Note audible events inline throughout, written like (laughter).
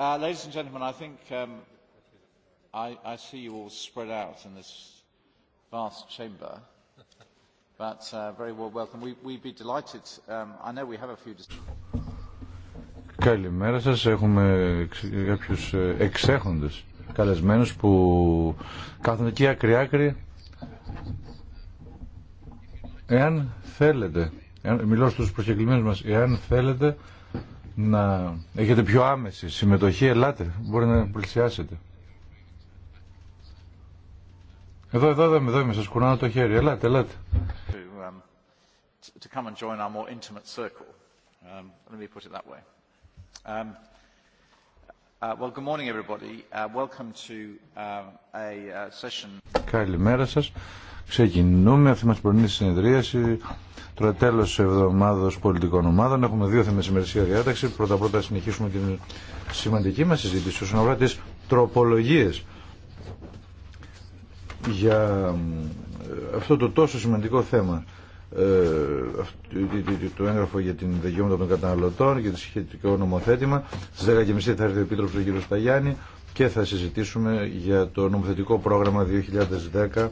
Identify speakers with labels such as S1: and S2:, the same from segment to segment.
S1: Uh, ladies and gentlemen, I think um, I see you all spread out in this vast chamber, but uh, very well welcome. we We'd be delighted. Um, I know we have a few.
S2: Καλημέρα σας. Έχουμε κάποιους ε, εξέχοντες καλεσμένους που κάθονται εκεί άκρη-άκρη. Εάν θέλετε, εάν, μιλώ στους προσκεκλημένους μας, εάν θέλετε να έχετε πιο άμεση συμμετοχή, ελάτε, μπορεί να πλησιάσετε. Εδώ, εδώ, εδώ, εδώ είμαι, σας κουνάω το χέρι, ελάτε, ελάτε.
S1: To um, come and join our more intimate circle, um, let me put it that way. Um, uh, Well, good morning everybody. Uh, welcome to um, a uh, session.
S2: Καλημέρα σας. Ξεκινούμε αυτή μας πρωινή συνεδρίαση. Τώρα τέλο εβδομάδα πολιτικών ομάδων. Έχουμε θέματα σημερισία ημερησία διάταξη. Πρώτα-πρώτα συνεχίσουμε την σημαντική μα συζήτηση όσον αφορά τι τροπολογίε για αυτό το τόσο σημαντικό θέμα. Ε, το έγγραφο για την δικαιώματα των καταναλωτών και το σχετικό νομοθέτημα. Στι 10.30 θα έρθει ο Επίτροπο ο κ. Σταγιάννη και θα συζητήσουμε για το νομοθετικό πρόγραμμα 2010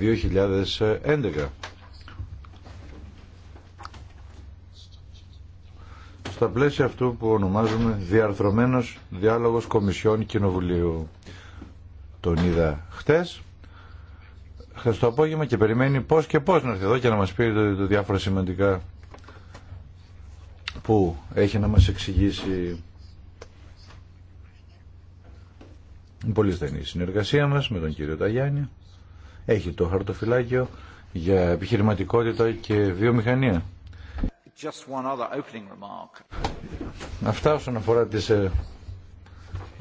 S2: 2011. Στα πλαίσια αυτού που ονομάζουμε διαρθρωμένος διάλογος Κομισιών Κοινοβουλίου. Τον είδα χτες, χθες το απόγευμα και περιμένει πώς και πώς να έρθει εδώ και να μας πει το, το διάφορα σημαντικά που έχει να μας εξηγήσει πολύ στενή συνεργασία μας με τον κύριο Ταγιάννη έχει το χαρτοφυλάκιο για επιχειρηματικότητα και βιομηχανία. Αυτά όσον αφορά τις ε,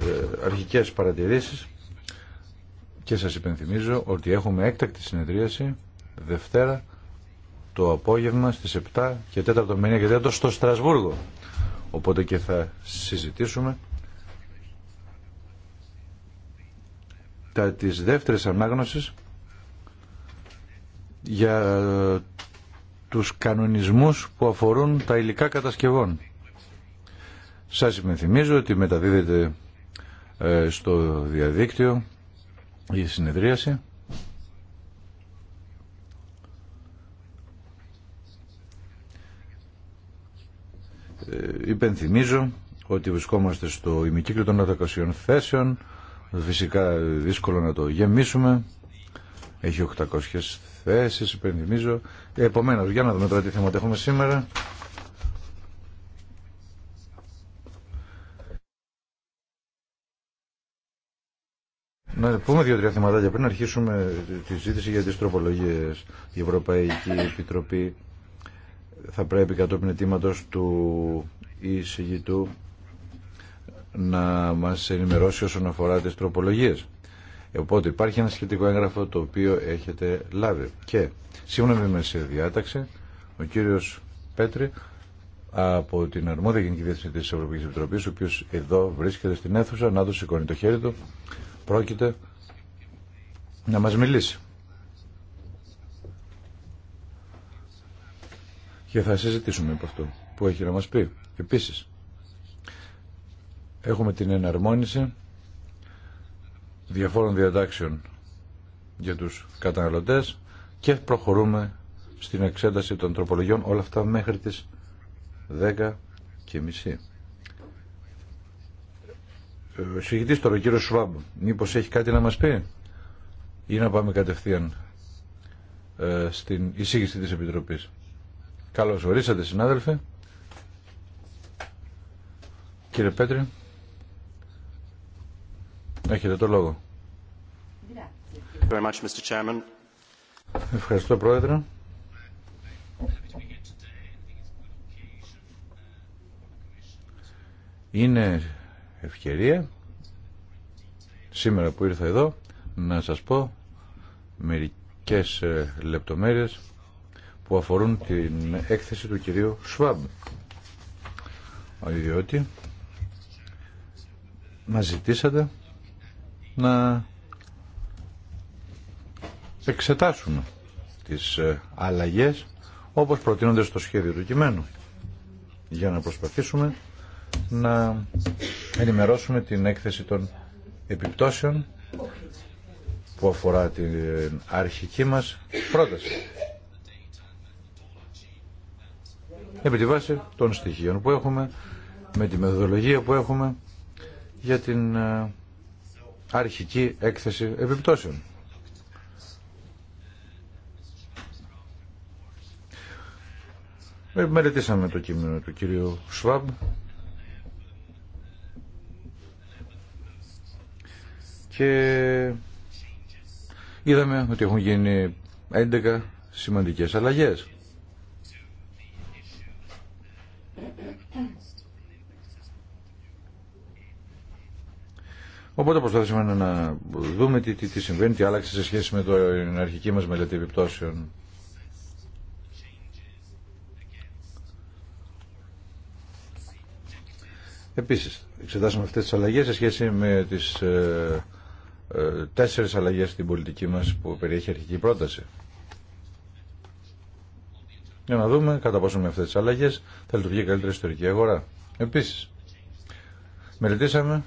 S2: ε, αρχικές παρατηρήσεις και σας υπενθυμίζω ότι έχουμε έκτακτη συνεδρίαση Δευτέρα το απόγευμα στις 7 και 4 το και 4 στο Στρασβούργο. Οπότε και θα συζητήσουμε τα της δεύτερης ανάγνωσης για τους κανονισμούς που αφορούν τα υλικά κατασκευών. Σας υπενθυμίζω ότι μεταδίδεται ε, στο διαδίκτυο η συνεδρίαση. Ε, υπενθυμίζω ότι βρισκόμαστε στο ημικύκλιο των αδεκασιών θέσεων. Φυσικά δύσκολο να το γεμίσουμε. Έχει 800 Θέσεις υπενθυμίζω. Επομένως, για να δούμε τώρα τι θέματα έχουμε σήμερα. Να πούμε δύο-τρία θεματάκια πριν αρχίσουμε τη συζήτηση για τις τροπολογίες. Η Ευρωπαϊκή Επιτροπή θα πρέπει κατόπιν αιτήματος του εισηγητού να μας ενημερώσει όσον αφορά τις τροπολογίες. Ε, οπότε υπάρχει ένα σχετικό έγγραφο το οποίο έχετε λάβει. Και σύμφωνα με τη διάταξη, ο κύριος Πέτρη από την αρμόδια Γενική Διεύθυνση της Ευρωπαϊκής Επιτροπής, ο οποίο εδώ βρίσκεται στην αίθουσα, να του σηκώνει το χέρι του, πρόκειται να μας μιλήσει. Και θα συζητήσουμε από αυτό που έχει να μας πει. Επίση, έχουμε την εναρμόνιση διαφόρων διατάξεων για τους καταναλωτές και προχωρούμε στην εξέταση των τροπολογιών όλα αυτά μέχρι τις 10 και μισή. Ε, ο συγητής τώρα, ο κύριος Σουάμπ, μήπως έχει κάτι να μας πει ή να πάμε κατευθείαν ε, στην εισήγηση της Επιτροπής. Καλώς ορίσατε συνάδελφε. Κύριε Πέτρη. Έχετε το λόγο. Ευχαριστώ, Πρόεδρε. Είναι ευκαιρία σήμερα που ήρθα εδώ να σας πω μερικές ε, λεπτομέρειες που αφορούν την έκθεση του κυρίου Σβάμπ. Ιδιώτη μας ζητήσατε να εξετάσουν τις ε, αλλαγές όπως προτείνονται στο σχέδιο του κειμένου για να προσπαθήσουμε να ενημερώσουμε την έκθεση των επιπτώσεων που αφορά την αρχική μας πρόταση επί τη βάση των στοιχείων που έχουμε με τη μεθοδολογία που έχουμε για την ε, αρχική έκθεση επιπτώσεων. Μελετήσαμε το κείμενο του κυρίου Σβάμ και είδαμε ότι έχουν γίνει 11 σημαντικές αλλαγές. Οπότε προσπαθήσαμε να δούμε τι, τι, τι συμβαίνει, τι άλλαξε σε σχέση με την αρχική μας μελέτη επιπτώσεων. Επίσης, εξετάσαμε αυτές τις αλλαγές σε σχέση με τις ε, ε, τέσσερις αλλαγές στην πολιτική μας που περιέχει αρχική πρόταση. Για να δούμε κατά πόσο με αυτές τις αλλαγές θα λειτουργεί καλύτερη ιστορική αγορά. Επίσης, μελετήσαμε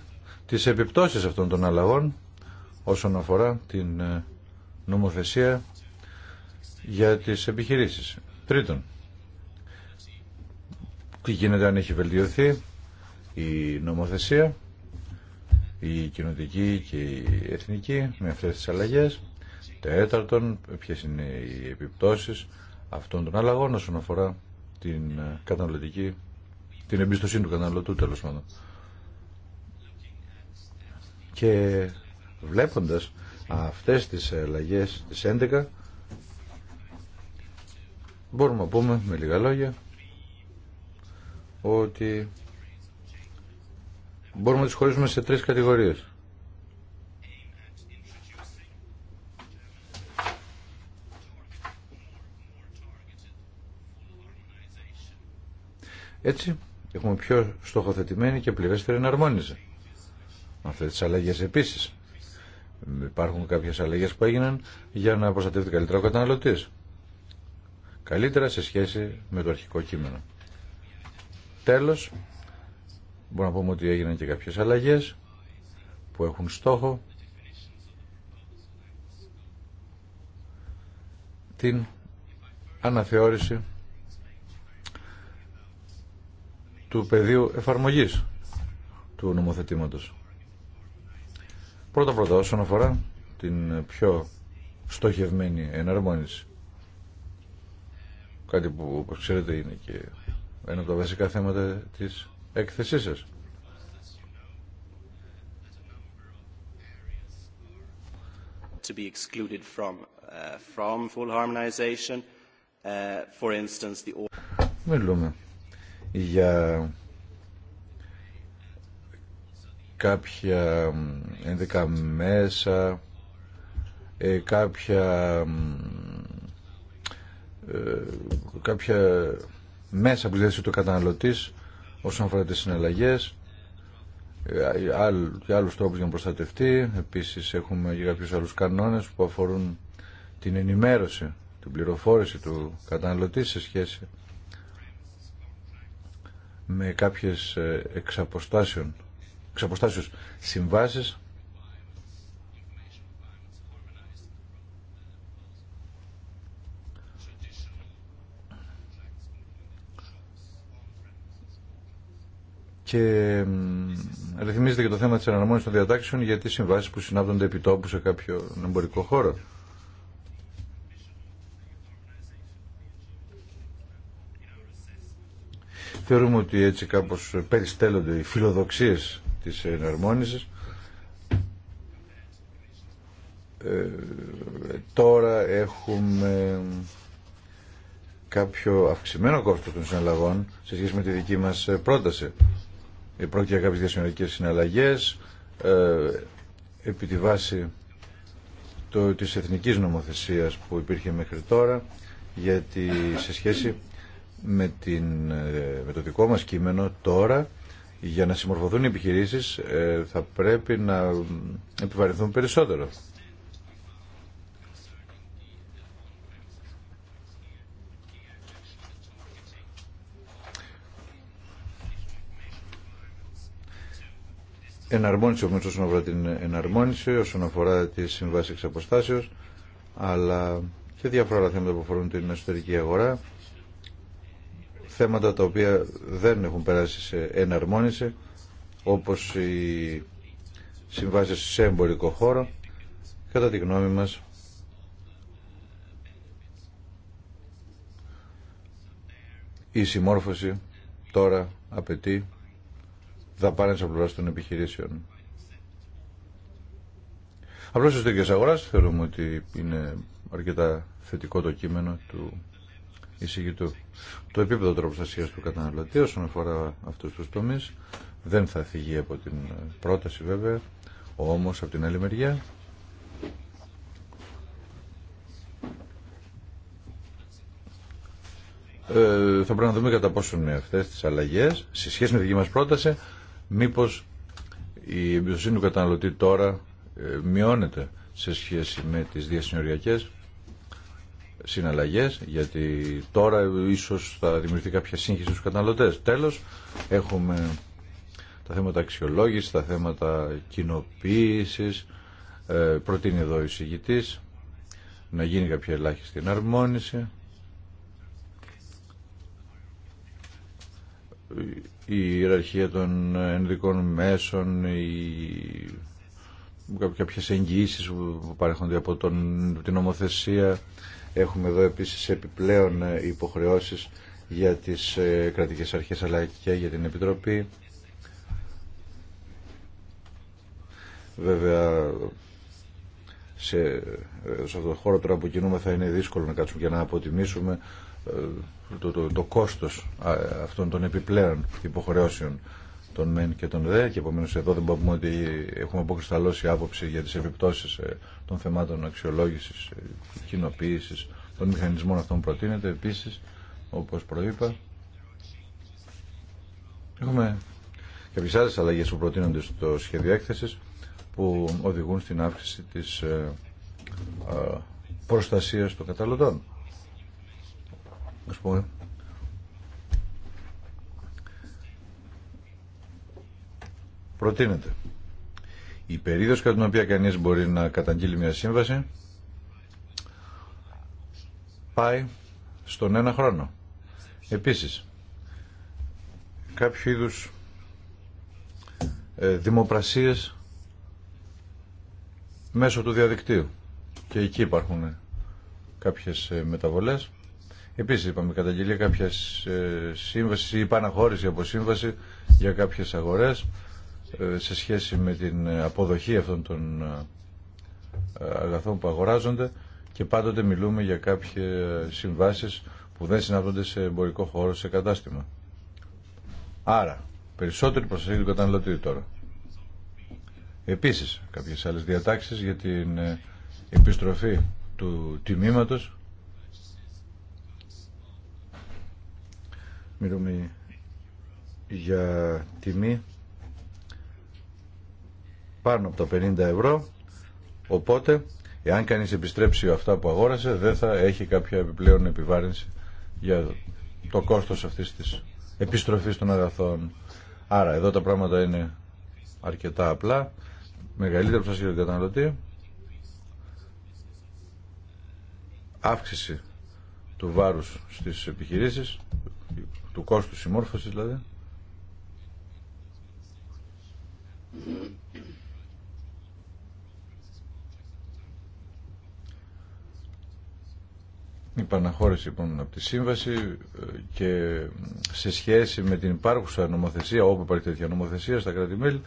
S2: τις επιπτώσεις αυτών των αλλαγών όσον αφορά την ε, νομοθεσία για τις επιχειρήσεις. Τρίτον, τι γίνεται αν έχει βελτιωθεί η νομοθεσία, η κοινωτική και η εθνική με αυτές τις αλλαγές. Τέταρτον, ποιες είναι οι επιπτώσεις αυτών των αλλαγών όσον αφορά την ε, καταναλωτική, την εμπιστοσύνη του καταναλωτού τέλος πάντων. Και βλέποντας αυτές τις αλλαγές τις 11 μπορούμε να πούμε με λίγα λόγια ότι μπορούμε να τις χωρίσουμε σε τρεις κατηγορίες. Έτσι έχουμε πιο στοχοθετημένη και πληρέστερη εναρμόνιση. Αυτέ τι αλλαγέ επίσης. Υπάρχουν κάποιες αλλαγέ που έγιναν για να προστατεύεται καλύτερα ο καταναλωτή, Καλύτερα σε σχέση με το αρχικό κείμενο. Τέλος, μπορούμε να πούμε ότι έγιναν και κάποιες αλλαγέ που έχουν στόχο την αναθεώρηση του πεδίου εφαρμογής του νομοθετήματος. Πρώτα πρώτα όσον αφορά την πιο στοχευμένη εναρμόνιση. Κάτι που όπως ξέρετε είναι και ένα από τα βασικά θέματα της έκθεσής σας.
S1: To be excluded from, uh, from full harmonization, uh, for instance the...
S2: Μιλούμε για κάποια ενδικά μέσα, ε, κάποια, ε, κάποια μέσα που διαθέτει το καταναλωτής όσον αφορά τις συναλλαγές και ε, άλλους τρόπους για να προστατευτεί. Επίσης έχουμε και κάποιους άλλους κανόνες που αφορούν την ενημέρωση, την πληροφόρηση του καταναλωτή σε σχέση με κάποιες εξαποστάσεων εξ συμβάσεις και ρυθμίζεται και το θέμα της αναμόνησης των διατάξεων για τις συμβάσεις που συνάπτονται επί τόπου σε κάποιο εμπορικό χώρο. Θεωρούμε ότι έτσι κάπως περιστέλλονται οι φιλοδοξίες της εναρμόνισης. Ε, τώρα έχουμε κάποιο αυξημένο κόστος των συναλλαγών σε σχέση με τη δική μας πρόταση. Ε, πρόκειται για κάποιες διασυνολικές συναλλαγές ε, επί τη βάση το, της εθνικής νομοθεσίας που υπήρχε μέχρι τώρα γιατί σε σχέση με, την, ε, με το δικό μας κείμενο τώρα για να συμμορφωθούν οι επιχειρήσεις ε, θα πρέπει να επιβαρυνθούν περισσότερο. Εναρμόνιση όμως όσον αφορά την εναρμόνιση, όσον αφορά τη συμβάσεις εξαποστάσεως αποστάσεως, αλλά και διάφορα άλλα θέματα που αφορούν την εσωτερική αγορά θέματα τα οποία δεν έχουν περάσει σε εναρμόνιση όπως οι συμβάσεις σε εμπορικό χώρο κατά τη γνώμη μας η συμμόρφωση τώρα απαιτεί δαπάνες από πλευράς των επιχειρήσεων. Απλώς στις δικές αγοράς θεωρούμε ότι είναι αρκετά θετικό το κείμενο του εισηγητού το επίπεδο τρόπο προστασία του καταναλωτή όσον αφορά αυτούς τους τομεί. δεν θα θυγεί από την πρόταση βέβαια όμως από την άλλη μεριά ε, θα πρέπει να δούμε κατά πόσο είναι αυτές τις αλλαγές σε σχέση με τη δική μας πρόταση μήπως η εμπιστοσύνη του καταναλωτή τώρα ε, μειώνεται σε σχέση με τις διασυνοριακές συναλλαγές γιατί τώρα ίσως θα δημιουργηθεί κάποια σύγχυση στους καταναλωτές. Τέλος, έχουμε τα θέματα αξιολόγηση, τα θέματα κοινοποίηση. Ε, προτείνει εδώ ο εισηγητής να γίνει κάποια ελάχιστη εναρμόνιση. Η ιεραρχία των ενδικών μέσων, η κάποιες εγγυήσεις που παρέχονται από τον, την νομοθεσία, Έχουμε εδώ επίσης επιπλέον ε, υποχρεώσεις για τις ε, κρατικές αρχές αλλά και για την Επιτροπή. Βέβαια, σε, ε, σε αυτό το χώρο τώρα που κινούμε θα είναι δύσκολο να κάτσουμε και να αποτιμήσουμε το, το, κόστος αυτών των επιπλέον υποχρεώσεων των μεν και τον δε και επομένως εδώ δεν μπορούμε ότι έχουμε αποκρισταλώσει άποψη για τις επιπτώσεις ε, των θεμάτων αξιολόγησης, ε, κοινοποίηση, των μηχανισμών αυτών που προτείνεται. Επίσης, όπως προείπα, έχουμε κάποιες άλλες αλλαγές που προτείνονται στο σχέδιο έκθεσης που οδηγούν στην αύξηση της ε, προστασίας των καταλωτών. Ας πούμε, προτείνεται. Η περίοδος κατά την οποία κανείς μπορεί να καταγγείλει μια σύμβαση πάει στον ένα χρόνο. Επίσης, κάποιο είδους ε, δημοπρασίες μέσω του διαδικτύου και εκεί υπάρχουν κάποιες ε, μεταβολές. Επίσης είπαμε καταγγελία κάποια ε, σύμβαση ή παναχώρηση από σύμβαση για κάποιες αγορές. Ε, σε σχέση με την αποδοχή αυτών των ε, αγαθών που αγοράζονται και πάντοτε μιλούμε για κάποιες συμβάσεις που δεν συναντούνται σε εμπορικό χώρο, σε κατάστημα. Άρα, περισσότερη προσοχή του καταναλωτή τώρα. Επίσης, κάποιες άλλες διατάξεις για την ε, επιστροφή του τιμήματος. Μιλούμε για τιμή πάνω από τα 50 ευρώ οπότε εάν κανείς επιστρέψει αυτά που αγόρασε δεν θα έχει κάποια επιπλέον επιβάρυνση για το κόστος αυτής της επιστροφής των αγαθών. Άρα εδώ τα πράγματα είναι αρκετά απλά. Μεγαλύτερη προστασία για τον καταναλωτή. Αύξηση του βάρους στις επιχειρήσεις, του κόστου συμμόρφωσης δηλαδή. Η παναχώρηση λοιπόν από τη σύμβαση ε, και σε σχέση με την υπάρχουσα νομοθεσία, όπου υπάρχει τέτοια νομοθεσία στα κράτη-μέλη,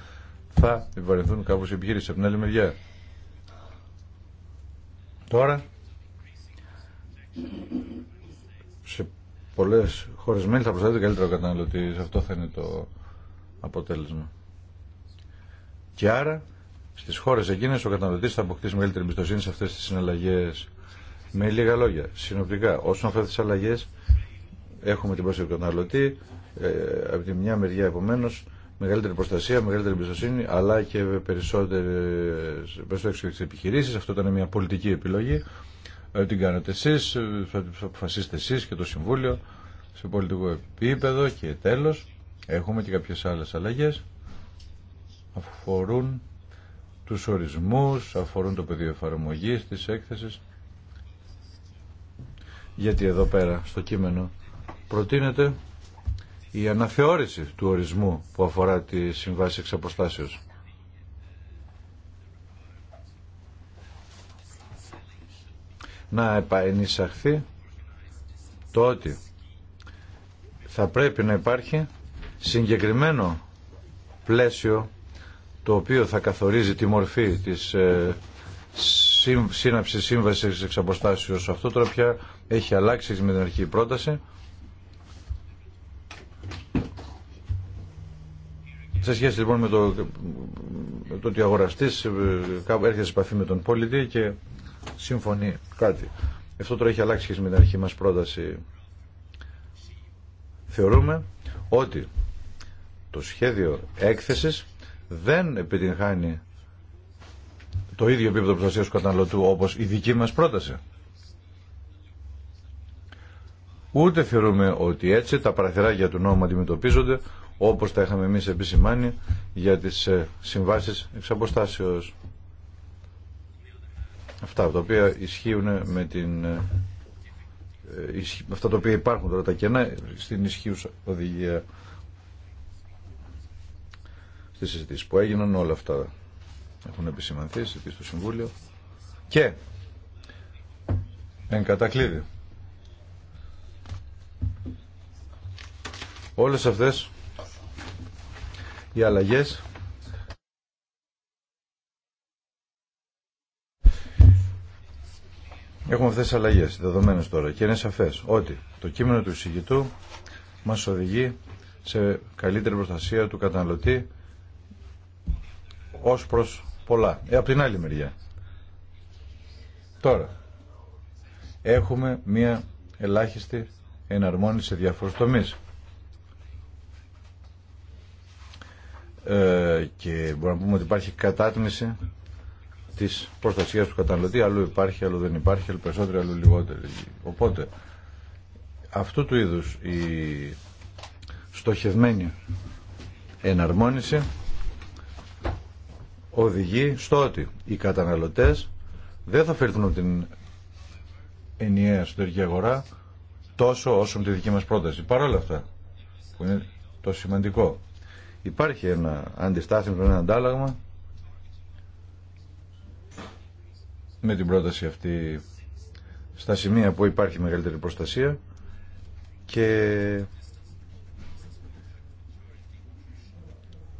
S2: θα επιβαρυνθούν κάπω οι επιχείρησει από την άλλη μεριά. Τώρα, σε πολλέ χώρε μέλη θα προστατεύεται καλύτερο καταναλωτή. Αυτό θα είναι το αποτέλεσμα. Και άρα, στι χώρε εκείνε ο καταναλωτή θα αποκτήσει μεγαλύτερη εμπιστοσύνη σε αυτέ τι συναλλαγέ. Με λίγα λόγια, συνοπτικά, όσον αφορά τι αλλαγέ, έχουμε την πρόσφατη καταναλωτή, ε, από τη μια μεριά επομένω, μεγαλύτερη προστασία, μεγαλύτερη εμπιστοσύνη, αλλά και περισσότερε επιχειρήσει. Αυτό ήταν μια πολιτική επιλογή. Ε, την κάνετε εσεί, ε, θα αποφασίσετε εσεί και το Συμβούλιο σε πολιτικό επίπεδο και τέλος έχουμε και κάποιες άλλες αλλαγές αφορούν τους ορισμούς, αφορούν το πεδίο εφαρμογής της έκθεσης γιατί εδώ πέρα στο κείμενο προτείνεται η αναθεώρηση του ορισμού που αφορά τη συμβάση εξ Να επανεισαχθεί το ότι θα πρέπει να υπάρχει συγκεκριμένο πλαίσιο το οποίο θα καθορίζει τη μορφή της ε, σύναψης σύμβασης εξ αποστάσεως. Αυτό τώρα έχει αλλάξει με την αρχή πρόταση. Σε σχέση λοιπόν με το, το ότι ο αγοραστής ε, έρχεται σε επαφή με τον πολιτή και συμφωνεί κάτι. Αυτό τώρα έχει αλλάξει με την αρχή μας πρόταση. Θεωρούμε ότι το σχέδιο έκθεσης δεν επιτυγχάνει το ίδιο επίπεδο προστασία του καταναλωτού όπως η δική μας πρόταση. Ούτε θεωρούμε ότι έτσι τα παραθυράκια του νόμου αντιμετωπίζονται όπως τα είχαμε εμείς επισημάνει για τις ε, συμβάσεις εξ Αυτά τα οποία ισχύουν με την... Ε, αυτά τα οποία υπάρχουν τώρα τα κενά στην ισχύουσα οδηγία στις συζητήσεις που έγιναν όλα αυτά έχουν επισημανθεί στο Συμβούλιο και εν κατακλείδη Όλες αυτές οι αλλαγές Έχουμε αυτές τις αλλαγές δεδομένες τώρα και είναι σαφές ότι το κείμενο του εισηγητού μας οδηγεί σε καλύτερη προστασία του καταναλωτή ως προς πολλά. Ε, από την άλλη μεριά. Τώρα, έχουμε μία ελάχιστη εναρμόνιση σε διάφορους τομείς. Ε, και μπορούμε να πούμε ότι υπάρχει κατάτμιση της προστασία του καταναλωτή αλλού υπάρχει, αλλού δεν υπάρχει, αλλού περισσότερο, αλλού λιγότερο οπότε αυτού του είδου η στοχευμένη εναρμόνιση οδηγεί στο ότι οι καταναλωτές δεν θα φερθούν την ενιαία εσωτερική αγορά τόσο όσο με τη δική μας πρόταση. Παρ' όλα αυτά, που είναι το σημαντικό, Υπάρχει ένα αντιστάθμιο, ένα αντάλλαγμα με την πρόταση αυτή στα σημεία που υπάρχει μεγαλύτερη προστασία και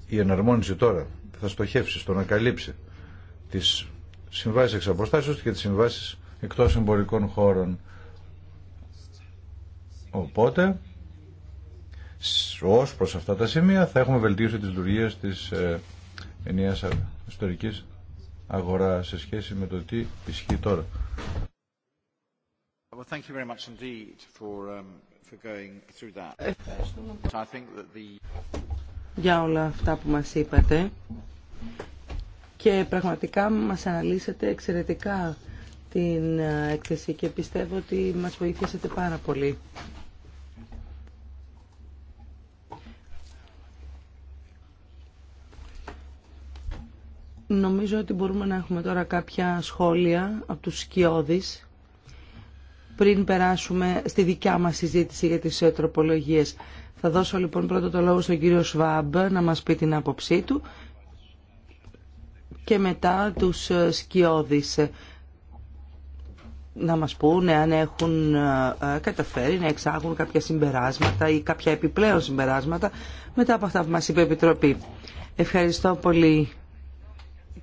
S2: η εναρμόνιση τώρα θα στοχεύσει στο να καλύψει τις συμβάσεις εξ και τις συμβάσεις εκτός εμπορικών χώρων. Οπότε Ω προς αυτά τα σημεία θα έχουμε βελτίωση τη λειτουργία τη ε, ενιαία ιστορική αγορά σε σχέση με το τι ισχύει τώρα.
S3: Για όλα αυτά που μας είπατε και πραγματικά μας αναλύσατε εξαιρετικά την ε, έκθεση και πιστεύω ότι μας βοήθησατε πάρα πολύ. Νομίζω ότι μπορούμε να έχουμε τώρα κάποια σχόλια από τους σκιώδεις πριν περάσουμε στη δικιά μας συζήτηση για τις ε, τροπολογίες. Θα δώσω λοιπόν πρώτο το λόγο στον κύριο Σβάμπ να μας πει την άποψή του και μετά τους ε, σκιώδεις ε, να μας πούνε αν έχουν καταφέρει να εξάγουν κάποια συμπεράσματα ή κάποια επιπλέον συμπεράσματα μετά από αυτά που μας είπε η Επιτροπή. Ευχαριστώ πολύ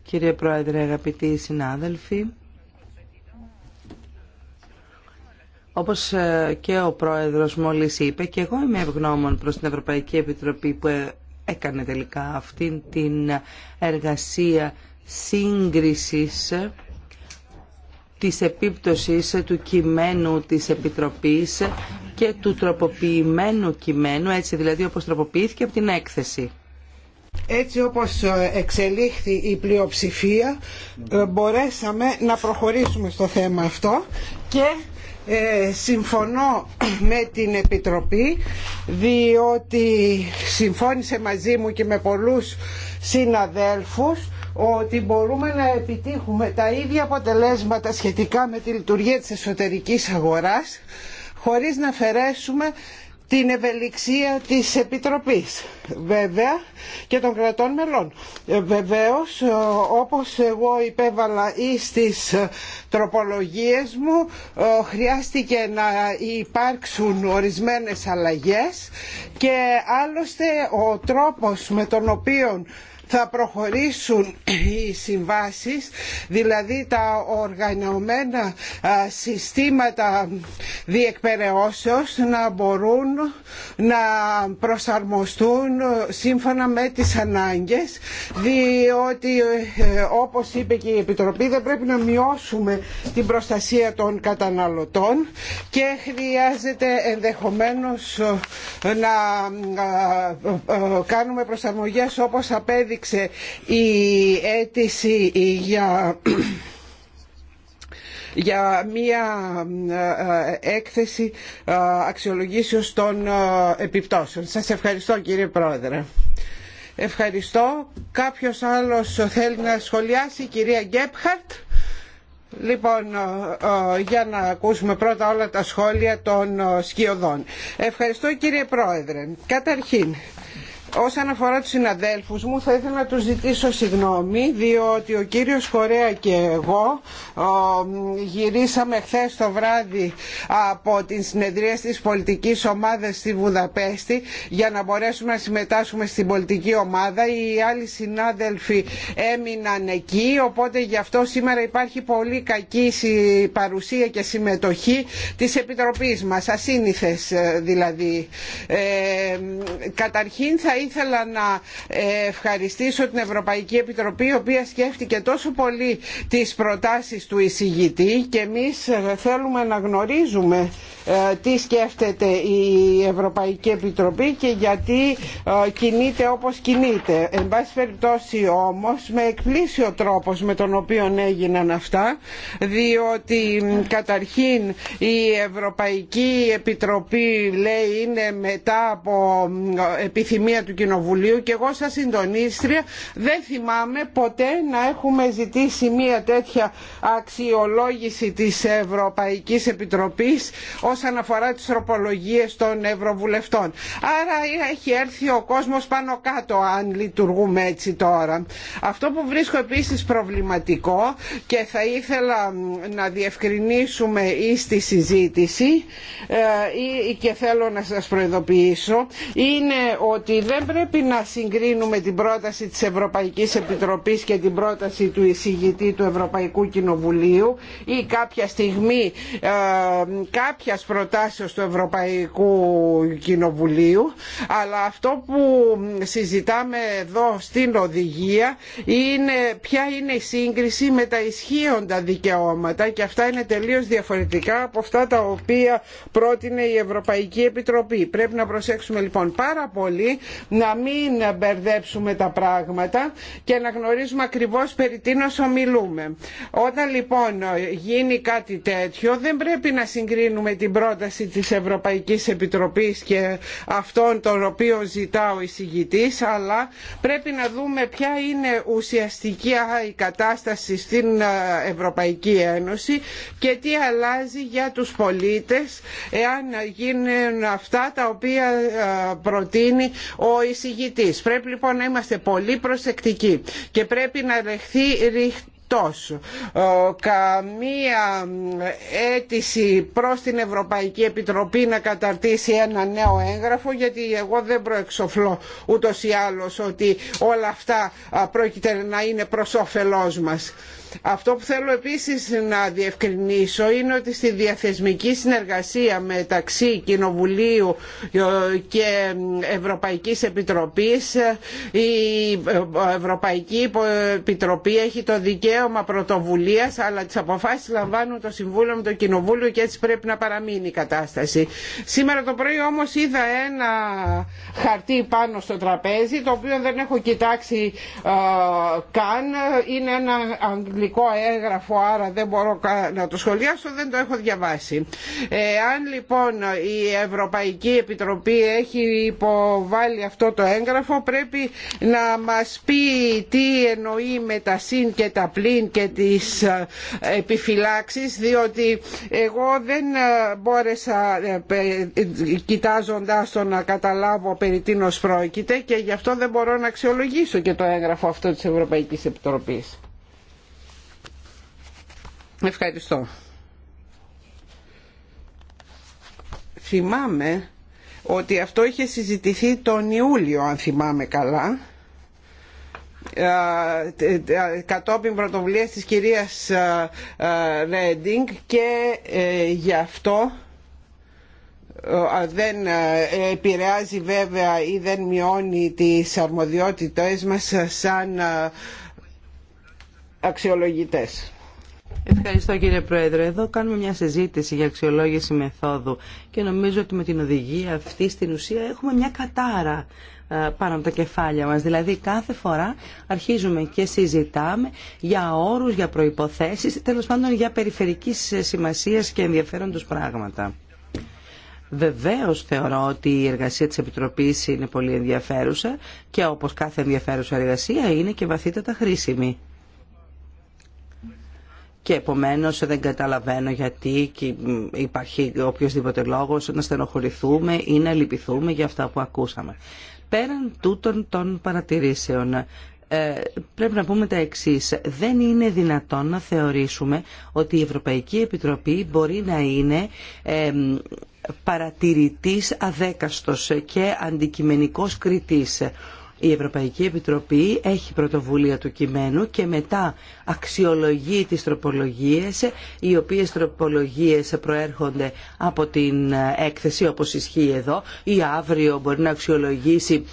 S3: Κύριε Πρόεδρε, αγαπητοί συνάδελφοι, όπως ε, και ο Πρόεδρος μόλις είπε, και εγώ είμαι ευγνώμων προς την Ευρωπαϊκή Επιτροπή που ε, έκανε τελικά αυτή την εργασία σύγκρισης ε, της επίπτωσης του κειμένου της Επιτροπής και του τροποποιημένου κειμένου, έτσι δηλαδή όπως τροποποιήθηκε από την έκθεση
S4: έτσι όπως ε, εξελίχθη η πλειοψηφία ε, μπορέσαμε να προχωρήσουμε στο θέμα αυτό και ε, συμφωνώ (clears throat) με την Επιτροπή διότι συμφώνησε μαζί μου και με πολλούς συναδέλφους ότι μπορούμε να επιτύχουμε τα ίδια αποτελέσματα σχετικά με τη λειτουργία της εσωτερικής αγοράς χωρίς να αφαιρέσουμε την ευελιξία της Επιτροπής βέβαια και των κρατών μελών. Ε, βεβαίως ε, όπως εγώ υπέβαλα ή στις ε, τροπολογίες μου χρειάστηκε να υπάρξουν ορισμένες αλλαγές και άλλωστε ο τρόπος με τον οποίο θα προχωρήσουν οι συμβάσεις δηλαδή τα οργανωμένα συστήματα διεκπαιρεώσεως να μπορούν να προσαρμοστούν σύμφωνα με τις ανάγκες διότι ε, όπως είπε και η Επιτροπή δεν πρέπει να μειώσουμε την προστασία των καταναλωτών και χρειάζεται ενδεχομένως ε, να ε, κάνουμε προσαρμογές όπως απέδειξε υπήρξε η αίτηση για για μία ε, ε, έκθεση ε, αξιολογήσεως των επιπτώσεων. Σας ευχαριστώ κύριε Πρόεδρε. Ευχαριστώ. Κάποιος άλλος θέλει να σχολιάσει, κυρία Γκέπχαρτ. Λοιπόν, για να ακούσουμε πρώτα όλα τα σχόλια των σκιωδών. Ευχαριστώ κύριε Πρόεδρε. Καταρχήν, όσον αφορά τους συναδέλφους μου θα ήθελα να τους ζητήσω συγγνώμη διότι ο κύριος Χορέα και εγώ γυρίσαμε χθε το βράδυ από την συνεδρία της πολιτικής ομάδας στη Βουδαπέστη για να μπορέσουμε να συμμετάσχουμε στην πολιτική ομάδα. Οι άλλοι συνάδελφοι έμειναν εκεί οπότε γι' αυτό σήμερα υπάρχει πολύ κακή παρουσία και συμμετοχή της Επιτροπής μας, ασύνηθες ε, δηλαδή. Ε, καταρχήν θα ήθελα να ευχαριστήσω την Ευρωπαϊκή Επιτροπή η οποία σκέφτηκε τόσο πολύ τις προτάσεις του εισηγητή και εμείς ε, θέλουμε να γνωρίζουμε ε, τι σκέφτεται η Ευρωπαϊκή Επιτροπή και γιατί ε, κινείται όπως κινείται. Εν πάση περιπτώσει όμως με εκπλήσει ο τρόπος με τον οποίο έγιναν αυτά διότι καταρχήν η Ευρωπαϊκή Επιτροπή λέει είναι μετά από επιθυμία του Κοινοβουλίου και εγώ σας συντονίστρια δεν θυμάμαι ποτέ να έχουμε ζητήσει μια τέτοια αξιολόγηση της Ευρωπαϊκής Επιτροπής όσον αφορά τις τροπολογίες των Ευρωβουλευτών. Άρα έχει έρθει ο κόσμος πάνω κάτω αν λειτουργούμε έτσι τώρα. Αυτό που βρίσκω επίσης προβληματικό και θα ήθελα να διευκρινίσουμε ε, ή στη συζήτηση και θέλω να σας προειδοποιήσω είναι ότι δεν δεν πρέπει να συγκρίνουμε την πρόταση της Ευρωπαϊκής Επιτροπής και την πρόταση του εισηγητή του Ευρωπαϊκού Κοινοβουλίου ή κάποια στιγμή ε, κάποιας προτάσεως του Ευρωπαϊκού Κοινοβουλίου αλλά αυτό που συζητάμε εδώ στην οδηγία είναι ποια είναι η σύγκριση με τα ισχύοντα δικαιώματα και αυτά είναι τελείως διαφορετικά από αυτά τα οποία πρότεινε η Ευρωπαϊκή Επιτροπή. Πρέπει να προσέξουμε λοιπόν πάρα πολύ να μην μπερδέψουμε τα πράγματα και να γνωρίζουμε ακριβώς περί τίνος ομιλούμε. Όταν λοιπόν γίνει κάτι τέτοιο δεν πρέπει να συγκρίνουμε την πρόταση της Ευρωπαϊκής Επιτροπής και αυτόν τον οποίο ζητά ο εισηγητής αλλά πρέπει να δούμε ποια είναι ουσιαστική η κατάσταση στην Ευρωπαϊκή Ένωση και τι αλλάζει για τους πολίτες εάν γίνουν αυτά τα οποία προτείνει ο Πρέπει λοιπόν να είμαστε πολύ προσεκτικοί και πρέπει να ρεχθεί ρητός. Καμία αίτηση προς την Ευρωπαϊκή Επιτροπή να καταρτήσει ένα νέο έγγραφο γιατί εγώ δεν προεξοφλώ ούτως ή άλλως ότι όλα αυτά πρόκειται να είναι προς όφελός μας. Αυτό που θέλω επίσης να διευκρινίσω είναι ότι στη διαθεσμική συνεργασία μεταξύ Κοινοβουλίου ε, και Ευρωπαϊκής Επιτροπής ε, η ε, Ευρωπαϊκή Επιτροπή έχει το δικαίωμα πρωτοβουλίας αλλά τις αποφάσεις λαμβάνουν το Συμβούλιο με το Κοινοβούλιο και έτσι πρέπει να παραμείνει η κατάσταση. Σήμερα το πρωί όμως είδα ένα χαρτί πάνω στο τραπέζι το οποίο δεν έχω κοιτάξει καν. Είναι ένα αγγλικό έγγραφο άρα δεν μπορώ να το σχολιάσω, δεν το έχω διαβάσει. Ε, αν λοιπόν η Ευρωπαϊκή Επιτροπή έχει υποβάλει αυτό το έγγραφο πρέπει να μας πει τι εννοεί με τα συν και τα πλήν και τις ε, επιφυλάξεις διότι εγώ δεν ε, μπόρεσα κοιτάζοντας το να καταλάβω περί τίνος πρόκειται και γι' αυτό δεν μπορώ να αξιολογήσω και το έγγραφο αυτό της Ευρωπαϊκής Επιτροπής. Ευχαριστώ. Θυμάμαι ότι αυτό είχε συζητηθεί τον Ιούλιο, αν θυμάμαι καλά, κατόπιν πρωτοβουλία της κυρίας Ρέντινγκ και ε, γι' αυτό δεν ε, επηρεάζει βέβαια ή δεν μειώνει τις αρμοδιότητες μας σαν αξιολογητές.
S3: Ευχαριστώ κύριε Πρόεδρε. Εδώ κάνουμε μια συζήτηση για αξιολόγηση μεθόδου και νομίζω ότι με την οδηγία αυτή στην ουσία έχουμε μια κατάρα ε, πάνω από τα κεφάλια μας. Δηλαδή κάθε φορά αρχίζουμε και συζητάμε για όρους, για προϋποθέσεις, τέλος πάντων για περιφερικής σημασίας και ενδιαφέροντος πράγματα. Βεβαίω θεωρώ ότι η εργασία της Επιτροπής είναι πολύ ενδιαφέρουσα και όπως κάθε ενδιαφέρουσα εργασία είναι και βαθύτατα χρήσιμη και επομένω, δεν καταλαβαίνω γιατί υπάρχει οποιοδήποτε λόγος να στενοχωρηθούμε ή να λυπηθούμε για αυτά που ακούσαμε. Πέραν τούτων των παρατηρήσεων, ε, πρέπει να πούμε τα εξής. Δεν είναι δυνατόν να θεωρήσουμε ότι η Ευρωπαϊκή Επιτροπή μπορεί να είναι παρατηρητής αδέκαστος και αντικειμενικός κριτής. Η Ευρωπαϊκή Επιτροπή έχει πρωτοβουλία του κειμένου και μετά αξιολογεί τις τροπολογίες, οι οποίες τροπολογίες προέρχονται από την έκθεση όπως ισχύει εδώ ή αύριο μπορεί να αξιολογήσει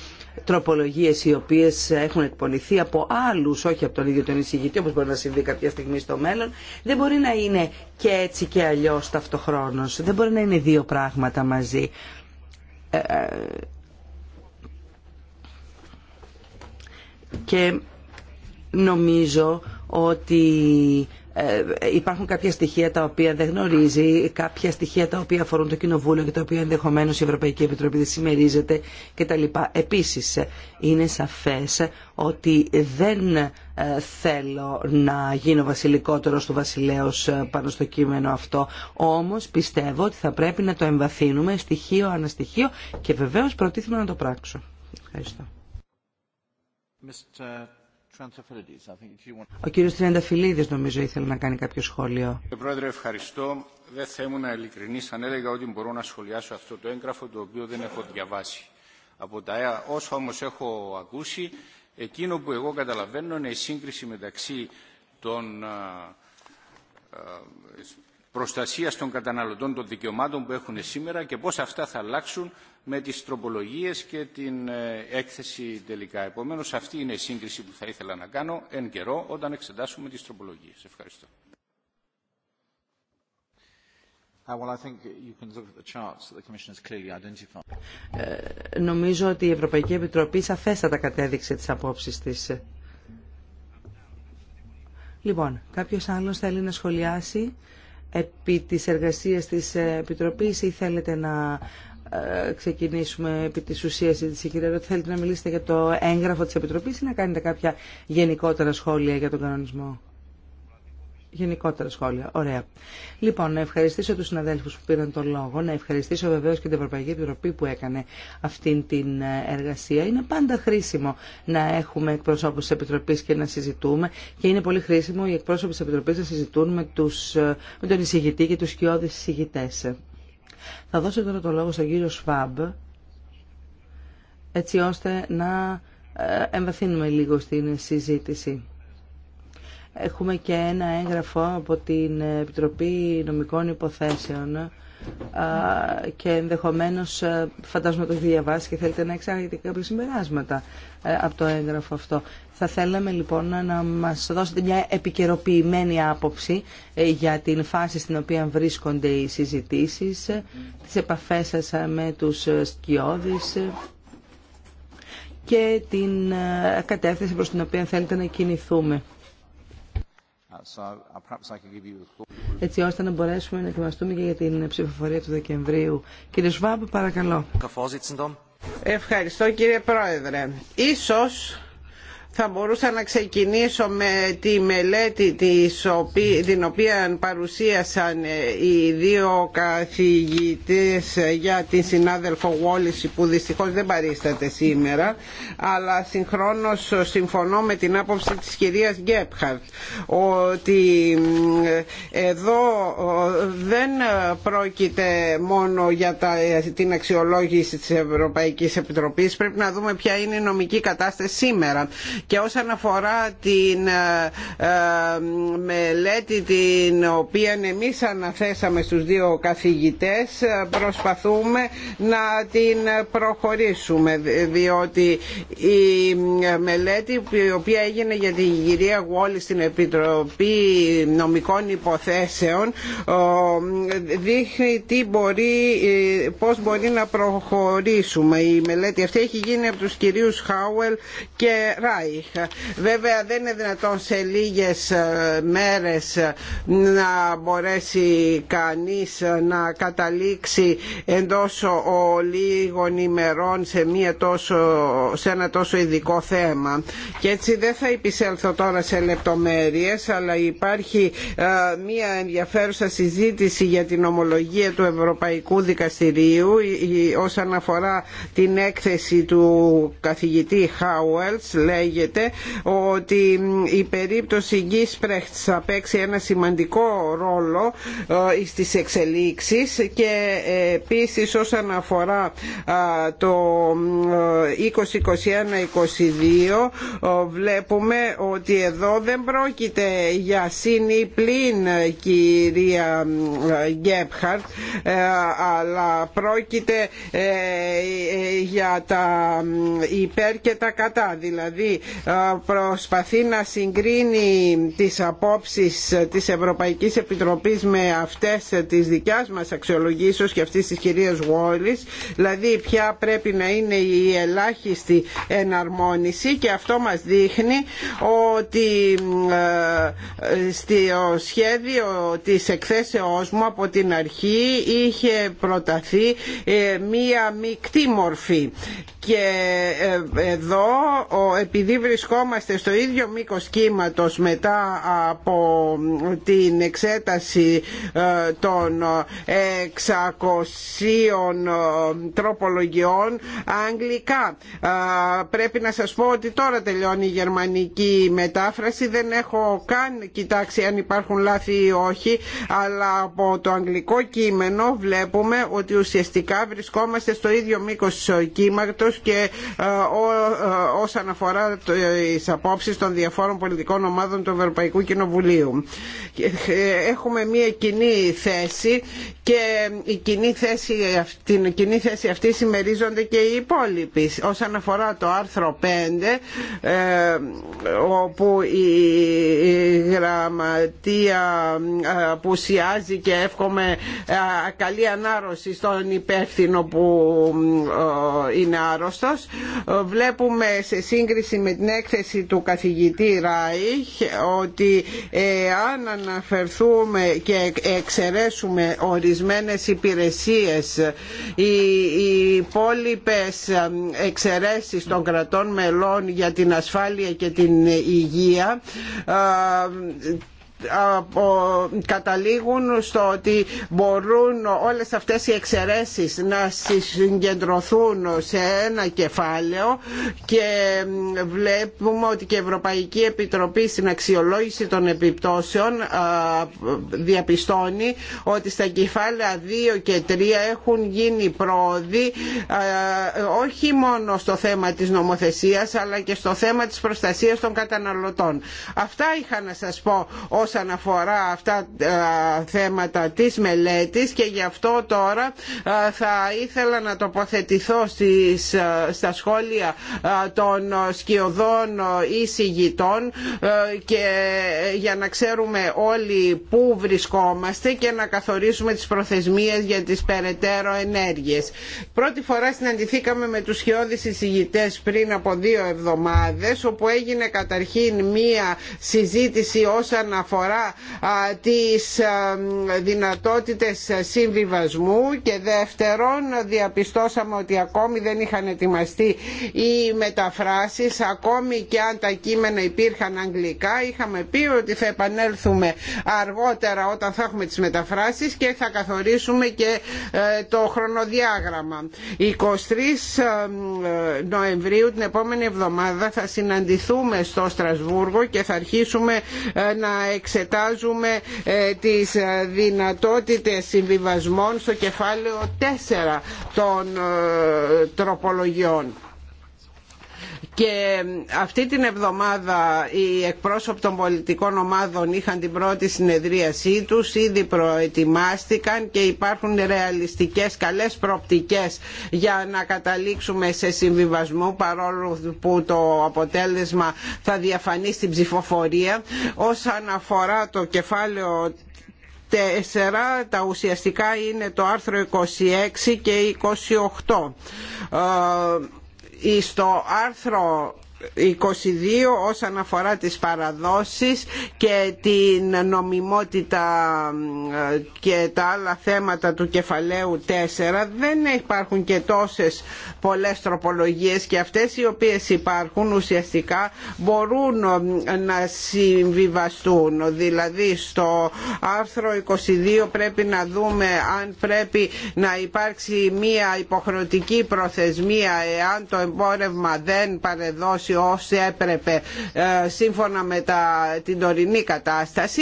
S3: τροπολογίες οι οποίες έχουν εκπονηθεί από άλλους, όχι από τον ίδιο τον εισηγητή, όπως μπορεί να συμβεί κάποια στιγμή στο μέλλον, δεν μπορεί να είναι και έτσι και αλλιώς ταυτοχρόνως. Δεν μπορεί να είναι δύο πράγματα μαζί. Ε, ε, και νομίζω ότι ε, υπάρχουν κάποια στοιχεία τα οποία δεν γνωρίζει, κάποια στοιχεία τα οποία αφορούν το Κοινοβούλιο και τα οποία ενδεχομένω η Ευρωπαϊκή Επιτροπή δεν συμμερίζεται κτλ. Επίση, είναι σαφέ ότι δεν ε, θέλω να γίνω βασιλικότερο του βασιλέω ε, πάνω στο κείμενο αυτό. Όμω πιστεύω ότι θα πρέπει να το εμβαθύνουμε στοιχείο στοιχείο-αναστοιχείο και βεβαίω προτίθεμαι να το πράξω. Ευχαριστώ. Ο κύριος Τριανταφυλλίδης νομίζω ήθελε να κάνει κάποιο σχόλιο.
S5: Κύριε Πρόεδρε, ευχαριστώ. Δεν θα ήμουν ειλικρινής αν έλεγα ότι μπορώ να σχολιάσω αυτό το έγγραφο το οποίο δεν έχω διαβάσει. Από τα όσα όμως έχω ακούσει, εκείνο που εγώ καταλαβαίνω είναι η σύγκριση μεταξύ των ε, ε, προστασίας των καταναλωτών των δικαιωμάτων που έχουν σήμερα και πώς αυτά θα αλλάξουν με τις τροπολογίες και την ε, έκθεση τελικά. Επομένως, αυτή είναι η σύγκριση που θα ήθελα να κάνω εν καιρό όταν εξετάσουμε τις τροπολογίες. Ευχαριστώ.
S3: Ε, νομίζω ότι η Ευρωπαϊκή Επιτροπή σαφέστατα κατέδειξε τις απόψεις της. Λοιπόν, κάποιος άλλος θέλει να σχολιάσει επί της εργασίας της Επιτροπής ή θέλετε να ε, ξεκινήσουμε επί της ουσίας της κυρία θέλετε να μιλήσετε για το έγγραφο της Επιτροπής ή να κάνετε κάποια γενικότερα σχόλια για τον κανονισμό γενικότερα σχόλια. Ωραία. Λοιπόν, να ευχαριστήσω τους συναδέλφους που πήραν τον λόγο, να ευχαριστήσω βεβαίως και την Ευρωπαϊκή Επιτροπή που έκανε αυτήν την ε, εργασία. Είναι πάντα χρήσιμο να έχουμε εκπροσώπους τη Επιτροπής και να συζητούμε και είναι πολύ χρήσιμο οι εκπρόσωποι τη Επιτροπής να συζητούν με, τους, ε, τον εισηγητή και του κοιόδης εισηγητέ. Θα δώσω τώρα το λόγο στον κύριο Σφάμπ, έτσι ώστε να ε, εμβαθύνουμε λίγο στην συζήτηση. Έχουμε και ένα έγγραφο από την Επιτροπή Νομικών Υποθέσεων και ενδεχομένως φαντάζομαι το έχετε διαβάσει και θέλετε να εξάγετε κάποια συμπεράσματα ε, από το έγγραφο αυτό. Θα θέλαμε λοιπόν να μας δώσετε μια επικαιροποιημένη άποψη ε, για την φάση στην οποία βρίσκονται οι συζητήσεις, ε, τις επαφές σας με τους σκιώδεις και την κατεύθυνση προς την οποία θέλετε να κινηθούμε. Uh, έτσι ώστε να μπορέσουμε να ετοιμαστούμε και για την ψηφοφορία του Δεκεμβρίου. Κύριε Σβάμπ, παρακαλώ.
S4: Ευχαριστώ κύριε Πρόεδρε. Ίσως θα μπορούσα να ξεκινήσω με τη μελέτη την οποία παρουσίασαν ε, οι δύο καθηγητές ε, για την συνάδελφο Wallis που δυστυχώς δεν παρίσταται σήμερα αλλά συγχρόνως συμφωνώ με την άποψη της κυρίας Γκέπχαρτ ότι ε, εδώ δεν πρόκειται μόνο για την αξιολόγηση της Ευρωπαϊκής Επιτροπής πρέπει να δούμε ποια είναι η νομική κατάσταση σήμερα και όσον αφορά την ε, ε, μελέτη την οποία εμείς αναθέσαμε στους δύο καθηγητές ε, προσπαθούμε να την προχωρήσουμε διότι η μελέτη η οποία έγινε για την κυρία Γουόλη στην Επιτροπή Νομικών Υποθέσεων δείχνει τι μπορεί, πώς μπορεί να προχωρήσουμε. Η μελέτη αυτή έχει γίνει από τους κυρίους Χάουελ και Ράι Βέβαια δεν είναι δυνατόν σε λίγες ε, μέρες ε, να μπορέσει κανείς ε, να καταλήξει εντός ο λίγων ημερών σε, μία τόσο, σε ένα τόσο ειδικό θέμα. Και έτσι δεν θα επισέλθω τώρα σε λεπτομέρειες, αλλά υπάρχει μία ενδιαφέρουσα συζήτηση για την ομολογία του Ευρωπαϊκού Δικαστηρίου όσον αφορά την έκθεση του καθηγητή Χάουελς, λέγε ότι η περίπτωση Γκίσπρεχτ θα παίξει ένα σημαντικό ρόλο ε, στις εξελίξεις και ε, επίση όσον αφορά το 2021-2022 ε, βλέπουμε ότι εδώ δεν πρόκειται για ή πλην κυρία Γκέπχαρτ αλλά πρόκειται για τα υπέρ και τα κατά δηλαδή προσπαθεί να συγκρίνει τις απόψεις της Ευρωπαϊκής Επιτροπής με αυτές της δικιάς μας αξιολογήσεως και αυτής της κυρίας Γόλης δηλαδή ποια πρέπει να είναι η ελάχιστη εναρμόνιση και αυτό μας δείχνει ότι ε, στο σχέδιο της εκθέσεώς μου από την αρχή είχε προταθεί ε, μία μεικτή μορφή και ε, εδώ επειδή βρισκόμαστε στο ίδιο μήκος κύματος μετά από την εξέταση ε, των 600 ε, τροπολογιών αγγλικά πρέπει να σας πω ότι τώρα τελειώνει η γερμανική μετάφραση δεν έχω καν κοιτάξει αν υπάρχουν λάθη ή όχι αλλά από το αγγλικό κείμενο βλέπουμε ότι ουσιαστικά βρισκόμαστε στο ίδιο μήκος κύματος και ε, ε, όσον αφορά τι απόψει των διαφόρων πολιτικών ομάδων του Ευρωπαϊκού Κοινοβουλίου. Ε, έχουμε μία κοινή θέση και η κοινή θέση, την κοινή θέση αυτή συμμερίζονται και οι υπόλοιποι. Όσον αφορά το άρθρο 5 όπου η γραμματεία απουσιάζει και εύχομαι καλή ανάρρωση στον υπεύθυνο που είναι άρρωστο Βλέπουμε σε σύγκριση με την έκθεση του καθηγητή Ράιχ ότι αν αναφερθούμε και εξαιρέσουμε ορισμένες υπηρεσίες οι υπόλοιπε εξαιρέσει των κρατών μελών για την ασφάλεια και την υγεία ε, καταλήγουν στο ότι μπορούν όλες αυτές οι εξαιρέσεις να συγκεντρωθούν σε ένα κεφάλαιο και βλέπουμε ότι και η Ευρωπαϊκή Επιτροπή στην αξιολόγηση των επιπτώσεων διαπιστώνει ότι στα κεφάλαια 2 και 3 έχουν γίνει πρόοδοι όχι μόνο στο θέμα της νομοθεσίας αλλά και στο θέμα της προστασίας των καταναλωτών. Αυτά είχα να σας πω όσον αφορά αυτά τα ε, θέματα της μελέτης και γι' αυτό τώρα ε, θα ήθελα να τοποθετηθώ στις, ε, στα σχόλια των σκιωδών εισηγητών και για να ξέρουμε όλοι πού βρισκόμαστε και να καθορίσουμε τις προθεσμίες για τις περαιτέρω ενέργειες. Πρώτη φορά συναντηθήκαμε με τους σκιώδεις εισηγητές πριν από δύο εβδομάδες όπου έγινε καταρχήν μία συζήτηση όσον αφορά αφορά τις δυνατότητες συμβιβασμού και δεύτερον διαπιστώσαμε ότι ακόμη δεν είχαν ετοιμαστεί οι μεταφράσεις ακόμη και αν τα κείμενα υπήρχαν αγγλικά είχαμε πει ότι θα επανέλθουμε αργότερα όταν θα έχουμε τις μεταφράσεις και θα καθορίσουμε και ε, το χρονοδιάγραμμα 23 ε, Νοεμβρίου την επόμενη εβδομάδα θα συναντηθούμε στο Στρασβούργο και θα αρχίσουμε ε, να εξετάζουμε ε, τις ε, δυνατότητες συμβιβασμών στο κεφάλαιο 4 των ε, τροπολογιών και αυτή την εβδομάδα οι εκπρόσωποι των πολιτικών ομάδων είχαν την πρώτη συνεδρίασή τους, ήδη προετοιμάστηκαν και υπάρχουν ρεαλιστικές καλές προοπτικές για να καταλήξουμε σε συμβιβασμό παρόλο που το αποτέλεσμα θα διαφανεί στην ψηφοφορία. Όσον αφορά το κεφάλαιο 4, τα ουσιαστικά είναι το άρθρο 26 και 28 στο άρθρο 22 όσον αφορά τις παραδόσεις και την νομιμότητα και τα άλλα θέματα του κεφαλαίου 4 δεν υπάρχουν και τόσες πολλές τροπολογίες και αυτές οι οποίες υπάρχουν ουσιαστικά μπορούν να συμβιβαστούν δηλαδή στο άρθρο 22 πρέπει να δούμε αν πρέπει να υπάρξει μία υποχρεωτική προθεσμία εάν το εμπόρευμα δεν παρεδώσει όσοι έπρεπε ε, σύμφωνα με την τωρινή κατάσταση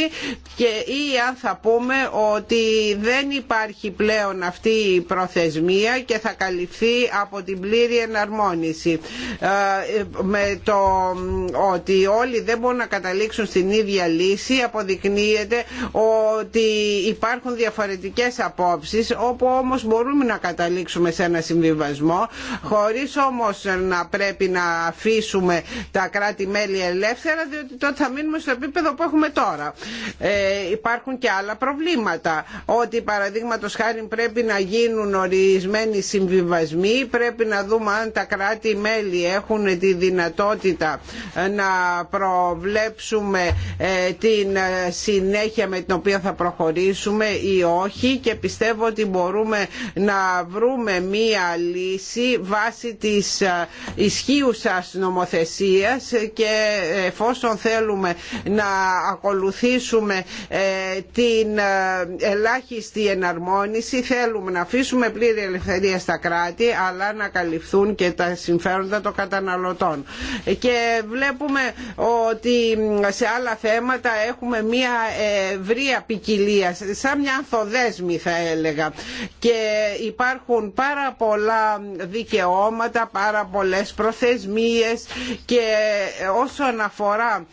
S4: και ή αν θα πούμε ότι δεν υπάρχει πλέον αυτή η προθεσμία και θα καλυφθεί από την πλήρη εναρμόνιση ε, με το ότι όλοι δεν μπορούν να καταλήξουν στην ίδια λύση αποδεικνύεται ότι υπάρχουν διαφορετικές απόψεις όπου όμως μπορούμε να καταλήξουμε σε ένα συμβιβασμό χωρίς όμως να πρέπει να αφήσουμε τα κράτη-μέλη ελεύθερα διότι τότε θα μείνουμε στο επίπεδο που έχουμε τώρα. Ε, υπάρχουν και άλλα προβλήματα ότι παραδείγματο χάρη πρέπει να γίνουν ορισμένοι συμβιβασμοί πρέπει να δούμε αν τα κράτη-μέλη έχουν τη δυνατότητα ε, να προβλέψουμε ε, την συνέχεια με την οποία θα προχωρήσουμε ή όχι και πιστεύω ότι μπορούμε να βρούμε μία λύση βάσει της ισχύουσας νομοθεσίας νομοθεσίας και εφόσον θέλουμε να ακολουθήσουμε ε, την ε, ελάχιστη εναρμόνιση θέλουμε να αφήσουμε πλήρη ελευθερία στα κράτη αλλά να καλυφθούν και τα συμφέροντα των καταναλωτών. Και βλέπουμε ότι σε άλλα θέματα έχουμε μια ευρία ποικιλία, σαν μια ανθοδέσμη θα έλεγα. Και υπάρχουν πάρα πολλά δικαιώματα, πάρα πολλές προθεσμίες και όσον αφορά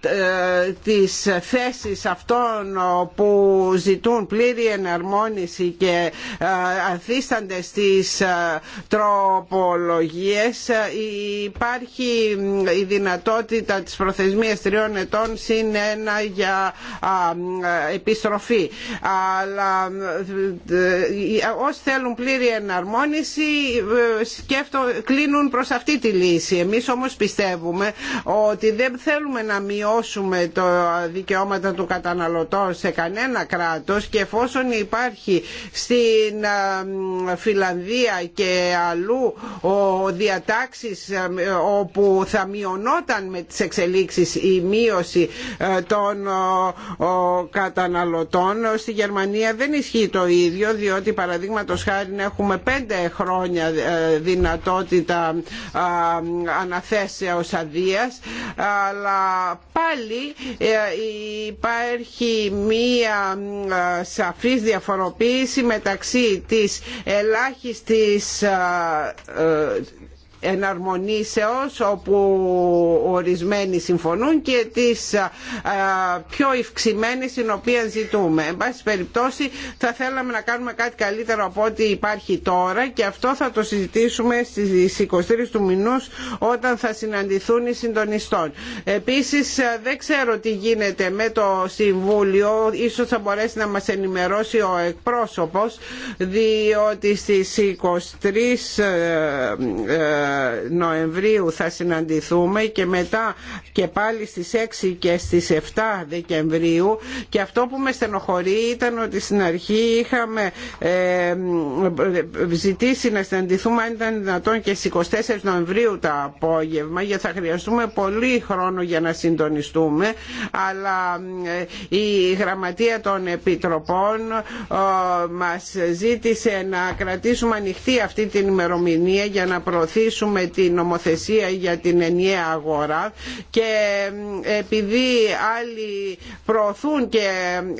S4: ε, τις θέσεις αυτών που ζητούν πλήρη εναρμόνιση και ανθίστανται στις τροπολογίες υπάρχει η δυνατότητα της προθεσμίας τριών ετών συν ένα για επιστροφή αλλά ε, όσοι θέλουν πλήρη εναρμόνιση ε, σκέφτο, κλείνουν προς αυτή τη λύση λύση. Εμείς όμως πιστεύουμε ότι δεν θέλουμε να μειώσουμε το δικαιώματα του καταναλωτών σε κανένα κράτος και εφόσον υπάρχει στην ε, Φιλανδία και αλλού διατάξεις ε, όπου θα μειωνόταν με τις εξελίξεις η μείωση ε, των καταναλωτών. Στη Γερμανία δεν ισχύει το ίδιο διότι παραδείγματος χάρη έχουμε πέντε χρόνια δυνατότητα αναθέσεως αδείας αλλά πάλι ε, υπάρχει μία ε, σαφής διαφοροποίηση μεταξύ της ελάχιστης ε, εναρμονίσεως όπου ορισμένοι συμφωνούν και τις πιο ευξημένης την οποία ζητούμε. Εν πάση περιπτώσει θα θέλαμε να κάνουμε κάτι καλύτερο από ό,τι υπάρχει τώρα και αυτό θα το συζητήσουμε στις 23 του μηνούς όταν θα συναντηθούν οι συντονιστών. Επίσης δεν ξέρω τι γίνεται με το Συμβούλιο, ίσως θα μπορέσει να μας ενημερώσει ο εκπρόσωπος διότι στις 23 Νοεμβρίου θα συναντηθούμε και μετά και πάλι στις 6 και στις 7 Δεκεμβρίου και αυτό που με στενοχωρεί ήταν ότι στην αρχή είχαμε ε, ζητήσει να συναντηθούμε αν ήταν δυνατόν και στις 24 Νοεμβρίου τα απόγευμα γιατί θα χρειαστούμε πολύ χρόνο για να συντονιστούμε αλλά ε, η Γραμματεία των Επιτροπών ε, μας ζήτησε να κρατήσουμε ανοιχτή αυτή την ημερομηνία για να προωθήσουμε με την νομοθεσία για την ενιαία αγορά και επειδή άλλοι προωθούν και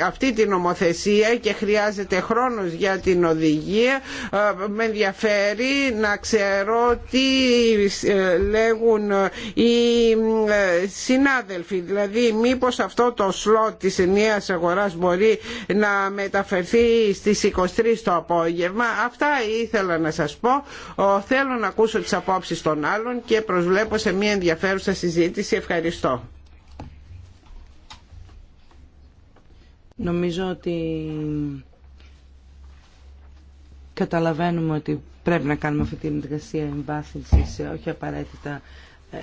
S4: αυτή την νομοθεσία και χρειάζεται χρόνος για την οδηγία ε, με ενδιαφέρει να ξέρω τι ε, λέγουν οι ε, συνάδελφοι δηλαδή μήπως αυτό το σλότ της ενιαίας αγοράς μπορεί να μεταφερθεί στις 23 το απόγευμα αυτά ήθελα να σας πω θέλω να ακούσω τις απόψεις απόψεις των άλλων και προσβλέπω σε μια ενδιαφέρουσα συζήτηση. Ευχαριστώ.
S3: Νομίζω ότι καταλαβαίνουμε ότι πρέπει να κάνουμε αυτή την εργασία σε όχι απαραίτητα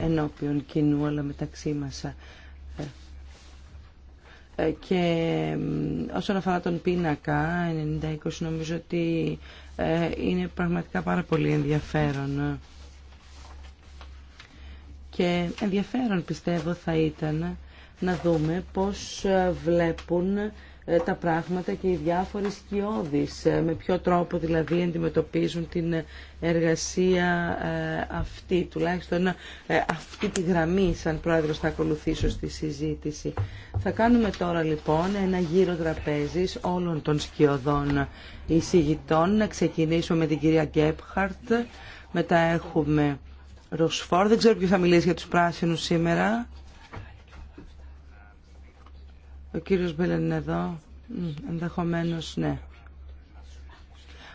S3: ενώπιον κοινού, αλλά μεταξύ μας. Ε, ε, και όσον αφορά τον πίνακα, 90-20, νομίζω ότι ε, είναι πραγματικά πάρα πολύ ενδιαφέρον. Και ενδιαφέρον πιστεύω θα ήταν να δούμε πώς ε, βλέπουν ε, τα πράγματα και οι διάφοροι σκιώδεις, ε, με ποιο τρόπο δηλαδή αντιμετωπίζουν την εργασία αυτή, τουλάχιστον αυτή τη γραμμή σαν πρόεδρος θα ακολουθήσω στη συζήτηση. Θα κάνουμε τώρα λοιπόν ένα γύρο τραπέζης όλων των σκιωδών εισηγητών. Να ξεκινήσουμε με την κυρία Γκέπχαρτ, μετά έχουμε Ροσφόρ. Δεν ξέρω ποιο θα μιλήσει για τους πράσινους σήμερα. Ο κύριος Μπέλεν είναι εδώ. Ενδεχομένως, ναι.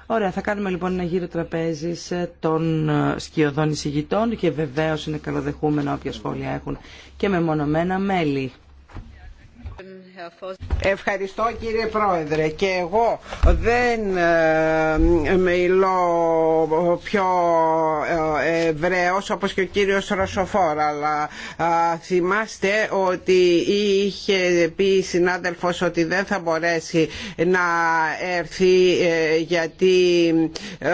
S3: Ωραία, θα κάνουμε λοιπόν ένα γύρο τραπέζι σε των ε, σκιωδών εισηγητών και βεβαίως είναι καλοδεχούμενο όποια σχόλια έχουν και μεμονωμένα μέλη.
S4: Ευχαριστώ κύριε Πρόεδρε και εγώ δεν με υλώ πιο ε, ευραίος όπως και ο κύριος ρωσοφόρα, αλλά θυμάστε ότι είχε πει η συνάδελφος ότι δεν θα μπορέσει να έρθει ε, γιατί ε,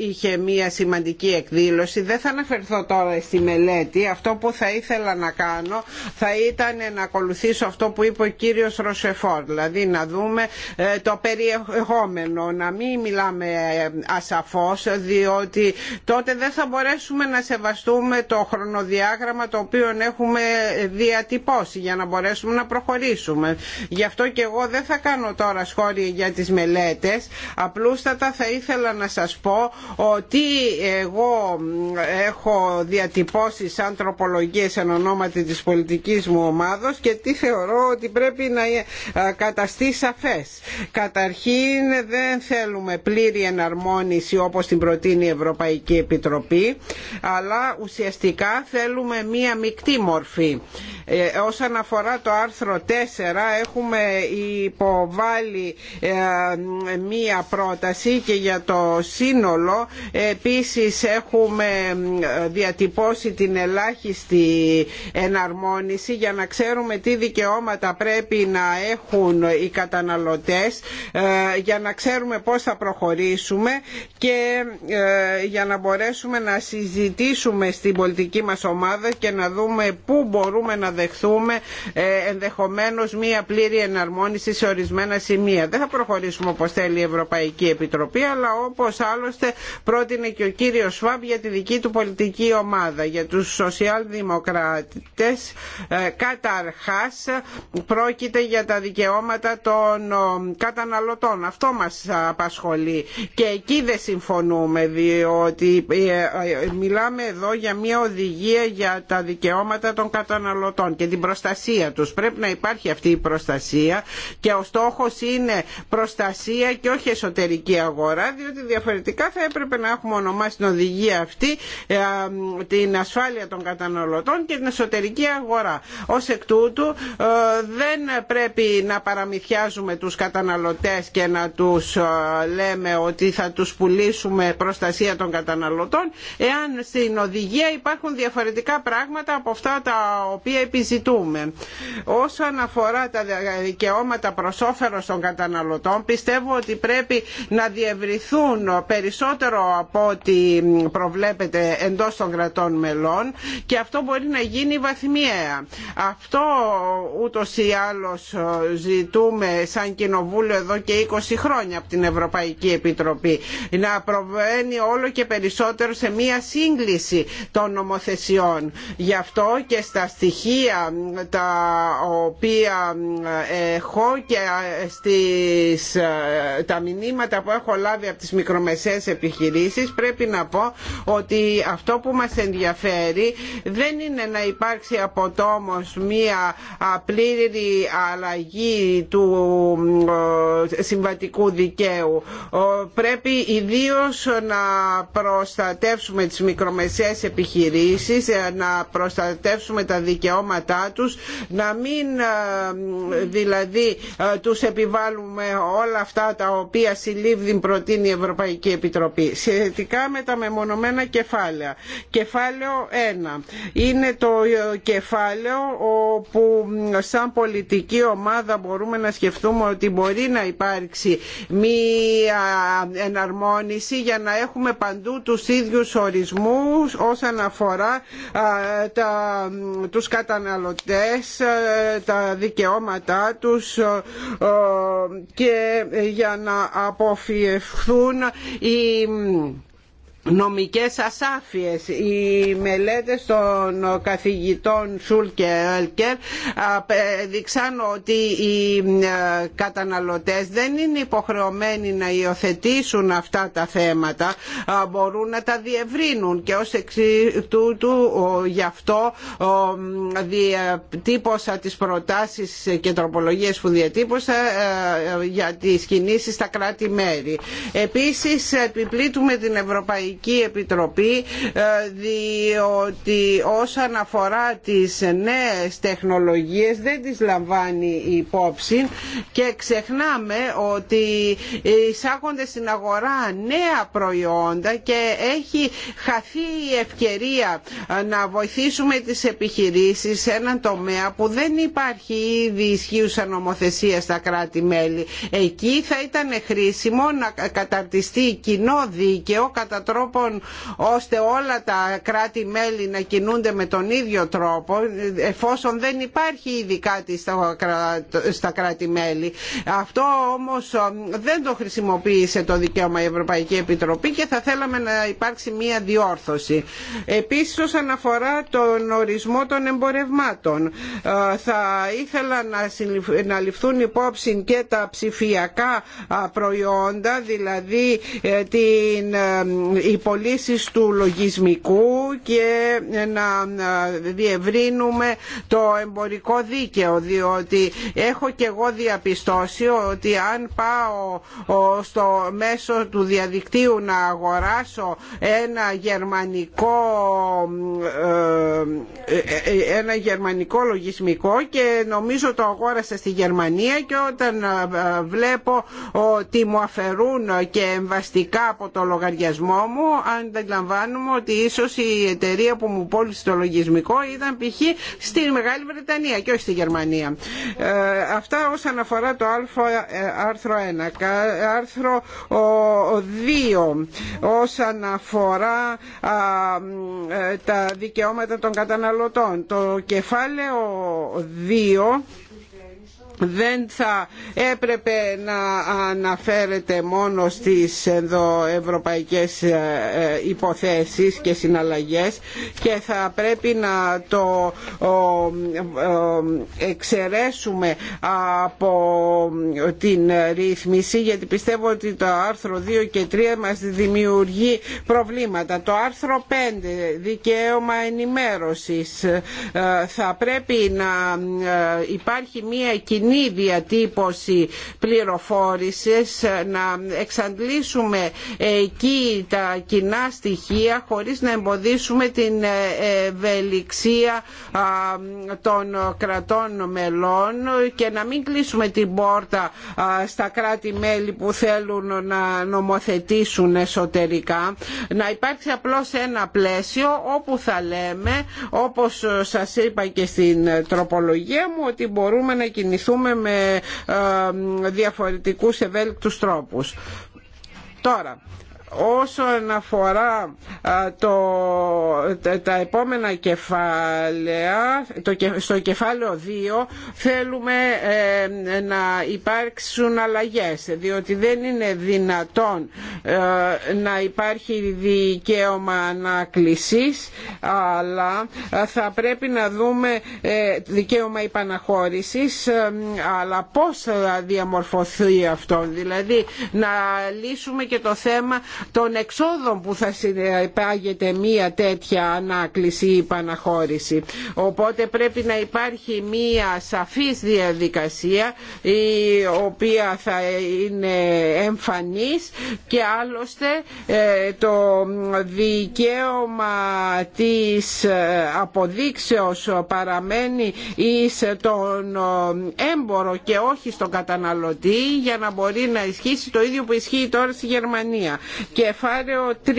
S4: είχε μία σημαντική εκδήλωση δεν θα αναφερθώ τώρα στη μελέτη αυτό που θα ήθελα να κάνω θα ήταν να ακολουθήσω αυτό που είπε κύριος Ροσεφόρ. Δηλαδή να δούμε ε, το περιεχόμενο, να μην μιλάμε ε, ασαφώς διότι τότε δεν θα μπορέσουμε να σεβαστούμε το χρονοδιάγραμμα το οποίο έχουμε ε, διατυπώσει για να μπορέσουμε να προχωρήσουμε. Γι' αυτό και εγώ δεν θα κάνω τώρα σχόλια για τις μελέτες. Απλούστατα θα ήθελα να σας πω ότι εγώ έχω διατυπώσει σαν τροπολογίες εν ονόματι της πολιτικής μου ομάδος και τι θεωρώ ότι πρέπει πρέπει να ε, καταστεί σαφές. Καταρχήν δεν θέλουμε πλήρη εναρμόνιση όπως την προτείνει η Ευρωπαϊκή Επιτροπή αλλά ουσιαστικά θέλουμε μία μεικτή μορφή. Ε, όσον αφορά το άρθρο 4 έχουμε υποβάλει ε, μία πρόταση και για το σύνολο επίσης έχουμε διατυπώσει την ελάχιστη εναρμόνιση για να ξέρουμε τι δικαιώματα πρέπει πρέπει να έχουν οι καταναλωτές ε, για να ξέρουμε πώς θα προχωρήσουμε και ε, για να μπορέσουμε να συζητήσουμε στην πολιτική μας ομάδα και να δούμε πού μπορούμε να δεχθούμε ε, ενδεχομένως μία πλήρη εναρμόνιση σε ορισμένα σημεία. Δεν θα προχωρήσουμε όπως θέλει η Ευρωπαϊκή Επιτροπή αλλά όπως άλλωστε πρότεινε και ο κύριος Σφάμπ για τη δική του πολιτική ομάδα για τους σοσιαλδημοκράτες καταρχάς πρόκειται για τα δικαιώματα των καταναλωτών. Αυτό μας απασχολεί και εκεί δεν συμφωνούμε διότι ε, ε, μιλάμε εδώ για μια οδηγία για τα δικαιώματα των καταναλωτών και την προστασία τους. Πρέπει να υπάρχει αυτή η προστασία και ο στόχος είναι προστασία και όχι εσωτερική αγορά διότι διαφορετικά θα έπρεπε να έχουμε ονομάσει την οδηγία αυτή ε, την ασφάλεια των καταναλωτών και την εσωτερική αγορά. Ως εκ τούτου δεν δεν πρέπει να παραμυθιάζουμε τους καταναλωτές και να τους ε, λέμε ότι θα τους πουλήσουμε προστασία των καταναλωτών εάν στην οδηγία υπάρχουν διαφορετικά πράγματα από αυτά τα οποία επιζητούμε. Όσον αφορά τα δικαιώματα προς όφελος των καταναλωτών πιστεύω ότι πρέπει να διευρυθούν περισσότερο από ό,τι προβλέπεται εντός των κρατών μελών και αυτό μπορεί να γίνει βαθμιαία. Αυτό ούτως ε, ζητούμε σαν κοινοβούλιο εδώ και 20 χρόνια από την Ευρωπαϊκή Επιτροπή να προβαίνει όλο και περισσότερο σε μία σύγκληση των νομοθεσιών. Γι' αυτό και στα στοιχεία τα οποία έχω και στις, ε, τα μηνύματα που έχω λάβει από τις μικρομεσαίες επιχειρήσεις πρέπει να πω ότι αυτό που μας ενδιαφέρει δεν είναι να υπάρξει αποτόμως μία πλήρη αλλαγή του ε, συμβατικού δικαίου. Πρέπει ιδίως να προστατεύσουμε τις μικρομεσαίες επιχειρήσεις, ε, να προστατεύσουμε τα δικαιώματά τους, να μην ε, δηλαδή τους επιβάλλουμε όλα αυτά τα οποία συλλήβδην προτείνει η Ευρωπαϊκή Επιτροπή. Σχετικά με τα μεμονωμένα κεφάλαια. Κεφάλαιο 1. Είναι το κεφάλαιο όπου σαν πολιτικό πολιτική ομάδα μπορούμε να σκεφτούμε ότι μπορεί να υπάρξει μία εναρμόνιση για να έχουμε παντού τους ίδιους ορισμούς όσον αφορά τα, τους καταναλωτές, τα δικαιώματά τους και για να αποφιευθούν οι νομικές ασάφειες. Οι μελέτες των καθηγητών Σουλ και Έλκερ δείξαν ότι οι ε, καταναλωτές δεν είναι υποχρεωμένοι να υιοθετήσουν αυτά τα θέματα, ε, μπορούν να τα διευρύνουν και ως εξ τούτου γι' αυτό διατύπωσα τις προτάσεις και τροπολογίες που διατύπωσα ε, για τις κινήσεις στα κράτη-μέρη. Επίσης επιπλήττουμε την Ευρωπαϊκή Επιτροπή ε, διότι όσον αφορά τις νέες τεχνολογίες δεν τις λαμβάνει υπόψη και ξεχνάμε ότι εισάγονται στην αγορά νέα προϊόντα και έχει χαθεί η ευκαιρία να βοηθήσουμε τις επιχειρήσεις σε έναν τομέα που δεν υπάρχει ήδη ισχύουσα νομοθεσία στα κράτη-μέλη. Εκεί θα ήταν χρήσιμο να καταρτιστεί κοινό δίκαιο κατά τρόπο ώστε όλα τα κράτη-μέλη να κινούνται με τον ίδιο τρόπο εφόσον δεν υπάρχει ήδη κάτι στα κράτη-μέλη. Αυτό όμως ε, δεν το χρησιμοποίησε το δικαίωμα η Ευρωπαϊκή Επιτροπή και θα θέλαμε να υπάρξει μία διόρθωση. Επίσης όσον αφορά τον ορισμό των εμπορευμάτων ε, θα ήθελα να ληφθούν υπόψη και τα ψηφιακά προϊόντα δηλαδή ε, την οι πωλήσει του λογισμικού και να διευρύνουμε το εμπορικό δίκαιο διότι έχω και εγώ διαπιστώσει ότι αν πάω στο μέσο του διαδικτύου να αγοράσω ένα γερμανικό ε, ε, ε, ένα γερμανικό λογισμικό και νομίζω το αγόρασα στη Γερμανία και όταν βλέπω ότι μου αφαιρούν και εμβαστικά από το λογαριασμό μου μου αντιλαμβάνουμε ότι ίσως η εταιρεία που μου πώλησε το λογισμικό ήταν π.χ. στη Μεγάλη Βρετανία και όχι στη Γερμανία. Ε, αυτά όσον αφορά το α, ε, άρθρο 1. Άρθρο 2 όσον αφορά ε, τα δικαιώματα των καταναλωτών. Το κεφάλαιο 2 δεν θα έπρεπε να αναφέρεται μόνο στις ευρωπαϊκές ε, ε, υποθέσεις και συναλλαγές και θα πρέπει να το εξαιρέσουμε από την ρύθμιση γιατί πιστεύω ότι το άρθρο 2 και 3 μας δημιουργεί προβλήματα. Το άρθρο 5 δικαίωμα ενημέρωσης ε, θα πρέπει να υπάρχει μια κοινή κοινή διατύπωση πληροφόρησης, να εξαντλήσουμε εκεί τα κοινά στοιχεία χωρίς να εμποδίσουμε την ευελιξία των κρατών μελών και να μην κλείσουμε την πόρτα στα κράτη-μέλη που θέλουν να νομοθετήσουν εσωτερικά. Να υπάρξει απλώς ένα πλαίσιο όπου θα λέμε, όπως σας είπα και στην τροπολογία μου, ότι μπορούμε να κινηθούμε ασχοληθούμε με ε, διαφορετικούς ευέλικτους τρόπους. Τώρα, όσον αφορά το, τα, επόμενα κεφάλαια το, στο κεφάλαιο 2 θέλουμε ε, να υπάρξουν αλλαγές διότι δεν είναι δυνατόν ε, να υπάρχει δικαίωμα ανάκλησης αλλά ε, θα πρέπει να δούμε δικαίωμα υπαναχώρησης αλλά πώς θα διαμορφωθεί αυτό δηλαδή να λύσουμε και το θέμα των εξόδων που θα συνεπάγεται μία τέτοια ανάκληση ή παναχώρηση. Οπότε πρέπει να υπάρχει μία σαφής διαδικασία η οποία θα είναι εμφανής και άλλωστε ε, το δικαίωμα της ε, αποδείξεως παραμένει εις τον ε, έμπορο και όχι στον καταναλωτή για να μπορεί να ισχύσει το ίδιο που ισχύει τώρα στη Γερμανία Κεφάλαιο 3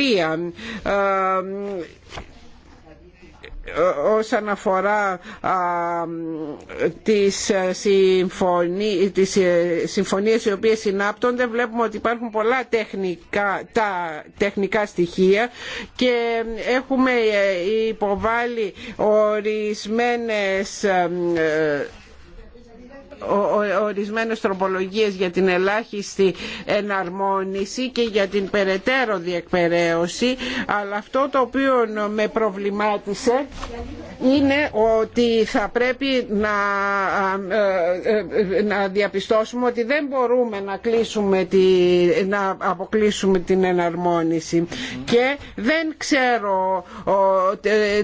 S4: ε, όσον αφορά α, τις, ε, συμφωνίες, τις ε, συμφωνίες οι οποίες συνάπτονται βλέπουμε ότι υπάρχουν πολλά τεχνικά, τα τεχνικά στοιχεία και έχουμε υποβάλει ορισμένες ορισμένες τροπολογίες για την ελάχιστη εναρμόνιση και για την περαιτέρω διεκπαιρέωση αλλά αυτό το οποίο με προβλημάτισε είναι ότι θα πρέπει να, ε, ε, να διαπιστώσουμε ότι δεν μπορούμε να, κλείσουμε να αποκλείσουμε την εναρμόνιση και δεν ξέρω ε,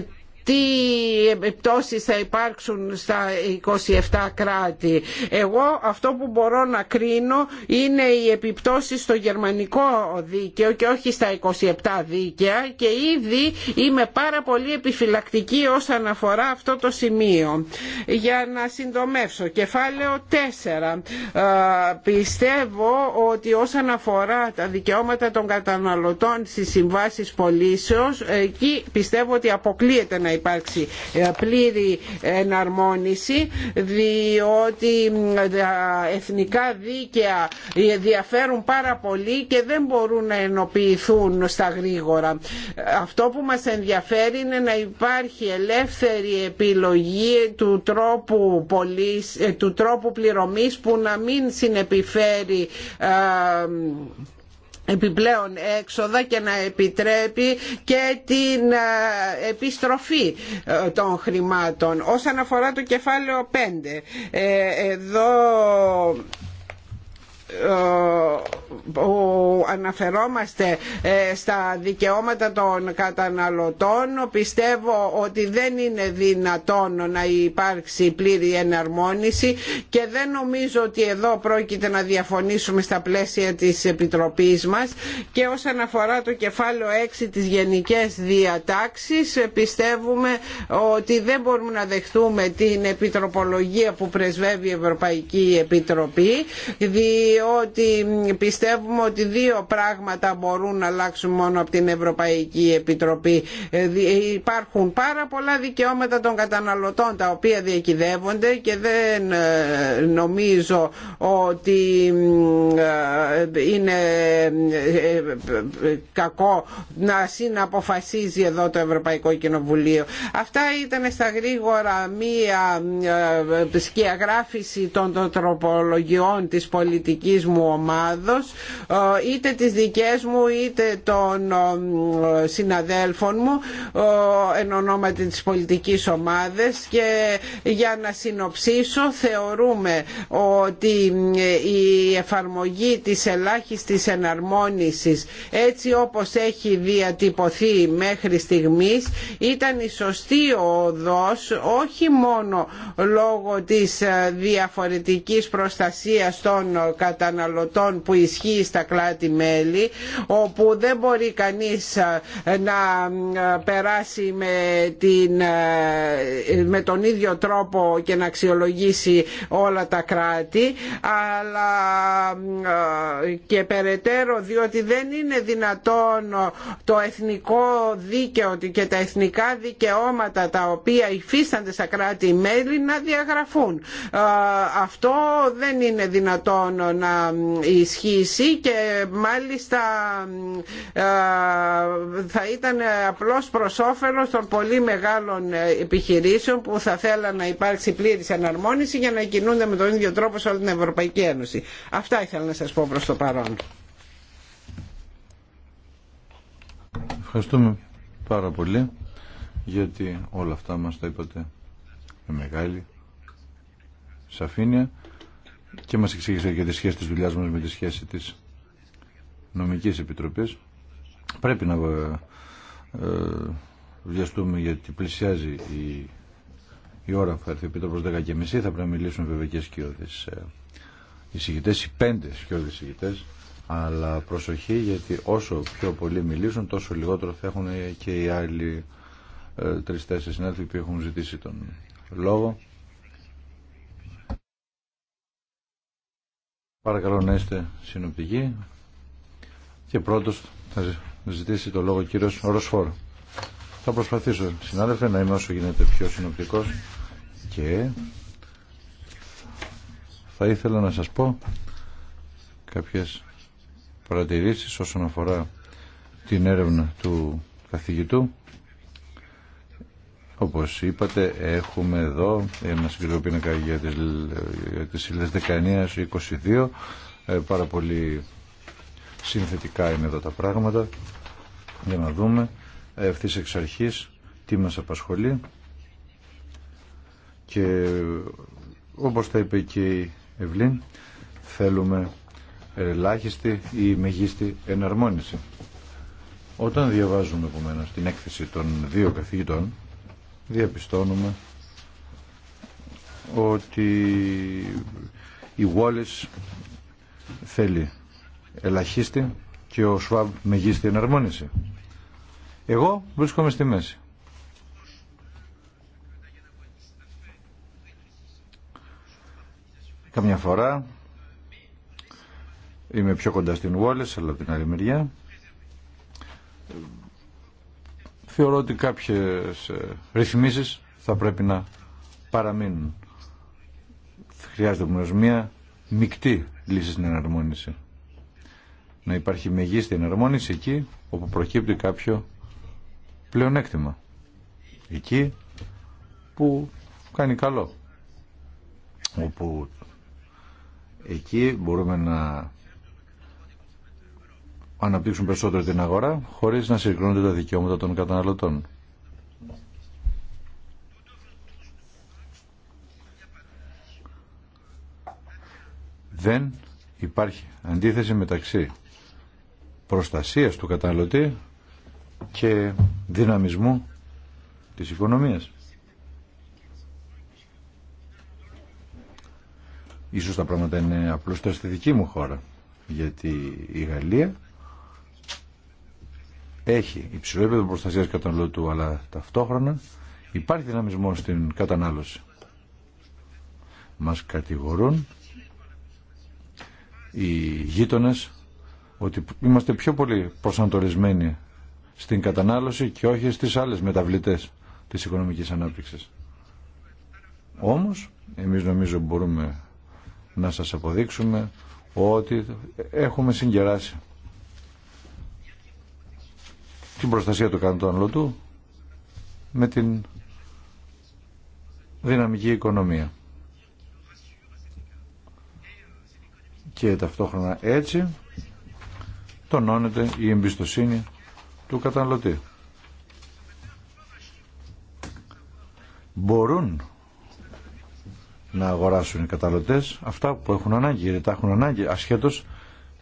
S4: τι επιπτώσεις θα υπάρξουν στα 27 κράτη. Εγώ αυτό που μπορώ να κρίνω είναι οι επιπτώσεις στο γερμανικό δίκαιο και όχι στα 27 δίκαια και ήδη είμαι πάρα πολύ επιφυλακτική όσον αφορά αυτό το σημείο. Για να συντομεύσω, κεφάλαιο 4. Πιστεύω ότι όσον αφορά τα δικαιώματα των καταναλωτών στις συμβάσεις πωλήσεως, εκεί πιστεύω ότι αποκλείεται να υπάρξει ε, πλήρη εναρμόνιση διότι τα εθνικά δίκαια ε, διαφέρουν πάρα πολύ και δεν μπορούν να ενοποιηθούν στα γρήγορα. Αυτό που μας ενδιαφέρει είναι να υπάρχει ελεύθερη επιλογή του τρόπου, πληρωμή ε, του τρόπου πληρωμής που να μην συνεπιφέρει επιπλέον έξοδα και να επιτρέπει και την ε, επιστροφή ε, των χρημάτων. Όσον αφορά το κεφάλαιο 5, ε, εδώ που ε, αναφερόμαστε ε, στα δικαιώματα των καταναλωτών πιστεύω ότι δεν είναι δυνατόν να υπάρξει πλήρη εναρμόνιση και δεν νομίζω ότι εδώ πρόκειται να διαφωνήσουμε στα πλαίσια της Επιτροπής μας και όσον αφορά το κεφάλαιο 6 της Γενικές Διατάξεις πιστεύουμε ότι δεν μπορούμε να δεχθούμε την επιτροπολογία που πρεσβεύει η Ευρωπαϊκή Επιτροπή ότι πιστεύουμε ότι δύο πράγματα μπορούν να αλλάξουν μόνο από την Ευρωπαϊκή Επιτροπή. Ε, ε, υπάρχουν πάρα πολλά δικαιώματα των καταναλωτών τα οποία διακυδεύονται και δεν ε, νομίζω ότι είναι κακό να συναποφασίζει εδώ το Ευρωπαϊκό Κοινοβουλίο. Αυτά ήταν στα γρήγορα μία σκιαγράφηση των τροπολογιών της πολιτικής μου ομάδος ε, είτε τις δικές μου είτε των ε, συναδέλφων μου ε, εν ονόματι της πολιτικής ομάδες και για να συνοψίσω θεωρούμε ότι η εφαρμογή της ελάχιστης εναρμόνισης έτσι όπως έχει διατυπωθεί μέχρι στιγμής ήταν η σωστή οδός όχι μόνο λόγω της διαφορετικής προστασίας των καταναλωτών καταναλωτών που ισχύει στα κράτη-μέλη όπου δεν μπορεί κανείς ε, να ε, περάσει ε, με, τον ίδιο τρόπο και να αξιολογήσει όλα τα κράτη αλλά και περαιτέρω διότι δεν είναι δυνατόν το εθνικό δίκαιο και τα εθνικά δικαιώματα τα οποία υφίστανται στα κράτη-μέλη να διαγραφούν. Αυτό δεν είναι δυνατόν να ισχύσει και μάλιστα ε, θα ήταν απλώς προς όφελος των πολύ μεγάλων επιχειρήσεων που θα θέλαν να υπάρξει πλήρης εναρμόνιση για να κινούνται με τον ίδιο τρόπο σε όλη την Ευρωπαϊκή Ένωση. Αυτά ήθελα να σας πω προς το παρόν.
S2: Ευχαριστούμε πάρα πολύ γιατί όλα αυτά μας τα είπατε με μεγάλη σαφήνεια και μας εξήγησε για τη σχέση της δουλειάς μας με τη σχέση της νομικής επιτροπής. Πρέπει να ε, ε, βιαστούμε γιατί πλησιάζει η, η ώρα που θα έρθει ο Επίτροπος 10.30 θα πρέπει να μιλήσουν βέβαια και οι ε, εισηγητές, οι πέντε σκιώδεις εισηγητές αλλά προσοχή γιατί όσο πιο πολλοί μιλήσουν τόσο λιγότερο θα έχουν και οι άλλοι τρεις-τέσσερις συνάδελφοι που έχουν ζητήσει τον λόγο Παρακαλώ να είστε συνοπτικοί. Και πρώτος θα ζητήσει το λόγο ο κύριος Ροσφόρ. Θα προσπαθήσω, συνάδελφε, να είμαι όσο γίνεται πιο συνοπτικός και θα ήθελα να σας πω κάποιες παρατηρήσεις όσον αφορά την έρευνα του καθηγητού όπως είπατε έχουμε εδώ ένα συγκριτικό πίνακα για τις, για τις 19 19-22 ε, πάρα πολύ συνθετικά είναι εδώ τα πράγματα για να δούμε ε, ευθύς εξ αρχής τι μας απασχολεί και όπως τα είπε και η Ευλήν θέλουμε ελάχιστη ή μεγίστη εναρμόνιση. Όταν διαβάζουμε επομένως την έκθεση των δύο καθηγητών διαπιστώνουμε ότι η Wallis θέλει ελαχίστη και ο Σουάμπ μεγίστη εναρμόνιση. Εγώ βρίσκομαι στη μέση. Καμιά φορά είμαι πιο κοντά στην Wallis, αλλά από την άλλη μεριά θεωρώ ότι κάποιες ε, ρυθμίσεις θα πρέπει να παραμείνουν. Χρειάζεται όμω μία μεικτή λύση στην εναρμόνιση. Να υπάρχει μεγίστη εναρμόνιση εκεί όπου προκύπτει κάποιο πλεονέκτημα. Εκεί που κάνει καλό. Όπου εκεί μπορούμε να αναπτύξουν περισσότερο την αγορά χωρίς να συγκρίνονται τα δικαιώματα των καταναλωτών. Δεν υπάρχει αντίθεση μεταξύ προστασίας του καταναλωτή και δυναμισμού της οικονομίας. Ίσως τα πράγματα είναι απλούστερα στη δική μου χώρα, γιατί η Γαλλία έχει υψηλό επίπεδο προστασία καταναλωτού, αλλά ταυτόχρονα υπάρχει δυναμισμό στην κατανάλωση. Μας κατηγορούν οι γείτονε ότι είμαστε πιο πολύ προσανατολισμένοι στην κατανάλωση και όχι στις άλλες μεταβλητές της οικονομικής ανάπτυξης. Όμως, εμείς νομίζω μπορούμε να σας αποδείξουμε ότι έχουμε συγκεράσει την προστασία του καντών του με την δυναμική οικονομία. Και ταυτόχρονα έτσι τονώνεται η εμπιστοσύνη του καταναλωτή. Μπορούν να αγοράσουν οι καταναλωτές αυτά που έχουν ανάγκη, γιατί τα έχουν ανάγκη ασχέτως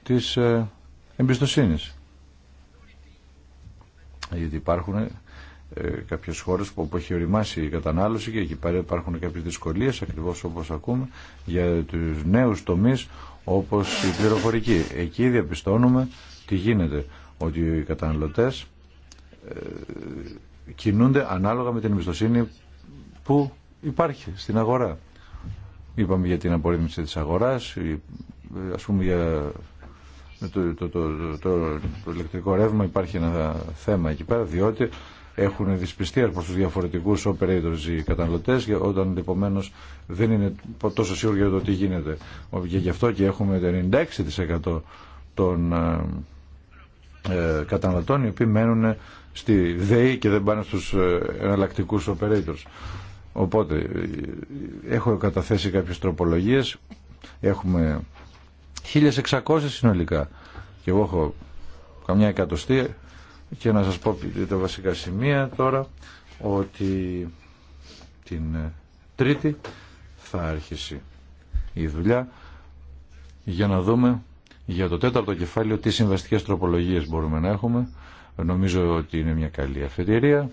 S2: της ε, εμπιστοσύνης γιατί υπάρχουν ε, κάποιες χώρες που έχει οριμάσει η κατανάλωση και εκεί πέρα υπάρχουν κάποιες δυσκολίες ακριβώς όπως ακούμε για τους νέους τομείς όπως η πληροφορική. Εκεί διαπιστώνουμε τι γίνεται, ότι οι καταναλωτές ε, κινούνται ανάλογα με την εμπιστοσύνη που υπάρχει στην αγορά. Είπαμε για την απορρίθμιση της αγοράς, ε, ας πούμε για με το, το, το, το, ηλεκτρικό ρεύμα υπάρχει ένα θέμα εκεί πέρα, διότι έχουν δυσπιστεί προς τους διαφορετικούς operators οι καταναλωτές όταν επομένω δεν είναι τόσο σίγουρο για το τι γίνεται. Και γι' αυτό και έχουμε 96% των ε, ε, καταναλωτών οι οποίοι μένουν στη ΔΕΗ και δεν πάνε στους ε, εναλλακτικού operators. Οπότε έχω καταθέσει κάποιες τροπολογίες, έχουμε 1600 συνολικά. Και εγώ έχω καμιά εκατοστή και να σας πω τα βασικά σημεία τώρα ότι την ε, Τρίτη θα άρχισει η δουλειά για να δούμε για το τέταρτο κεφάλαιο τι συμβαστικές τροπολογίες μπορούμε να έχουμε. Νομίζω ότι είναι μια καλή αφετηρία.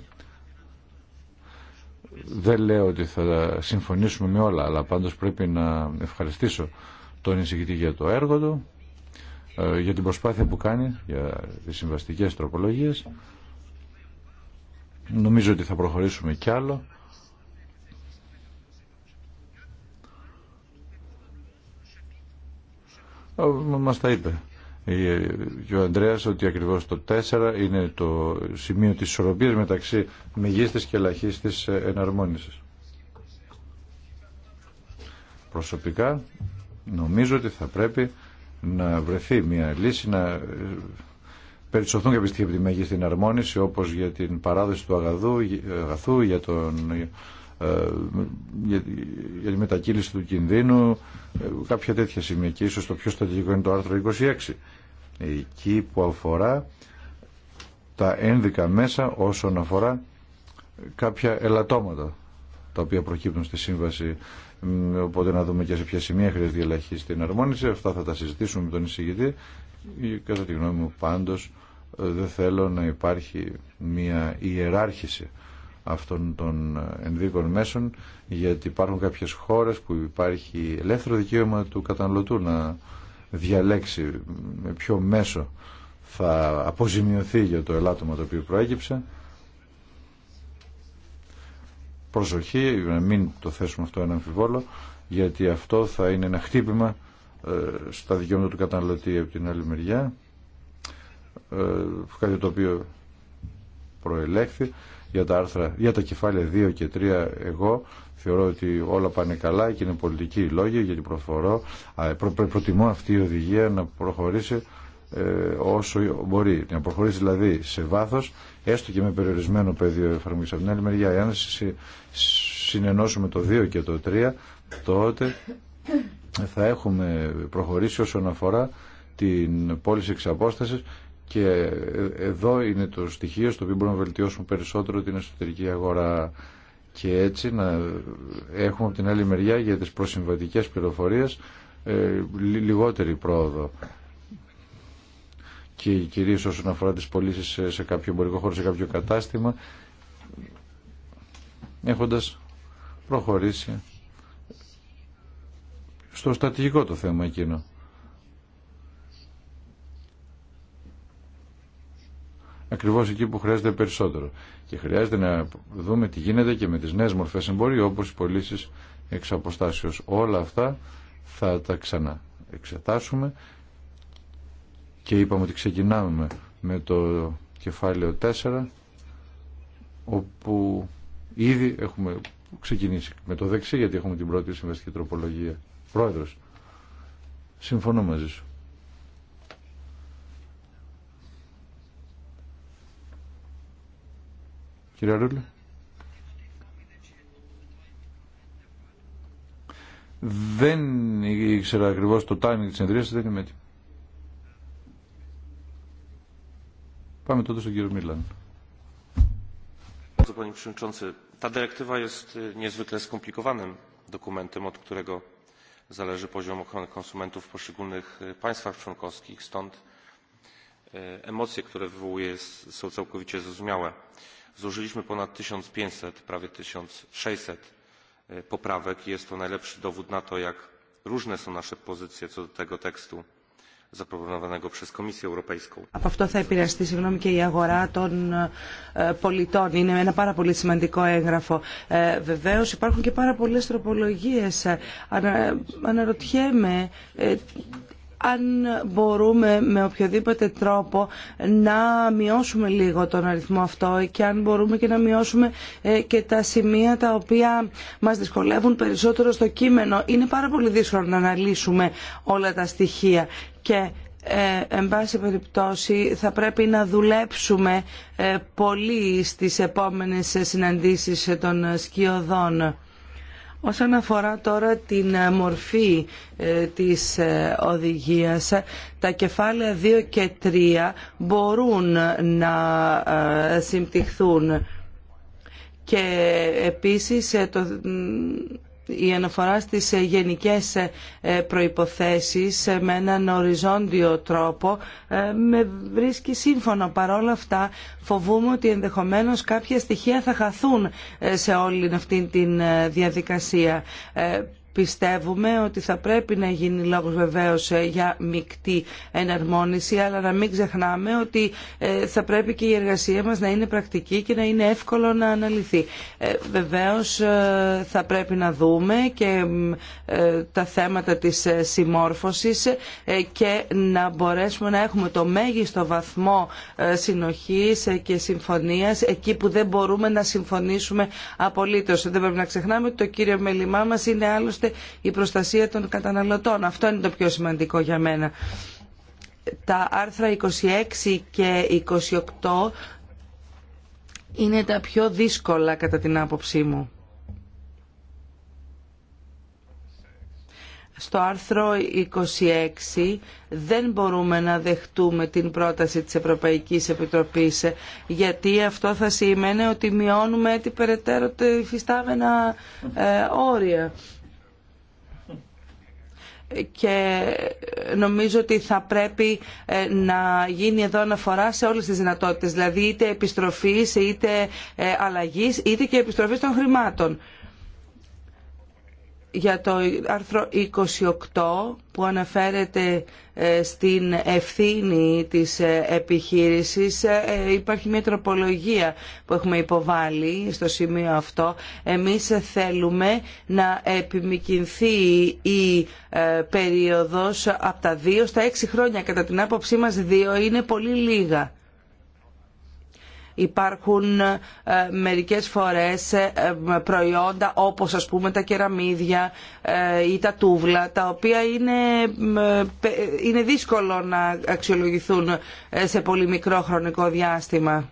S2: Δεν λέω ότι θα συμφωνήσουμε με όλα, αλλά πάντως πρέπει να ευχαριστήσω τον εισηγητή για το έργο του, ε, για την προσπάθεια που κάνει, για τις συμβαστικές τροπολογίες. Νομίζω ότι θα προχωρήσουμε κι άλλο. Ε, μας τα είπε και ο Ανδρέας ότι ακριβώς το 4 είναι το σημείο της ισορροπίας μεταξύ μεγίστης και ελαχίστης ε, εναρμόνισης. Προσωπικά Νομίζω ότι θα πρέπει να βρεθεί μια λύση, να ε, περισσωθούν και πιστοί από τη μέγιστη αρμόνιση όπως για την παράδοση του αγαθού, αγαθού για τον ε, ε, για, τη μετακύληση του κινδύνου, κάποια τέτοια σημεία και ίσως το πιο στρατηγικό είναι το άρθρο 26 εκεί που αφορά τα ένδικα μέσα όσον αφορά κάποια ελαττώματα τα οποία προκύπτουν στη σύμβαση Οπότε να δούμε και σε ποια σημεία χρειάζεται στην αρμόνιση. Αυτά θα τα συζητήσουμε με τον εισηγητή. Κατά τη γνώμη μου πάντως ε, δεν θέλω να υπάρχει μια ιεράρχηση αυτών των ε, ενδίκων μέσων γιατί υπάρχουν κάποιες χώρες που υπάρχει ελεύθερο δικαίωμα του καταναλωτού να διαλέξει με ποιο μέσο θα αποζημιωθεί για το ελάττωμα το οποίο προέκυψε προσοχή, να μην το θέσουμε αυτό ένα αμφιβόλο, γιατί αυτό θα είναι ένα χτύπημα ε, στα δικαιώματα του καταναλωτή από την άλλη μεριά, ε, κάτι το οποίο προελέχθη για τα, άρθρα, για τα κεφάλαια 2 και 3 εγώ θεωρώ ότι όλα πάνε καλά και είναι πολιτικοί οι λόγοι γιατί προφορώ, προτιμώ αυτή η οδηγία να προχωρήσει ε, όσο μπορεί. Να προχωρήσει δηλαδή σε βάθο έστω και με περιορισμένο πεδίο εφαρμογή Από την άλλη μεριά, εάν συνενώσουμε το 2 και το 3, τότε θα έχουμε προχωρήσει όσον αφορά την πώληση εξ απόσταση και εδώ είναι το στοιχείο στο οποίο μπορούμε να βελτιώσουμε περισσότερο την εσωτερική αγορά και έτσι να έχουμε από την άλλη μεριά για τις προσυμβατικές πληροφορίες ε, λιγότερη πρόοδο και κυρίως όσον αφορά τις πωλήσει σε κάποιο εμπορικό χώρο, σε κάποιο κατάστημα έχοντας προχωρήσει στο στρατηγικό το θέμα εκείνο. Ακριβώς εκεί που χρειάζεται περισσότερο. Και χρειάζεται να δούμε τι γίνεται και με τις νέες μορφές εμπορίου όπως οι πωλήσει εξ αποστάσεως. Όλα αυτά θα τα ξαναεξετάσουμε και είπαμε ότι ξεκινάμε με το κεφάλαιο 4 όπου ήδη έχουμε ξεκινήσει με το δεξί γιατί έχουμε την πρώτη συμβαστική τροπολογία. Πρόεδρος, συμφωνώ μαζί σου. Κύριε Ρούλη. Δεν ήξερα ακριβώς το timing της συνεδρίας, δεν είμαι έτοιμο. Πάμε τότε Panie
S1: Przewodniczący, ta dyrektywa jest niezwykle skomplikowanym
S5: dokumentem, od którego zależy poziom ochrony konsumentów w poszczególnych państwach członkowskich, stąd emocje, które wywołuje są całkowicie zrozumiałe. Złożyliśmy ponad 1500, prawie 1600 poprawek i jest to najlepszy dowód na to, jak różne są nasze pozycje co do tego tekstu από
S3: αυτό θα επηρεαστεί συγγνώμη, και η αγορά των ε, πολιτών. Είναι ένα πάρα πολύ σημαντικό έγγραφο. Ε, Βεβαίω υπάρχουν και πάρα πολλέ τροπολογίε. Ε, ε, αναρωτιέμαι αν μπορούμε με οποιοδήποτε τρόπο να μειώσουμε λίγο τον αριθμό αυτό και αν μπορούμε και να μειώσουμε ε, και τα σημεία τα οποία μας δυσκολεύουν περισσότερο στο κείμενο. Είναι πάρα πολύ δύσκολο να αναλύσουμε όλα τα στοιχεία και ε, εν πάση περιπτώσει θα πρέπει να δουλέψουμε ε, πολύ στις επόμενες συναντήσεις των σκιωδών. Όσον αφορά τώρα την ε, μορφή ε, της ε, οδηγίας, τα κεφάλαια 2 και 3 μπορούν να συμπτυχθούν και επίσης το η αναφορά στις ε, γενικές ε, ε, προϋποθέσεις με έναν οριζόντιο τρόπο με βρίσκει σύμφωνο. Παρόλα αυτά φοβούμαι ότι ενδεχομένως κάποια στοιχεία θα χαθούν σε όλη αυτή τη διαδικασία. Πιστεύουμε ότι θα πρέπει να γίνει λόγος βεβαίως ε, για μεικτή εναρμόνιση, αλλά να μην ξεχνάμε ότι ε, θα πρέπει και η εργασία μας να είναι πρακτική και να είναι εύκολο να αναλυθεί. Ε, βεβαίως θα πρέπει να δούμε και τα θέματα της συμμόρφωσης και να μπορέσουμε να έχουμε το μέγιστο βαθμό συνοχής και συμφωνίας εκεί που δεν μπορούμε να συμφωνήσουμε απολύτως. Δεν πρέπει να ξεχνάμε ότι το κύριο μέλημά είναι άλλωστε η προστασία των καταναλωτών. Αυτό είναι το πιο σημαντικό για μένα. Τα άρθρα 26 και 28 είναι τα πιο δύσκολα κατά την άποψή μου. στο άρθρο 26 δεν μπορούμε να δεχτούμε την πρόταση της Ευρωπαϊκής Επιτροπής γιατί αυτό θα σημαίνει ότι μειώνουμε την περαιτέρω φυστάμενα υφιστάμενα όρια και νομίζω ότι θα πρέπει ε, να γίνει εδώ αναφορά σε όλες τις δυνατότητες, δηλαδή είτε επιστροφής, είτε ε, αλλαγής, είτε και επιστροφής των χρημάτων για το άρθρο 28 που αναφέρεται ε, στην ευθύνη της ε, επιχείρησης ε, υπάρχει μια τροπολογία που έχουμε υποβάλει στο σημείο αυτό. Εμείς θέλουμε να επιμηκυνθεί η περίοδος από τα 2 στα 6 χρόνια. Κατά την άποψή μας 2 είναι πολύ λίγα υπάρχουν ε, μερικές φορές ε, ε, προϊόντα όπως ας πούμε τα κεραμίδια ή τα τούβλα τα οποία είναι, είναι δύσκολο να αξιολογηθούν σε πολύ μικρό χρονικό διάστημα.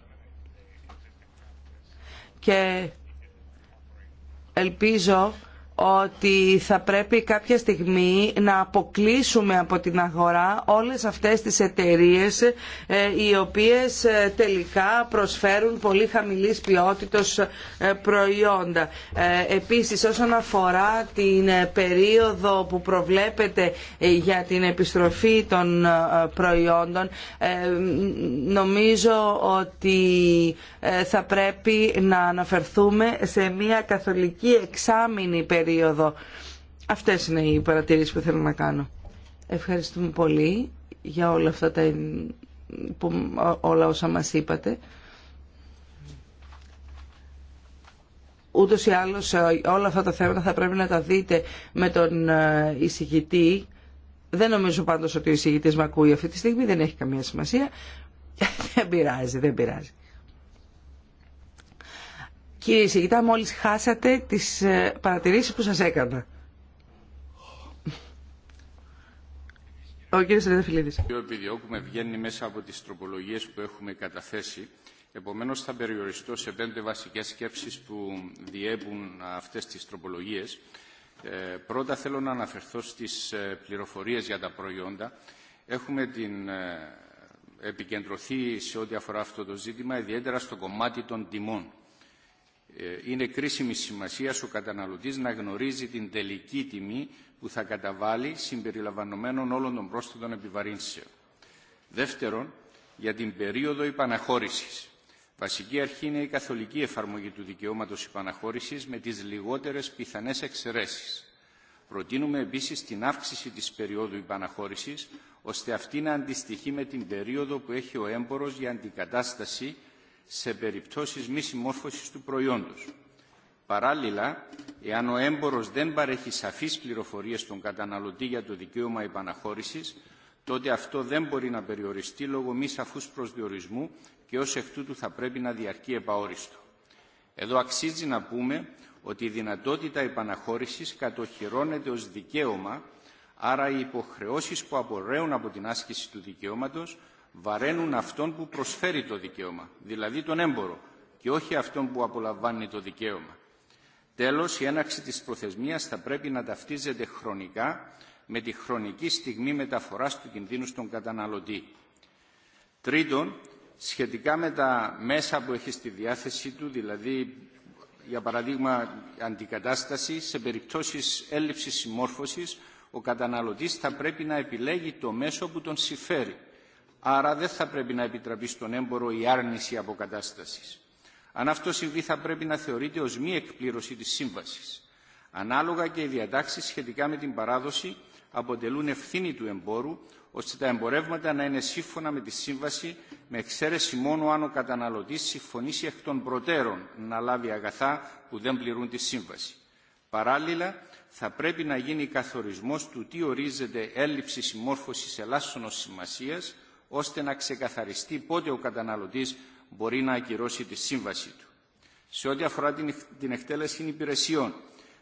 S3: Και ελπίζω ότι θα πρέπει κάποια στιγμή να αποκλείσουμε από την αγορά όλες αυτές τις εταιρείες ε, οι οποίες ε, τελικά προσφέρουν πολύ χαμηλής ποιότητος ε, προϊόντα. Επίσης όσον αφορά την περίοδο που προβλέπεται για την επιστροφή των προϊόντων νομίζω ότι θα πρέπει να αναφερθούμε σε μια καθολική εξάμηνη περίοδο περίοδο. Αυτές είναι οι παρατηρήσεις που θέλω να κάνω. Ευχαριστούμε πολύ για όλα αυτά τα, όλα όσα μας είπατε. Ούτως ή άλλως ε, όλα αυτά τα θέματα θα πρέπει να τα δείτε με τον ε, εισηγητή. Δεν νομίζω πάντως ότι ο εισηγητής με ακούει αυτή τη στιγμή, δεν έχει καμία σημασία. (laughs) δεν πειράζει, δεν πειράζει. Κύριε Σιγητά, μόλις χάσατε τις ε, παρατηρήσεις που σας έκανα. Ο κύριος Ρεδεφιλίδης.
S5: Το επιδιώκουμε βγαίνει μέσα από τις τροπολογίες που έχουμε καταθέσει. Επομένως θα περιοριστώ σε πέντε βασικές σκέψεις που διέπουν αυτές τις τροπολογίες. Ε, πρώτα θέλω να αναφερθώ στις ε, πληροφορίες για τα προϊόντα. Έχουμε την, επικεντρωθεί σε ό,τι αφορά αυτό το ζήτημα, ιδιαίτερα στο κομμάτι των τιμών ε, είναι κρίσιμη σημασία ο καταναλωτής να γνωρίζει την τελική τιμή που θα καταβάλει συμπεριλαμβανομένων όλων των πρόσθετων επιβαρύνσεων. Δεύτερον, για την περίοδο υπαναχώρησης. Βασική αρχή είναι η καθολική εφαρμογή του δικαιώματος υπαναχώρησης με τις λιγότερες πιθανές εξαιρέσεις. Προτείνουμε επίσης την αύξηση της περίοδου υπαναχώρησης, ώστε αυτή να αντιστοιχεί με την περίοδο που έχει ο έμπορος για αντικατάσταση σε περιπτώσεις μη συμμόρφωσης του προϊόντος. Παράλληλα, εάν ο έμπορος δεν παρέχει σαφείς πληροφορίες στον καταναλωτή για το δικαίωμα επαναχώρησης, τότε αυτό δεν μπορεί να περιοριστεί λόγω μη σαφούς προσδιορισμού και ως εκ τούτου θα πρέπει να διαρκεί επαόριστο. Εδώ αξίζει να πούμε ότι η δυνατότητα επαναχώρησης κατοχυρώνεται ως δικαίωμα, άρα οι υποχρεώσεις που απορρέουν από την άσκηση του δικαιώματος βαραίνουν αυτόν που προσφέρει το δικαίωμα, δηλαδή τον έμπορο, και όχι αυτόν που απολαμβάνει το δικαίωμα. Τέλος, η έναξη της προθεσμίας θα πρέπει να ταυτίζεται χρονικά με τη χρονική στιγμή μεταφοράς του κινδύνου στον καταναλωτή. Τρίτον, σχετικά με τα μέσα που έχει στη διάθεσή του, δηλαδή για παραδείγμα αντικατάσταση, σε περιπτώσεις έλλειψης συμμόρφωσης, ο καταναλωτής θα πρέπει να επιλέγει το μέσο που τον συμφέρει άρα δεν θα πρέπει να επιτραπεί στον έμπορο η άρνηση αποκατάστασης. Αν αυτό συμβεί θα πρέπει να θεωρείται ως μη εκπλήρωση της σύμβασης. Ανάλογα και οι διατάξεις σχετικά με την παράδοση αποτελούν ευθύνη του εμπόρου, ώστε τα εμπορεύματα να είναι σύμφωνα με τη σύμβαση, με εξαίρεση μόνο αν ο καταναλωτής συμφωνήσει εκ των προτέρων να λάβει αγαθά που δεν πληρούν τη σύμβαση. Παράλληλα, θα πρέπει να γίνει καθορισμός του τι ορίζεται έλλειψη συμμόρφωσης ελάσσονος σημασία ώστε να ξεκαθαριστεί πότε ο καταναλωτής μπορεί να ακυρώσει τη σύμβαση του. Σε ό,τι αφορά την εκτέλεση υπηρεσιών,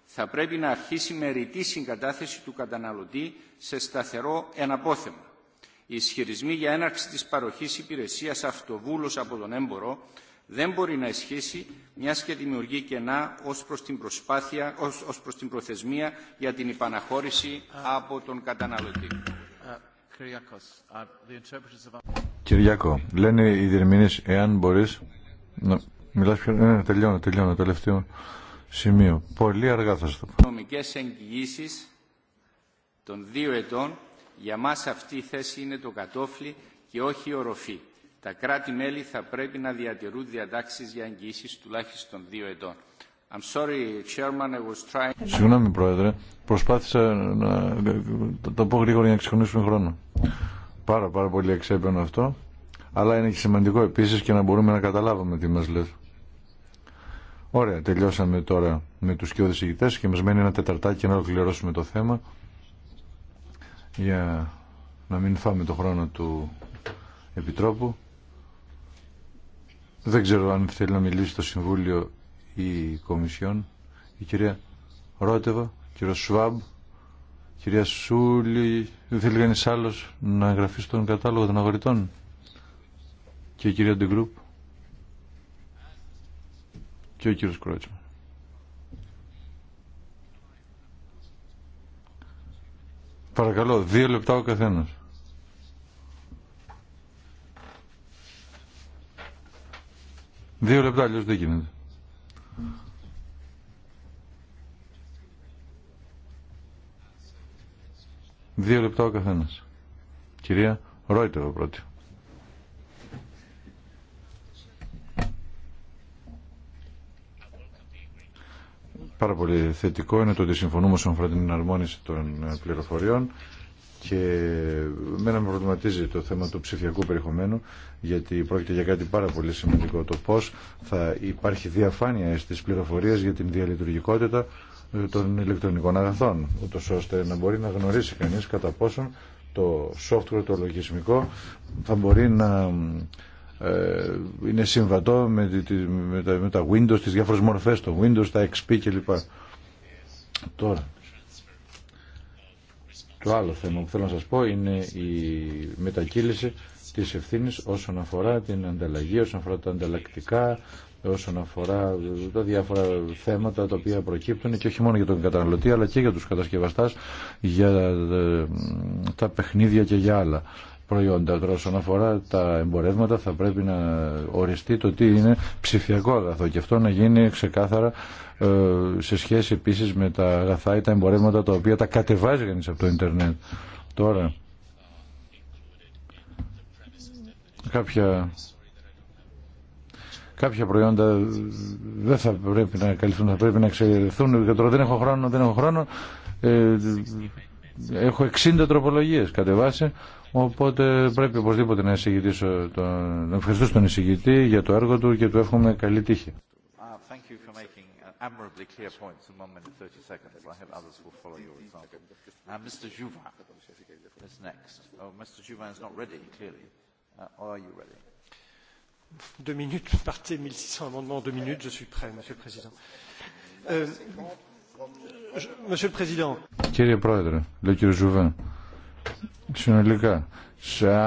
S5: θα πρέπει να αρχίσει με ρητή συγκατάθεση του καταναλωτή σε σταθερό εναπόθεμα. Οι ισχυρισμοί για έναρξη της παροχής υπηρεσίας αυτοβούλως από τον έμπορο δεν μπορεί να ισχύσει, μιας και δημιουργεί κενά ω προς την, προσπάθεια, προς την προθεσμία για την υπαναχώρηση από τον καταναλωτή.
S2: Κυριάκο, λένε οι διερμηνείς, εάν μπορείς να μιλάς πιο... Ναι, τελειώνω, τελειώνω, τελευταίο σημείο. Πολύ αργά θα στο το
S5: πω. Νομικές εγγυήσεις των δύο ετών, για μας αυτή η θέση είναι το κατόφλι και όχι η οροφή. Τα κράτη-μέλη θα πρέπει να διατηρούν διατάξεις για εγγυήσεις τουλάχιστον δύο ετών. Συγγνώμη,
S2: Πρόεδρε. Προσπάθησα να το πω γρήγορα για να ξεχνήσουμε χρόνο. Πάρα, πάρα πολύ εξέπαινο αυτό. Αλλά είναι και σημαντικό επίσης και να μπορούμε να καταλάβουμε τι μας λες. Ωραία, τελειώσαμε τώρα με τους κοιόδες ηγητές και μας μένει ένα τεταρτάκι να ολοκληρώσουμε το θέμα για να μην φάμε το χρόνο του Επιτρόπου. Δεν ξέρω αν θέλει να μιλήσει το Συμβούλιο η Κομισιόν, η κυρία Ρότεβα, κύριο Σουάμπ, κυρία Σούλη, δεν θέλει κανεί άλλο να εγγραφεί στον κατάλογο των αγορητών και η κυρία Ντεγκρούπ και ο κύριος Κρότσμα. Παρακαλώ, δύο λεπτά ο καθένας. Δύο λεπτά, αλλιώς δεν γίνεται. Δύο λεπτά ο καθένας. Κυρία Ρόιτερ πρώτη. Πάρα πολύ θετικό είναι το ότι συμφωνούμε όσον αφορά την εναρμόνιση των πληροφοριών και μένα με προβληματίζει το θέμα του ψηφιακού περιεχομένου γιατί πρόκειται για κάτι πάρα πολύ σημαντικό το πώς θα υπάρχει διαφάνεια στις πληροφορίες για την διαλειτουργικότητα ε, των ηλεκτρονικών αγαθών ούτως ώστε να μπορεί να γνωρίσει κανείς κατά πόσον το software, το λογισμικό θα μπορεί να ε, είναι συμβατό με, τα, με Windows, τις διάφορες μορφές το Windows, τα XP κλπ. Τώρα, το άλλο θέμα που θέλω να σας πω είναι η μετακύληση της ευθύνης όσον αφορά την ανταλλαγή, όσον αφορά τα ανταλλακτικά, όσον αφορά τα διάφορα θέματα τα οποία προκύπτουν και όχι μόνο για τον καταναλωτή αλλά και για τους κατασκευαστάς, για ε, τα παιχνίδια και για άλλα προϊόντα. Τώρα, όσον αφορά τα εμπορεύματα, θα πρέπει να οριστεί το τι είναι ψηφιακό αγαθό και αυτό να γίνει ξεκάθαρα ε, σε σχέση επίση με τα αγαθά ή τα εμπορεύματα τα οποία τα κατεβάζει κανεί από το Ιντερνετ. Τώρα, κάποια κάποια προϊόντα δεν θα πρέπει να καλυφθούν, θα πρέπει να εξελιχθούν. τώρα δεν έχω χρόνο, δεν έχω χρόνο. Ε, έχω 60 τροπολογίες κατεβάσει. Οπότε πρέπει οπωσδήποτε να εισηγητήσω τον... να ευχαριστήσω τον εισηγητή για το έργο του και του εύχομαι καλή τύχη.
S1: Ah, suis Monsieur
S2: Κύριε Πρόεδρε, λέει συνολικά.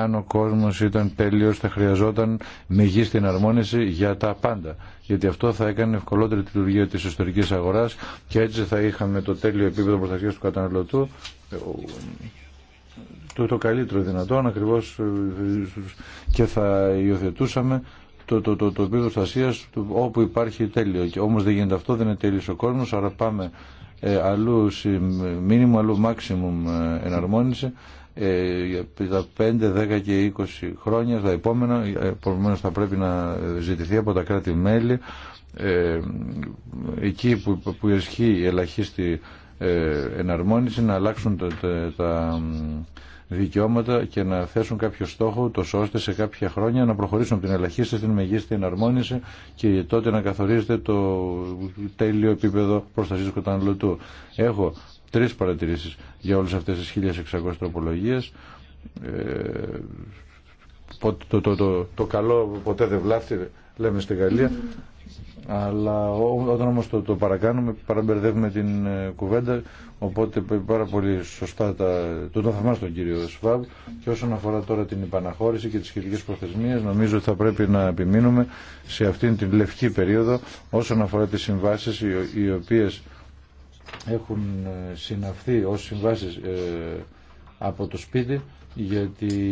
S2: αν ο κόσμος ήταν τέλειος θα χρειαζόταν μεγή στην αρμόνιση για τα πάντα. Γιατί αυτό θα έκανε ευκολότερη τη λειτουργία της ιστορικής αγοράς και έτσι θα είχαμε το τέλειο επίπεδο προστασίας του καταναλωτού ε, το, το καλύτερο δυνατόν ακριβώς ε, και θα υιοθετούσαμε το, το, το, το επίπεδο προστασία όπου υπάρχει τέλειο. Όμω δεν γίνεται αυτό, δεν είναι τέλειο ο κόσμο, άρα πάμε ε, αλλού μήνυμο, αλλού maximum ε, εναρμόνιση ε, για τα 5, 10 και 20 χρόνια τα επόμενα επομένως θα πρέπει να ζητηθεί από τα κράτη-μέλη ε, εκεί που, που ισχύει η ελαχίστη εναρμόνιση να αλλάξουν τα, τα, τα δικαιώματα και να θέσουν κάποιο στόχο, τόσο ώστε σε κάποια χρόνια να προχωρήσουν από την ελαχίστη στην μεγίστη εναρμόνιση και τότε να καθορίζεται το τέλειο επίπεδο προστασία του Έχω τρει παρατηρήσει για όλε αυτέ τι 1600 τροπολογίε. Ε, το, το, το, το, καλό ποτέ δεν βλάφτει, λέμε στη Γαλλία. Αλλά όταν όμως το, παρακάνουμε παραμπερδεύουμε την ε, κουβέντα οπότε πάρα πολύ σωστά τα, το, το θαυμάζω τον κύριο Σφάβ και όσον αφορά τώρα την υπαναχώρηση και τις σχετικές προθεσμίες νομίζω ότι θα πρέπει να επιμείνουμε σε αυτήν την λευκή περίοδο όσον αφορά τις συμβάσεις οι, οι οποίες έχουν ε, συναυθεί ως συμβάσεις ε, από το σπίτι γιατί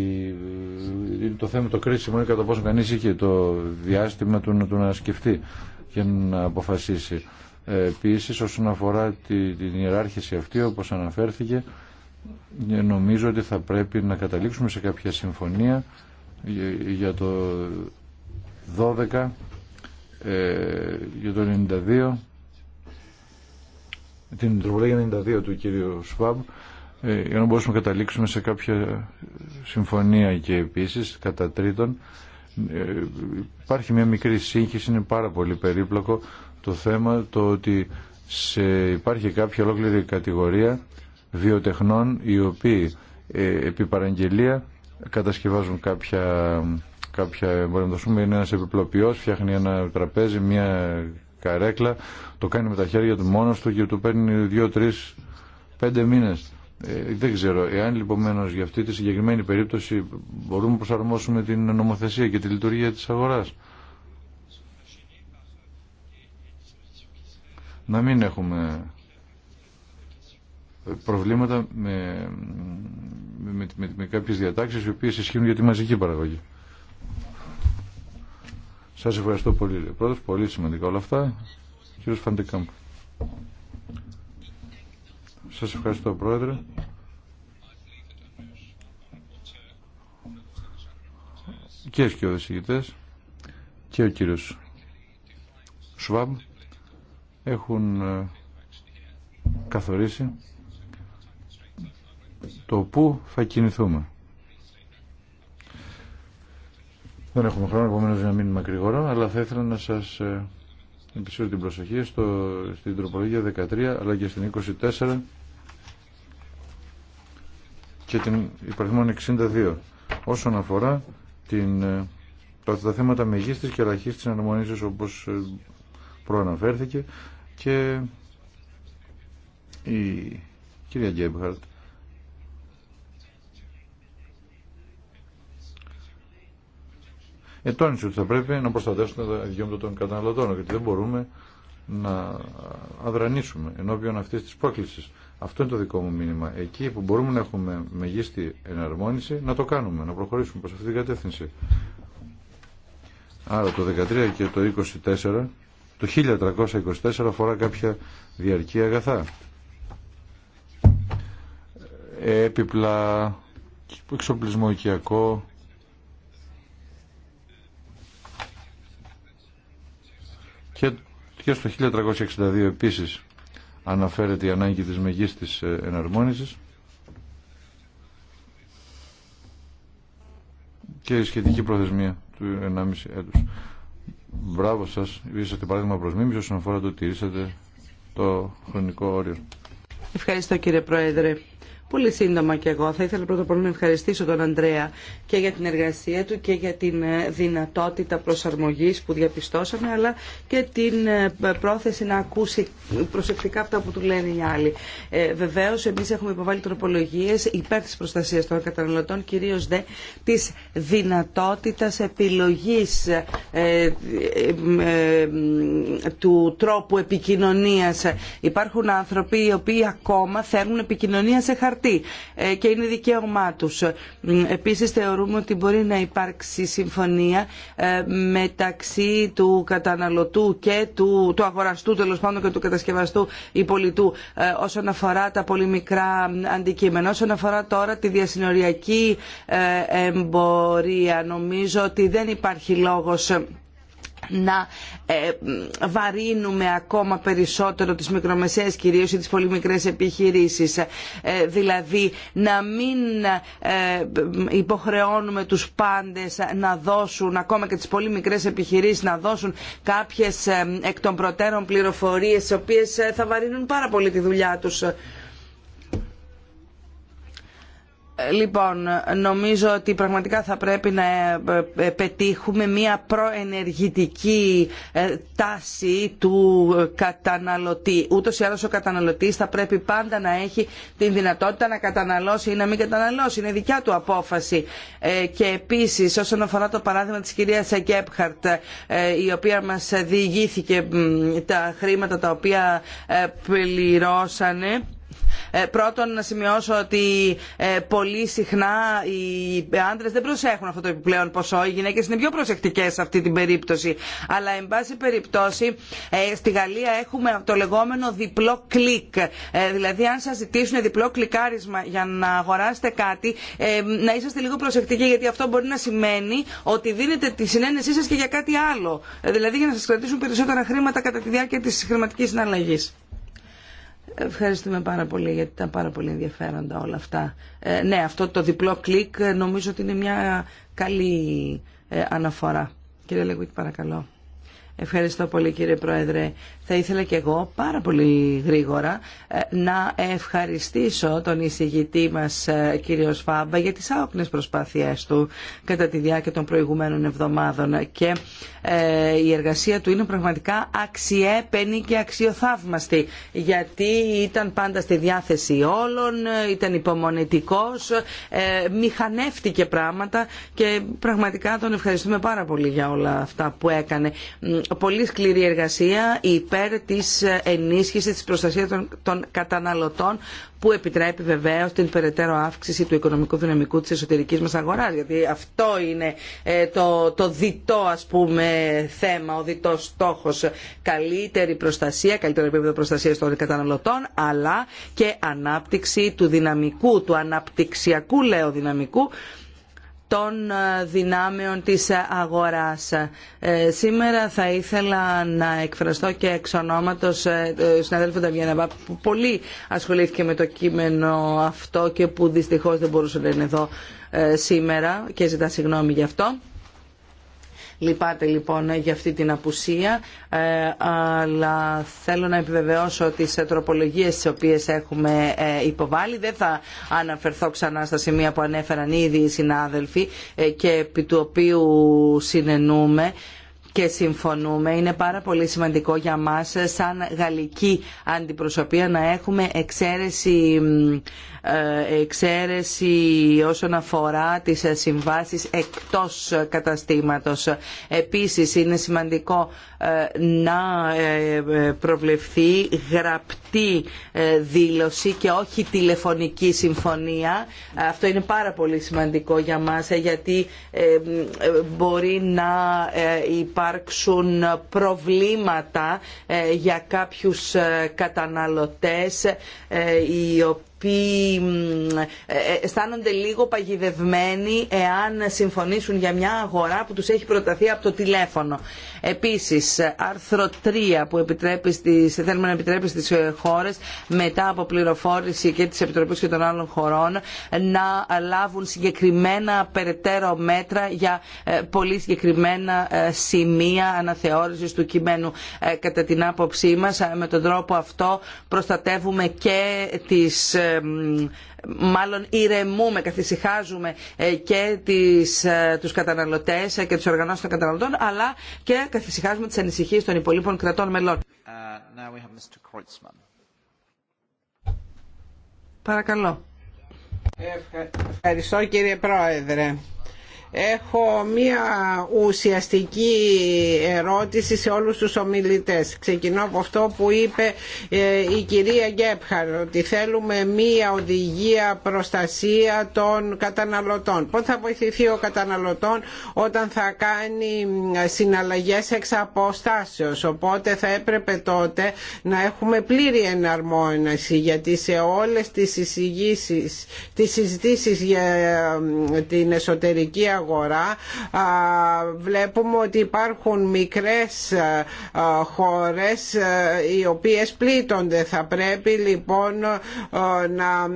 S2: το θέμα το κρίσιμο είναι κατά πόσο κανείς είχε το διάστημα του, του να σκεφτεί και να αποφασίσει. Ε, επίσης όσον αφορά την ιεράρχηση αυτή όπως αναφέρθηκε ε, νομίζω ότι θα πρέπει να καταλήξουμε σε κάποια συμφωνία για το 12 για το 92 ε, την τροπολογία 92 του κύριου Σφάμπ για να μπορούμε να καταλήξουμε σε κάποια συμφωνία και επίσης κατά τρίτον ε, υπάρχει μια μικρή σύγχυση, είναι πάρα πολύ περίπλοκο το θέμα το ότι σε, υπάρχει κάποια ολόκληρη κατηγορία βιοτεχνών οι οποίοι ε, επί παραγγελία κατασκευάζουν κάποια κάποια, μπορεί να το είναι ένας επιπλοποιός, φτιάχνει ένα τραπέζι, μια καρέκλα, το κάνει με τα χέρια του μόνος του και του παίρνει δύο, τρεις, πέντε μήνες ε, δεν ξέρω, εάν λοιπόν για αυτή τη συγκεκριμένη περίπτωση μπορούμε να προσαρμόσουμε την νομοθεσία και τη λειτουργία της αγοράς. Να μην έχουμε προβλήματα με, με, με, με κάποιες διατάξεις οι οποίες ισχύουν για τη μαζική παραγωγή. Σας ευχαριστώ πολύ. Πρώτος, πολύ σημαντικά όλα αυτά. Κύριος Φαντεκάμπ. Σας ευχαριστώ Πρόεδρε. Και οι οδησηγητές και ο κύριος Σουάμπ έχουν ε, καθορίσει το πού θα κινηθούμε. Δεν έχουμε χρόνο, επομένω να μείνουμε γρήγορα, αλλά θα ήθελα να σα ε, επισύρω την προσοχή στο, στην τροπολογία 13 αλλά και στην 24 και την υπαριθμόν 62 όσον αφορά την, ε, τα, τα θέματα μεγίστης και της αναμονήσεως όπως ε, προαναφέρθηκε και η κυρία Γκέμπχαρτ ετώνησε ότι θα πρέπει να προστατεύσουμε τα δικαιώματα των καταναλωτών γιατί δεν μπορούμε να αδρανίσουμε ενώπιον αυτής της πρόκλησης αυτό είναι το δικό μου μήνυμα. Εκεί που μπορούμε να έχουμε μεγίστη εναρμόνιση, να το κάνουμε, να προχωρήσουμε προς αυτή την κατεύθυνση. Άρα το 13 και το 24, το 1324 αφορά κάποια διαρκή αγαθά. Έπιπλα, εξοπλισμό οικιακό, και, και στο 1362 επίσης αναφέρεται η ανάγκη της μεγίστης ε, εναρμόνισης και η σχετική προθεσμία του 1,5 έτους. Μπράβο σας, είσαστε παράδειγμα προς μίμηση όσον αφορά το ότι το χρονικό όριο.
S3: Ευχαριστώ κύριε Πρόεδρε. Πολύ σύντομα και εγώ. Θα ήθελα πρώτα απ' όλα να ευχαριστήσω τον Αντρέα και για την εργασία του και για την ε, δυνατότητα προσαρμογής που διαπιστώσαμε, αλλά και την ε, πρόθεση να ακούσει προσεκτικά αυτά που του λένε οι άλλοι. Ε, Βεβαίω, εμεί έχουμε υποβάλει τροπολογίε υπέρ τη προστασία των καταναλωτών, κυρίω δε τη δυνατότητα επιλογή ε, του τρόπου επικοινωνία. Υπάρχουν άνθρωποι οι οποίοι ακόμα θέλουν επικοινωνία σε χαρτί ε, και είναι δικαίωμά τους. Επίσης θεωρούμε ότι μπορεί να υπάρξει συμφωνία ε, μεταξύ του καταναλωτού και του, του αγοραστού τέλο πάντων και του κατασκευαστού ή πολιτού ε, όσον αφορά τα πολύ μικρά αντικείμενα. Όσον αφορά τώρα τη διασυνοριακή εμπορία νομίζω ότι δεν υπάρχει λόγος να ε, βαρύνουμε ακόμα περισσότερο τις μικρομεσαίες κυρίως ή τις πολύ μικρές επιχειρήσεις. Ε, δηλαδή να μην ε, υποχρεώνουμε τους πάντες να δώσουν, ακόμα και τις πολύ μικρές επιχειρήσεις, να δώσουν κάποιες εκ των προτέρων πληροφορίες, οι οποίες θα βαρύνουν πάρα πολύ τη δουλειά τους Λοιπόν, νομίζω ότι πραγματικά θα πρέπει να ε, ε, πετύχουμε μία προενεργητική ε, τάση του καταναλωτή. Ούτως ή άλλως ο καταναλωτής θα πρέπει πάντα να έχει την δυνατότητα να καταναλώσει ή να μην καταναλώσει. Είναι δικιά του απόφαση. Και επίσης, όσον αφορά το παράδειγμα της κυρίας Γκέπχαρτ, η οποία μας διηγήθηκε τα χρήματα τα οποία πληρώσανε, ε, πρώτον, να σημειώσω ότι ε, πολύ συχνά οι άντρε δεν προσέχουν αυτό το επιπλέον ποσό. Οι γυναίκε είναι πιο προσεκτικέ σε αυτή την περίπτωση. Αλλά, εν πάση περιπτώσει, ε, στη Γαλλία έχουμε το λεγόμενο διπλό κλικ. Δηλαδή, αν σα ζητήσουν διπλό κλικάρισμα για να αγοράσετε κάτι, να είσαστε λίγο προσεκτικοί, γιατί αυτό μπορεί να σημαίνει ότι δίνετε τη συνένεσή σα και για κάτι άλλο. Δηλαδή, για να σα κρατήσουν περισσότερα χρήματα κατά τη διάρκεια τη χρηματική συναλλαγή. Ευχαριστούμε πάρα πολύ γιατί ήταν πάρα πολύ ενδιαφέροντα όλα αυτά. Ε, ναι, αυτό το διπλό κλικ νομίζω ότι είναι μια καλή ε, αναφορά. Κύριε Λεγουίκ, παρακαλώ. Ευχαριστώ πολύ κύριε Πρόεδρε. Θα ήθελα και εγώ πάρα πολύ γρήγορα ε, να ευχαριστήσω τον εισηγητή μας ε, κύριο Σφάμπα για τις άοπνες προσπάθειές του κατά τη διάρκεια των προηγουμένων εβδομάδων και ε, η εργασία του είναι πραγματικά αξιέπαινη και αξιοθαύμαστη γιατί ήταν πάντα στη διάθεση όλων, ήταν υπομονετικός, ε, μηχανεύτηκε πράγματα και πραγματικά τον ευχαριστούμε πάρα πολύ για όλα αυτά που έκανε πολύ σκληρή εργασία υπέρ της ενίσχυσης της προστασίας των καταναλωτών που επιτρέπει βεβαίω την περαιτέρω αύξηση του οικονομικού δυναμικού της εσωτερικής μας αγοράς. Γιατί αυτό είναι ε, το, το διτό ας πούμε θέμα, ο διτός στόχος. Καλύτερη προστασία, καλύτερο επίπεδο προστασία των καταναλωτών αλλά και ανάπτυξη του δυναμικού, του αναπτυξιακού λέω δυναμικού των ε, δυνάμεων της ε, αγοράς. Ε, σήμερα θα ήθελα να εκφραστώ και εξ ονόματος του συναδέλφου Νταβιέναβα που πολύ ασχολήθηκε με το κείμενο αυτό και που δυστυχώς δεν μπορούσε να είναι εδώ σήμερα και ζητά συγγνώμη γι' αυτό. Λυπάται λοιπόν για αυτή την απουσία, ε, αλλά θέλω να επιβεβαιώσω ότι σε τροπολογίες τις οποίες έχουμε ε, υποβάλει. Δεν θα αναφερθώ ξανά στα σημεία που ανέφεραν ήδη οι συνάδελφοι ε, και επί του οποίου συνενούμε και συμφωνούμε. Είναι πάρα πολύ σημαντικό για μας σαν γαλλική αντιπροσωπεία να έχουμε εξαίρεση ε, εξαίρεση όσον αφορά τις συμβάσεις εκτός καταστήματος. Επίσης είναι σημαντικό ε, να ε, προβλεφθεί γραπτή δήλωση και όχι τηλεφωνική συμφωνία. Αυτό είναι πάρα πολύ σημαντικό για μας γιατί μπορεί να υπάρξουν προβλήματα για κάποιους καταναλωτές οι οποίοι ε, ε, αισθάνονται λίγο παγιδευμένοι εάν συμφωνήσουν για μια αγορά που τους έχει προταθεί από το τηλέφωνο. Επίσης, άρθρο 3 που επιτρέπει στις, θέλουμε να επιτρέπει στις χώρες μετά από πληροφόρηση και της Επιτροπής και των άλλων χωρών να λάβουν συγκεκριμένα περαιτέρω μέτρα για ε, πολύ συγκεκριμένα ε, σημεία αναθεώρησης του κειμένου. Ε, κατά την άποψή μας, με τον τρόπο αυτό προστατεύουμε και τις μάλλον ηρεμούμε, καθησυχάζουμε ε, και τις, ε, τους καταναλωτές ε, και τους οργανώσεις των καταναλωτών, αλλά και καθησυχάζουμε τις ανησυχίες των υπολείπων
S4: κρατών μελών. Uh, Παρακαλώ. Ευχαριστώ κύριε Πρόεδρε. Έχω μία ουσιαστική ερώτηση σε όλους τους ομιλητές. Ξεκινώ από αυτό που είπε ε, η κυρία Γκέπχαρ, ότι θέλουμε μία οδηγία προστασία των καταναλωτών. Πώς θα βοηθηθεί ο καταναλωτών όταν θα κάνει συναλλαγές εξ αποστάσεως. Οπότε θα έπρεπε τότε να έχουμε πλήρη εναρμόνιση, γιατί σε όλες τις συζητήσεις για την εσωτερική βλέπουμε ότι υπάρχουν μικρές χώρες οι οποίες πλήττονται. Θα πρέπει λοιπόν να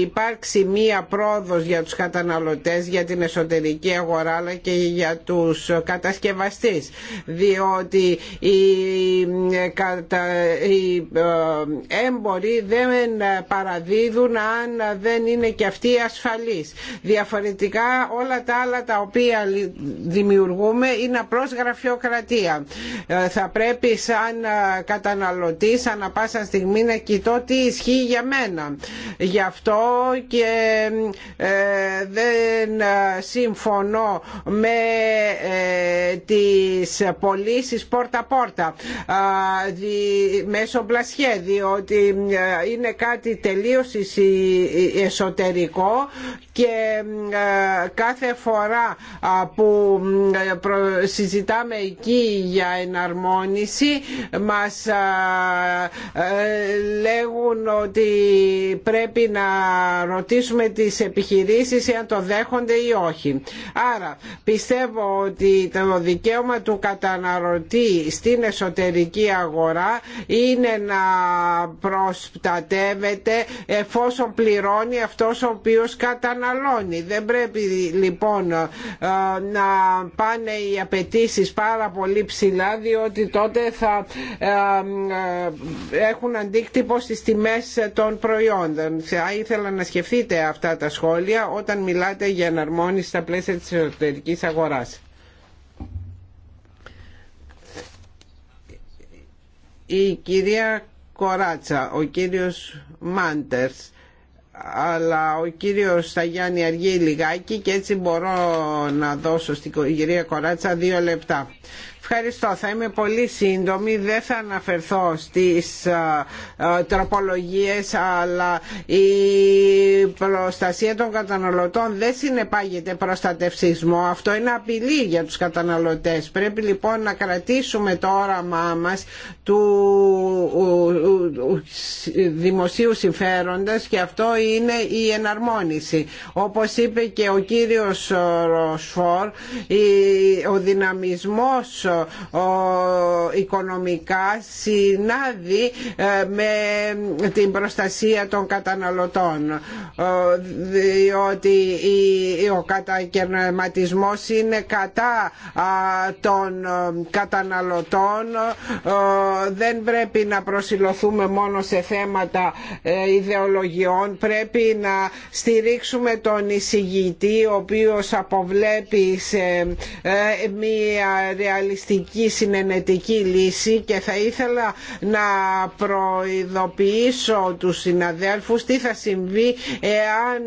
S4: υπάρξει μία πρόοδος για τους καταναλωτές, για την εσωτερική αγορά αλλά και για τους κατασκευαστές, διότι οι, έμποροι δεν παραδίδουν αν δεν είναι και αυτοί ασφαλείς. Διαφορετικά όλα τα άλλα τα οποία δημιουργούμε είναι απλώς γραφειοκρατία. Ε, θα πρέπει σαν ε, καταναλωτής να πάσα στιγμή να κοιτώ τι ισχύει για μένα. Γι' αυτό και ε, δεν συμφωνώ με τις πωλήσει πόρτα-πόρτα μέσω πλασχέδι διότι είναι κάτι τελείως εσωτερικό και κάθε φορά φορά που ε, συζητάμε εκεί για εναρμόνιση μας ε, λέγουν ότι πρέπει να ρωτήσουμε τις επιχειρήσεις αν το δέχονται ή όχι. Άρα πιστεύω ότι το δικαίωμα του καταναρωτή στην εσωτερική αγορά είναι να προστατεύεται εφόσον πληρώνει αυτός ο οποίος καταναλώνει. Δεν πρέπει λοιπόν ε, να πάνε οι απαιτήσει πάρα πολύ ψηλά διότι τότε θα ε, ε, έχουν αντίκτυπο στις τιμές των προϊόντων. Θα ήθελα να σκεφτείτε αυτά τα σχόλια όταν μιλάτε για εναρμόνιση στα πλαίσια της εσωτερικής αγοράς. Η κυρία Κοράτσα, ο κύριος Μάντερς αλλά ο κύριος Σταγιάννη αργεί λιγάκι και έτσι μπορώ να δώσω στην κυρία Κοράτσα δύο λεπτά. Ευχαριστώ. Θα είμαι πολύ σύντομη. Δεν θα αναφερθώ στις τροπολογίες αλλά η προστασία των καταναλωτών δεν συνεπάγεται προστατευσισμό. Αυτό είναι απειλή για τους καταναλωτές. Πρέπει λοιπόν να κρατήσουμε το όραμά μας του δημοσίου συμφέροντας και αυτό είναι η εναρμόνιση. Όπως είπε και ο κύριος Ροσφόρ, ο δυναμισμός οικονομικά συνάδει ε, με την προστασία των καταναλωτών διότι ο κατακαιρματισμός είναι κατά των ε, καταναλωτών δεν πρέπει να προσιλωθούμε μόνο σε θέματα ε, ιδεολογιών πρέπει να στηρίξουμε τον εισηγητή ο οποίος αποβλέπει σε μια ρεαλιστική ρεαλιστική συνενετική λύση και θα ήθελα να προειδοποιήσω τους συναδέλφους τι θα συμβεί εάν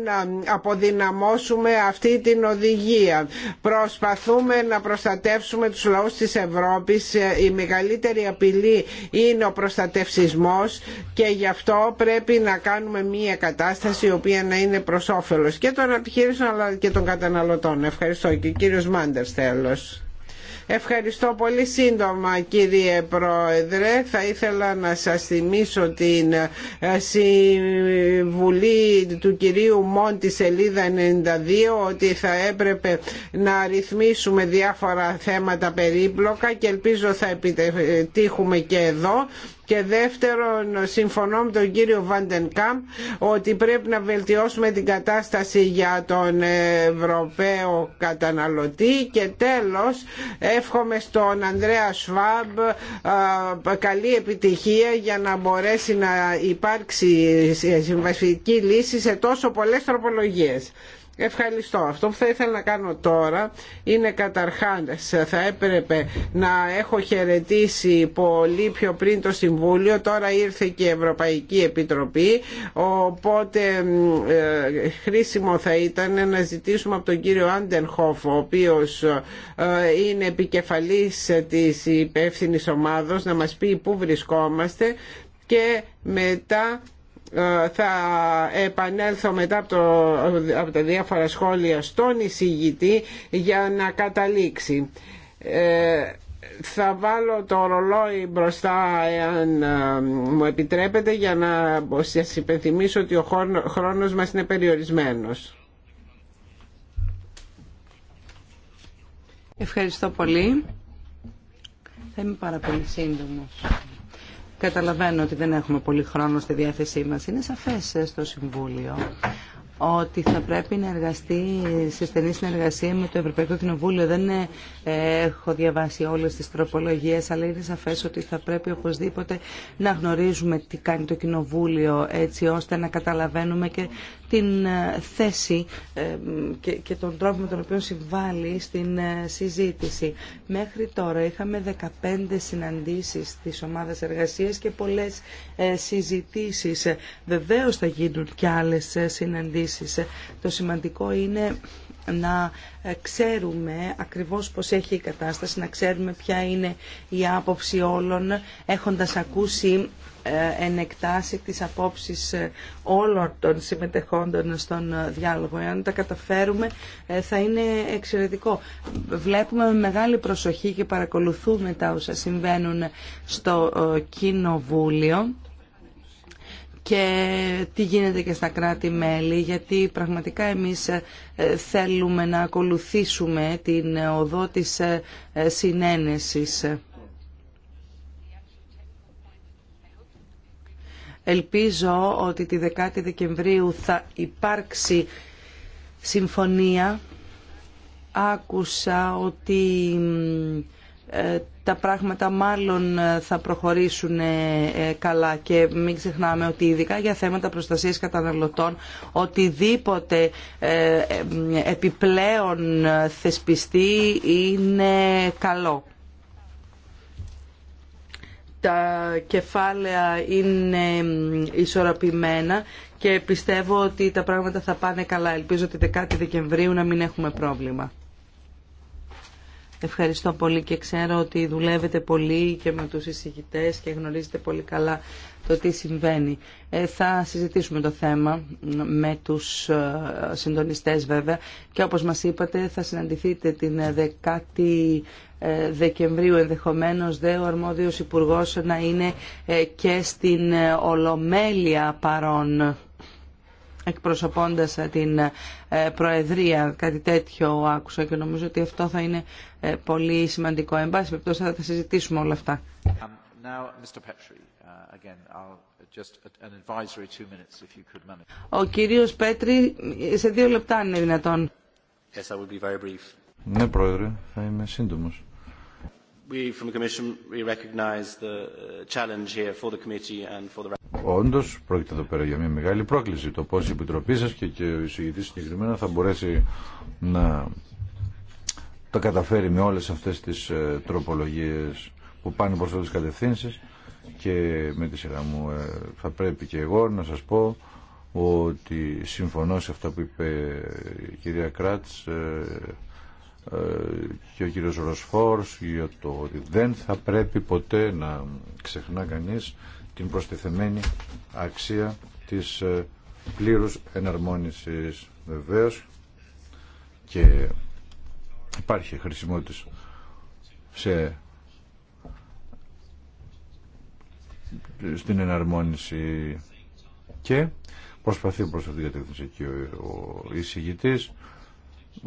S4: αποδυναμώσουμε αυτή την οδηγία. Προσπαθούμε να προστατεύσουμε τους λαούς της Ευρώπης. Η μεγαλύτερη απειλή είναι ο προστατευσισμός και γι' αυτό πρέπει να κάνουμε μια κατάσταση η οποία να είναι προς όφελος και των επιχείρησεων αλλά και των καταναλωτών. Ευχαριστώ και ο κύριος Μάντερς τέλος. Ευχαριστώ πολύ σύντομα κύριε Πρόεδρε. Θα ήθελα να σας θυμίσω την ε, συμβουλή του κυρίου Μόντι σελίδα 92 ότι θα έπρεπε να ρυθμίσουμε διάφορα θέματα περίπλοκα και ελπίζω θα επιτύχουμε και εδώ και δεύτερον, συμφωνώ με τον κύριο Βαντεν Καμπ ότι πρέπει να βελτιώσουμε την κατάσταση για τον Ευρωπαίο καταναλωτή. Και τέλος, εύχομαι στον Ανδρέα Σβάμπ καλή επιτυχία για να μπορέσει να υπάρξει συμβασική λύση σε τόσο πολλές τροπολογίες. Ευχαριστώ. Αυτό που θα ήθελα να κάνω τώρα είναι καταρχάς θα έπρεπε να έχω χαιρετήσει πολύ πιο πριν το Συμβούλιο. Τώρα ήρθε και η Ευρωπαϊκή Επιτροπή οπότε ε, χρήσιμο θα ήταν να ζητήσουμε από τον κύριο Άντενχοφ ο οποίος ε, είναι επικεφαλής της υπεύθυνη ομάδος να μας πει πού βρισκόμαστε και μετά ε, θα επανέλθω μετά από, το, τα διάφορα σχόλια στον εισηγητή για να καταλήξει. Ε, θα βάλω το ρολόι μπροστά εάν ε, μου επιτρέπετε για να σας υπενθυμίσω ότι ο χρόνος μας είναι περιορισμένος.
S3: Ευχαριστώ πολύ. Θα είμαι πάρα πολύ σύντομος. Καταλαβαίνω ότι δεν έχουμε πολύ χρόνο στη διάθεσή μας. Είναι σαφές ε, στο Συμβούλιο ότι θα πρέπει να εργαστεί σε στενή συνεργασία με το Ευρωπαϊκό Κοινοβούλιο. Δεν ε, έχω διαβάσει όλες τις τροπολογίες, αλλά είναι σαφές ότι θα πρέπει οπωσδήποτε να γνωρίζουμε τι κάνει το Κοινοβούλιο, έτσι ώστε να καταλαβαίνουμε και την ε, θέση ε, και τον τρόπο με τον οποίο συμβάλλει στην ε, συζήτηση. Μέχρι τώρα είχαμε 15 συναντήσεις της ομάδας εργασίας και πολλές συζητήσεις. Βεβαίως θα γίνουν και άλλες συναντήσεις. Το σημαντικό είναι να ξέρουμε ακριβώς πώς έχει η κατάσταση, να ξέρουμε ποια είναι η άποψη όλων, έχοντας ακούσει ε, εκτάσει της απόψεις ε, όλων των συμμετεχόντων στον ε, διάλογο. Εάν τα καταφέρουμε θα είναι εξαιρετικό. Βλέπουμε με μεγάλη προσοχή και παρακολουθούμε τα όσα συμβαίνουν στο Κοινοβούλιο και τι γίνεται και στα κράτη-μέλη, γιατί πραγματικά εμείς θέλουμε να ακολουθήσουμε την οδό της συνένεσης. Ελπίζω ότι τη 10η Δεκεμβρίου θα υπάρξει συμφωνία. Άκουσα ότι ε, τα πράγματα μάλλον ε, θα προχωρήσουν ε, καλά και μην ξεχνάμε ότι ειδικά για θέματα προστασίας καταναλωτών οτιδήποτε επιπλέον θεσπιστεί είναι καλό τα κεφάλαια είναι ισορροπημένα και πιστεύω ότι τα πράγματα θα πάνε καλά. Ελπίζω ότι 10 Δεκεμβρίου να μην έχουμε πρόβλημα. Ευχαριστώ πολύ και ξέρω ότι δουλεύετε πολύ και με τους εισηγητές και γνωρίζετε πολύ καλά το τι συμβαίνει. Ε, θα συζητήσουμε το θέμα με τους ε, συντονιστές βέβαια και όπως μας είπατε θα συναντηθείτε την 10η ε, Δεκεμβρίου ενδεχομένως δε ο αρμόδιος υπουργός να είναι και στην Ολομέλεια παρών εκπροσωπώντας την Προεδρία, κάτι τέτοιο άκουσα και νομίζω ότι αυτό θα είναι πολύ σημαντικό. Εν πάση περιπτώσει θα τα συζητήσουμε όλα αυτά.
S1: Um, now,
S3: ο κύριος Πέτρη, σε δύο λεπτά αν είναι δυνατόν. Ναι,
S2: Πρόεδρε, θα είμαι σύντομος.
S1: We uh,
S2: Όντω, πρόκειται εδώ πέρα για μια μεγάλη πρόκληση. Το πώ η Επιτροπή σα και, και ο εισηγητή συγκεκριμένα θα μπορέσει να το καταφέρει με όλε αυτέ τι ε, τροπολογίε που πάνε προ όλε τι κατευθύνσει και με τη σειρά μου ε, θα πρέπει και εγώ να σας πω ότι συμφωνώ σε αυτά που είπε η κυρία Κράτς ε, ε, και ο κύριος Ροσφόρς για το ότι δεν θα πρέπει ποτέ να ξεχνά κανείς την προστιθεμένη αξία της πλήρους εναρμόνισης βεβαίως και υπάρχει χρησιμότητα σε στην εναρμόνιση και προσπαθεί προς αυτήν την κατεύθυνση ο εισηγητής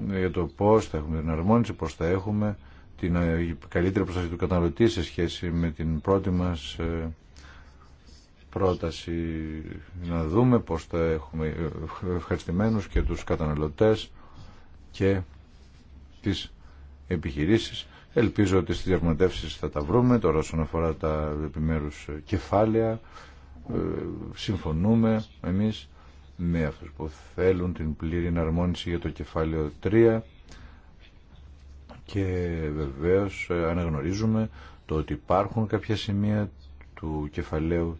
S2: για το πώς θα έχουμε την εναρμόνιση, πώς θα έχουμε την ε, καλύτερη προστασία του καταναλωτή σε σχέση με την πρώτη μας ε, πρόταση να δούμε πώς θα έχουμε ε, ευχαριστημένους και τους καταναλωτές και τις επιχειρήσεις Ελπίζω ότι στις διαπραγματεύσεις θα τα βρούμε. Τώρα όσον αφορά τα επιμέρους κεφάλαια, ε, συμφωνούμε εμείς με αυτούς που θέλουν την πλήρη εναρμόνιση για το κεφάλαιο 3 και βεβαίως ε, αναγνωρίζουμε το ότι υπάρχουν κάποια σημεία του κεφαλαίου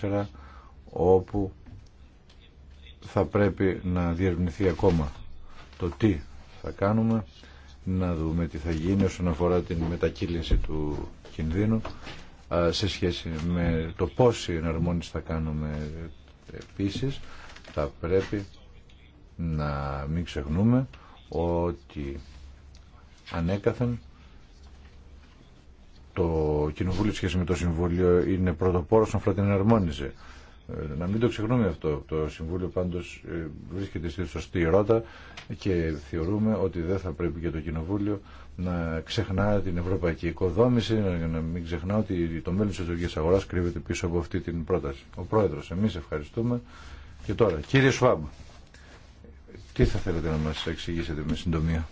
S2: 4 όπου θα πρέπει να διερευνηθεί ακόμα το τι θα κάνουμε να δούμε τι θα γίνει όσον αφορά την μετακύλυνση του κινδύνου σε σχέση με το πόση εναρμόνιση θα κάνουμε επίσης θα πρέπει να μην ξεχνούμε ότι ανέκαθεν το Κοινοβούλιο σχέση με το Συμβούλιο είναι πρωτοπόρο όσον αφορά την εναρμόνιση. Ε, να μην το ξεχνούμε αυτό. Το Συμβούλιο πάντως ε, βρίσκεται στη σωστή ρότα και θεωρούμε ότι δεν θα πρέπει και το Κοινοβούλιο να ξεχνά την ευρωπαϊκή οικοδόμηση, να μην ξεχνά ότι το μέλλον της ευρωπαϊκής αγοράς κρύβεται πίσω από αυτή την πρόταση. Ο Πρόεδρος, εμείς ευχαριστούμε. Και τώρα, κύριε Σουάμπ, τι θα θέλετε να μας εξηγήσετε με συντομία.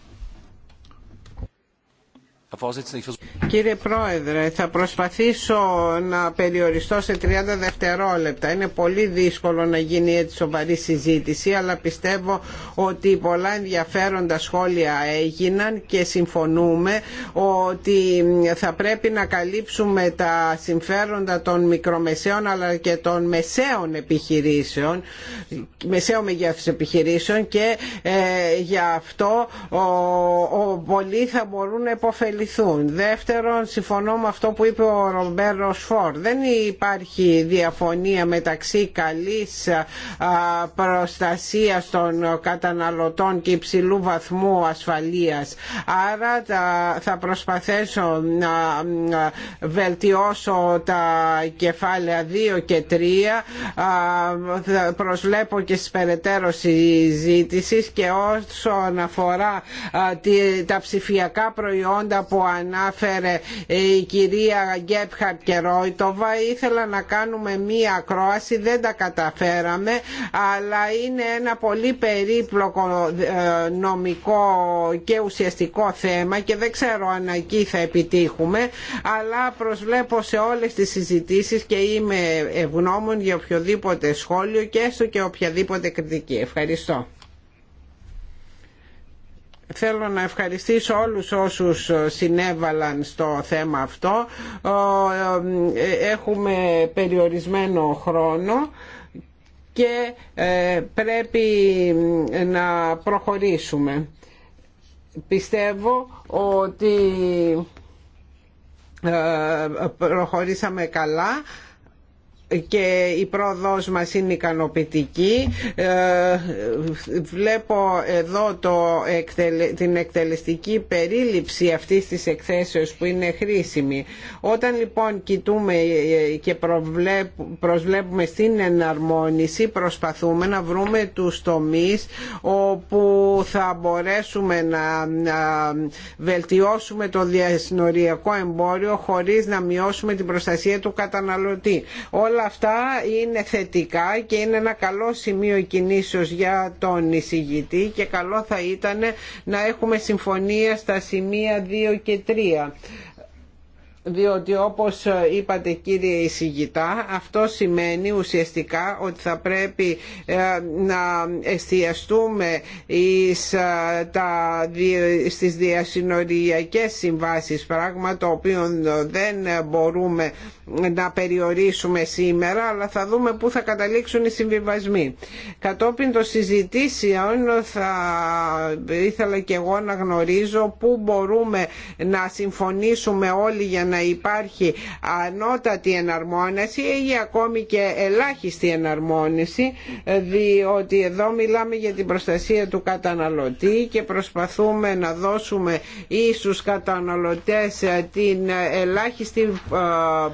S4: Κύριε Πρόεδρε, θα προσπαθήσω να περιοριστώ σε 30 δευτερόλεπτα. Είναι πολύ δύσκολο να γίνει έτσι σοβαρή συζήτηση, αλλά πιστεύω ότι πολλά ενδιαφέροντα σχόλια έγιναν και συμφωνούμε ότι θα πρέπει να καλύψουμε τα συμφέροντα των μικρομεσαίων αλλά και των μεσαίων επιχειρήσεων, μεσαίων μεγέθους επιχειρήσεων και ε, γι' αυτό ο, πολλοί θα μπορούν να υποφεληθούν Δεύτερον, συμφωνώ με αυτό που είπε ο Ρομπέρο Φορ. Δεν υπάρχει διαφωνία μεταξύ καλής προστασίας των καταναλωτών και υψηλού βαθμού ασφαλείας. Άρα θα προσπαθήσω να βελτιώσω τα κεφάλαια 2 και 3. Προσλέπω και στι περαιτέρω συζήτηση και όσον αφορά τα ψηφιακά προϊόντα που ανάφερε η κυρία Γκέπχαρτ και Ρόιτοβα ήθελα να κάνουμε μία ακρόαση δεν τα καταφέραμε αλλά είναι ένα πολύ περίπλοκο ε, νομικό και ουσιαστικό θέμα και δεν ξέρω αν εκεί θα επιτύχουμε αλλά προσβλέπω σε όλες τις συζητήσεις και είμαι ευγνώμων για οποιοδήποτε σχόλιο και έστω και οποιαδήποτε κριτική. Ευχαριστώ. Θέλω να ευχαριστήσω όλους όσους συνέβαλαν στο θέμα αυτό. Ε, έχουμε περιορισμένο χρόνο και ε, πρέπει να προχωρήσουμε. Πιστεύω ότι ε, προχωρήσαμε καλά και η πρόοδος μας είναι ικανοποιητική. Ε, βλέπω εδώ το, την εκτελεστική περίληψη αυτής της εκθέσεως που είναι χρήσιμη. Όταν λοιπόν κοιτούμε ε, και προσβλέπουμε στην εναρμόνιση προσπαθούμε να βρούμε τους τομείς όπου θα μπορέσουμε να βελτιώσουμε το διασυνοριακό εμπόριο χωρίς να μειώσουμε την προστασία του καταναλωτή όλα αυτά είναι θετικά και είναι ένα καλό σημείο κινήσεως για τον εισηγητή και καλό θα ήταν να έχουμε συμφωνία στα σημεία 2 και 3 διότι όπως είπατε κύριε εισηγητά αυτό σημαίνει ουσιαστικά ότι θα πρέπει ε, να εστιαστούμε ε, τα, στις διασυνοριακές συμβάσεις πράγμα το οποίο δεν μπορούμε να περιορίσουμε σήμερα αλλά θα δούμε πού θα καταλήξουν οι συμβιβασμοί. Κατόπιν των συζητήσεων θα ήθελα και εγώ να γνωρίζω πού μπορούμε να συμφωνήσουμε όλοι για να να υπάρχει ανώτατη εναρμόνιση ή ακόμη και ελάχιστη εναρμόνιση διότι εδώ μιλάμε για την προστασία του καταναλωτή και προσπαθούμε να δώσουμε ίσους καταναλωτές ε, την ελάχιστη ε,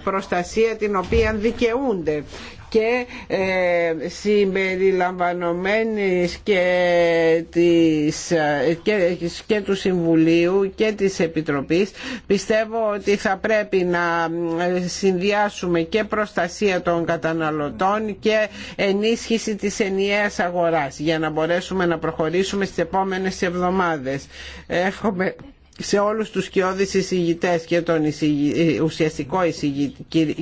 S4: προστασία την οποία δικαιούνται και ε, συμπεριλαμβανομένης ε, και, και, του Συμβουλίου και της Επιτροπής πιστεύω ότι θα πρέπει να ε, συνδυάσουμε και προστασία των καταναλωτών και ενίσχυση της ενιαίας αγοράς για να μπορέσουμε να προχωρήσουμε στις επόμενες εβδομάδες. Έχουμε σε όλους τους κοιόδης εισηγητές και τον ε, ουσιαστικό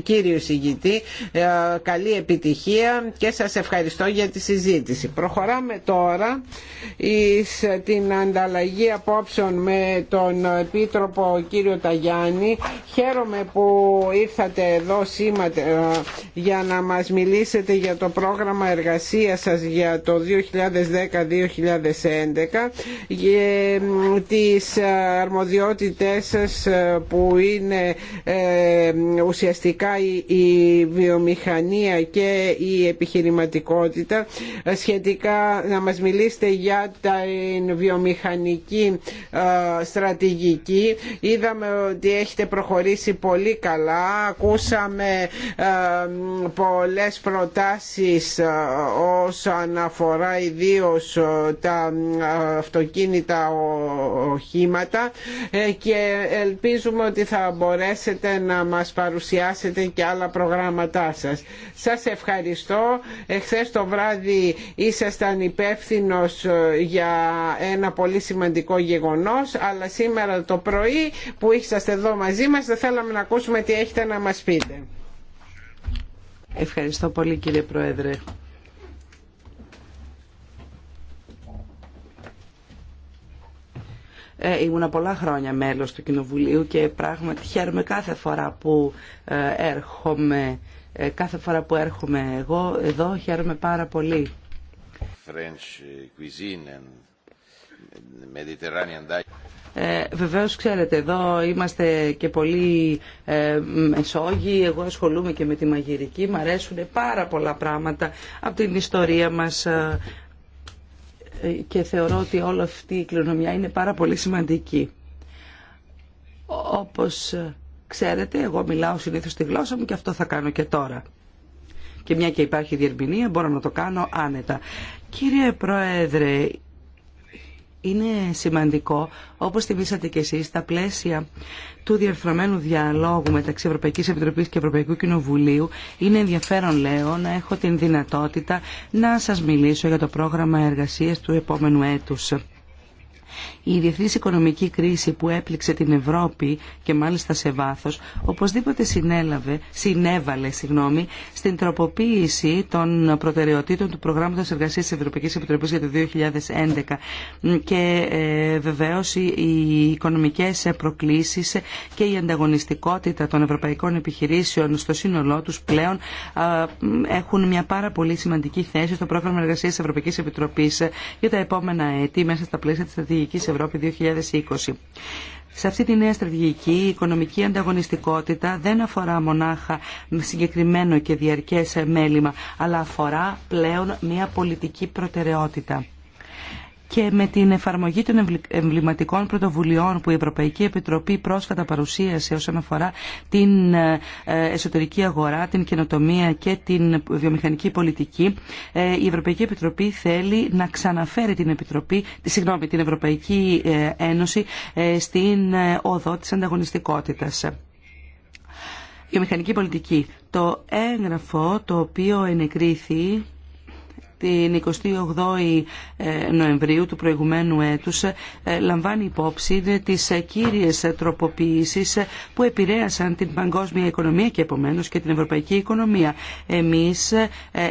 S4: κύριο εισηγητή ε, καλή επιτυχία και σας ευχαριστώ για τη συζήτηση. Προχωράμε τώρα εις ε, την ανταλλαγή απόψεων με τον Επίτροπο κύριο Ταγιάννη. Χαίρομαι που ήρθατε εδώ σήμερα για να μας μιλήσετε για το πρόγραμμα εργασίας σας για το 2010-2011 και τις αρμοδιότητές σας ε, που είναι ε, ουσιαστικά η βιομηχανία και η επιχειρηματικότητα ε, σχετικά να μας μιλήσετε για τα βιομηχανική στρατηγική είδαμε ότι έχετε προχωρήσει πολύ καλά ακούσαμε πολλές προτάσεις όσον αφορά ιδίως τα αυτοκίνητα οχήματα ε, και ελπίζουμε ότι θα μπορέσετε να μας παρουσιάσετε και άλλα προγράμματά σας. Σας ευχαριστώ. Εχθές το βράδυ ήσασταν υπεύθυνο ε, για ένα πολύ σημαντικό γεγονός αλλά σήμερα το πρωί που ήσασταν εδώ μαζί μας δεν θέλαμε να ακούσουμε τι έχετε να μας πείτε. Ευχαριστώ
S3: πολύ κύριε Πρόεδρε. Ε, ήμουνα πολλά χρόνια μέλος του Κοινοβουλίου και πράγματι χαίρομαι κάθε φορά που ε, έρχομαι, ε, κάθε φορά που έρχομαι εγώ εδώ χαίρομαι πάρα πολύ.
S5: French cuisine and Mediterranean
S3: ε, βεβαίως ξέρετε εδώ είμαστε και πολύ ε, μεσόγειοι, εγώ ασχολούμαι και με τη μαγειρική, μου αρέσουν πάρα πολλά πράγματα από την ιστορία μας, και θεωρώ ότι όλη αυτή η κληρονομιά είναι πάρα πολύ σημαντική. Όπως ξέρετε, εγώ μιλάω συνήθως τη γλώσσα μου και αυτό θα κάνω και τώρα. Και μια και υπάρχει διερμηνία, μπορώ να το κάνω άνετα. Κύριε Πρόεδρε, είναι σημαντικό, όπως θυμήσατε και εσείς, στα πλαίσια του διαρθρωμένου διαλόγου μεταξύ Ευρωπαϊκής Επιτροπής και Ευρωπαϊκού Κοινοβουλίου, είναι ενδιαφέρον, λέω, να έχω την δυνατότητα να σας μιλήσω για το πρόγραμμα εργασίας του επόμενου έτους. Η διεθνής οικονομική κρίση που έπληξε την Ευρώπη και μάλιστα σε βάθος, οπωσδήποτε συνέλαβε, συνέβαλε συγγνώμη, στην τροποποίηση των προτεραιοτήτων του Προγράμματος Εργασίας της Ευρωπαϊκής Επιτροπής για το 2011 και ε, βεβαίως οι οικονομικές προκλήσεις και η ανταγωνιστικότητα των ευρωπαϊκών επιχειρήσεων στο σύνολό τους πλέον έχουν μια πάρα πολύ σημαντική θέση στο πρόγραμμα εργασίας της Ευρωπαϊκής Επιτροπής για τα επόμενα έτη μέσα στα πλαίσια της στρατηγικής Ευρώπη 2020. Σε αυτή τη νέα στρατηγική η οικονομική ανταγωνιστικότητα δεν αφορά μονάχα συγκεκριμένο και διαρκές μέλημα, αλλά αφορά πλέον μια πολιτική προτεραιότητα και με την εφαρμογή των εμβληματικών πρωτοβουλειών που η Ευρωπαϊκή Επιτροπή πρόσφατα παρουσίασε όσον αφορά την ε, εσωτερική αγορά, την καινοτομία και την βιομηχανική πολιτική, ε, η Ευρωπαϊκή Επιτροπή θέλει να ξαναφέρει την, Επιτροπή, συγγνώμη, την Ευρωπαϊκή ε, Ένωση στην οδό της ανταγωνιστικότητας. βιομηχανική πολιτική. Το έγγραφο το οποίο ενεκρίθη την 28η ε, Νοεμβρίου του προηγουμένου έτους ε, λαμβάνει υπόψη τις ε, κύριες τροποποιήσεις που επηρέασαν την παγκόσμια οικονομία και επομένως και την ευρωπαϊκή οικονομία. Εμείς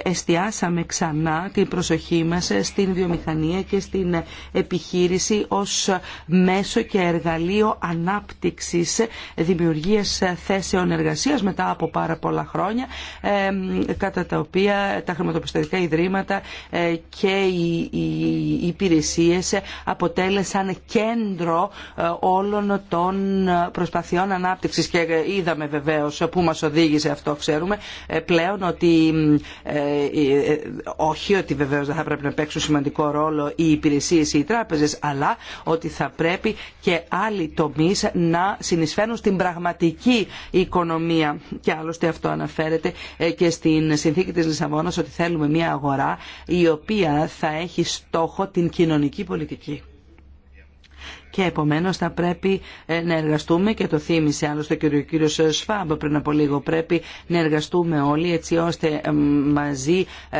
S3: εστιάσαμε ξανά την προσοχή μας στην βιομηχανία και στην επιχείρηση ως μέσο και εργαλείο ανάπτυξης δημιουργίας θέσεων εργασίας μετά από πάρα πολλά χρόνια κατά τα οποία τα χρηματοπιστωτικά ιδρύματα ε, και οι υπηρεσίες αποτέλεσαν κέντρο ε, όλων των προσπαθειών ανάπτυξης και ε, είδαμε βεβαίως που μας οδήγησε αυτό ξέρουμε πλέον ότι όχι ότι βεβαίως δεν θα πρέπει να παίξουν σημαντικό ρόλο οι υπηρεσίες ή οι τράπεζες αλλά ότι θα πρέπει και άλλοι τομείς να συνεισφέρουν στην πραγματική οικονομία και άλλωστε αυτό αναφέρεται και στην συνθήκη της Λισαβόνας ότι θέλουμε μια αγορά η οποία θα έχει στόχο την κοινωνική πολιτική και επομένως θα πρέπει ε, να εργαστούμε και το θύμισε άλλωστε και ο κύριος Σφάμπ πριν από λίγο πρέπει να εργαστούμε όλοι έτσι ώστε μαζί ε,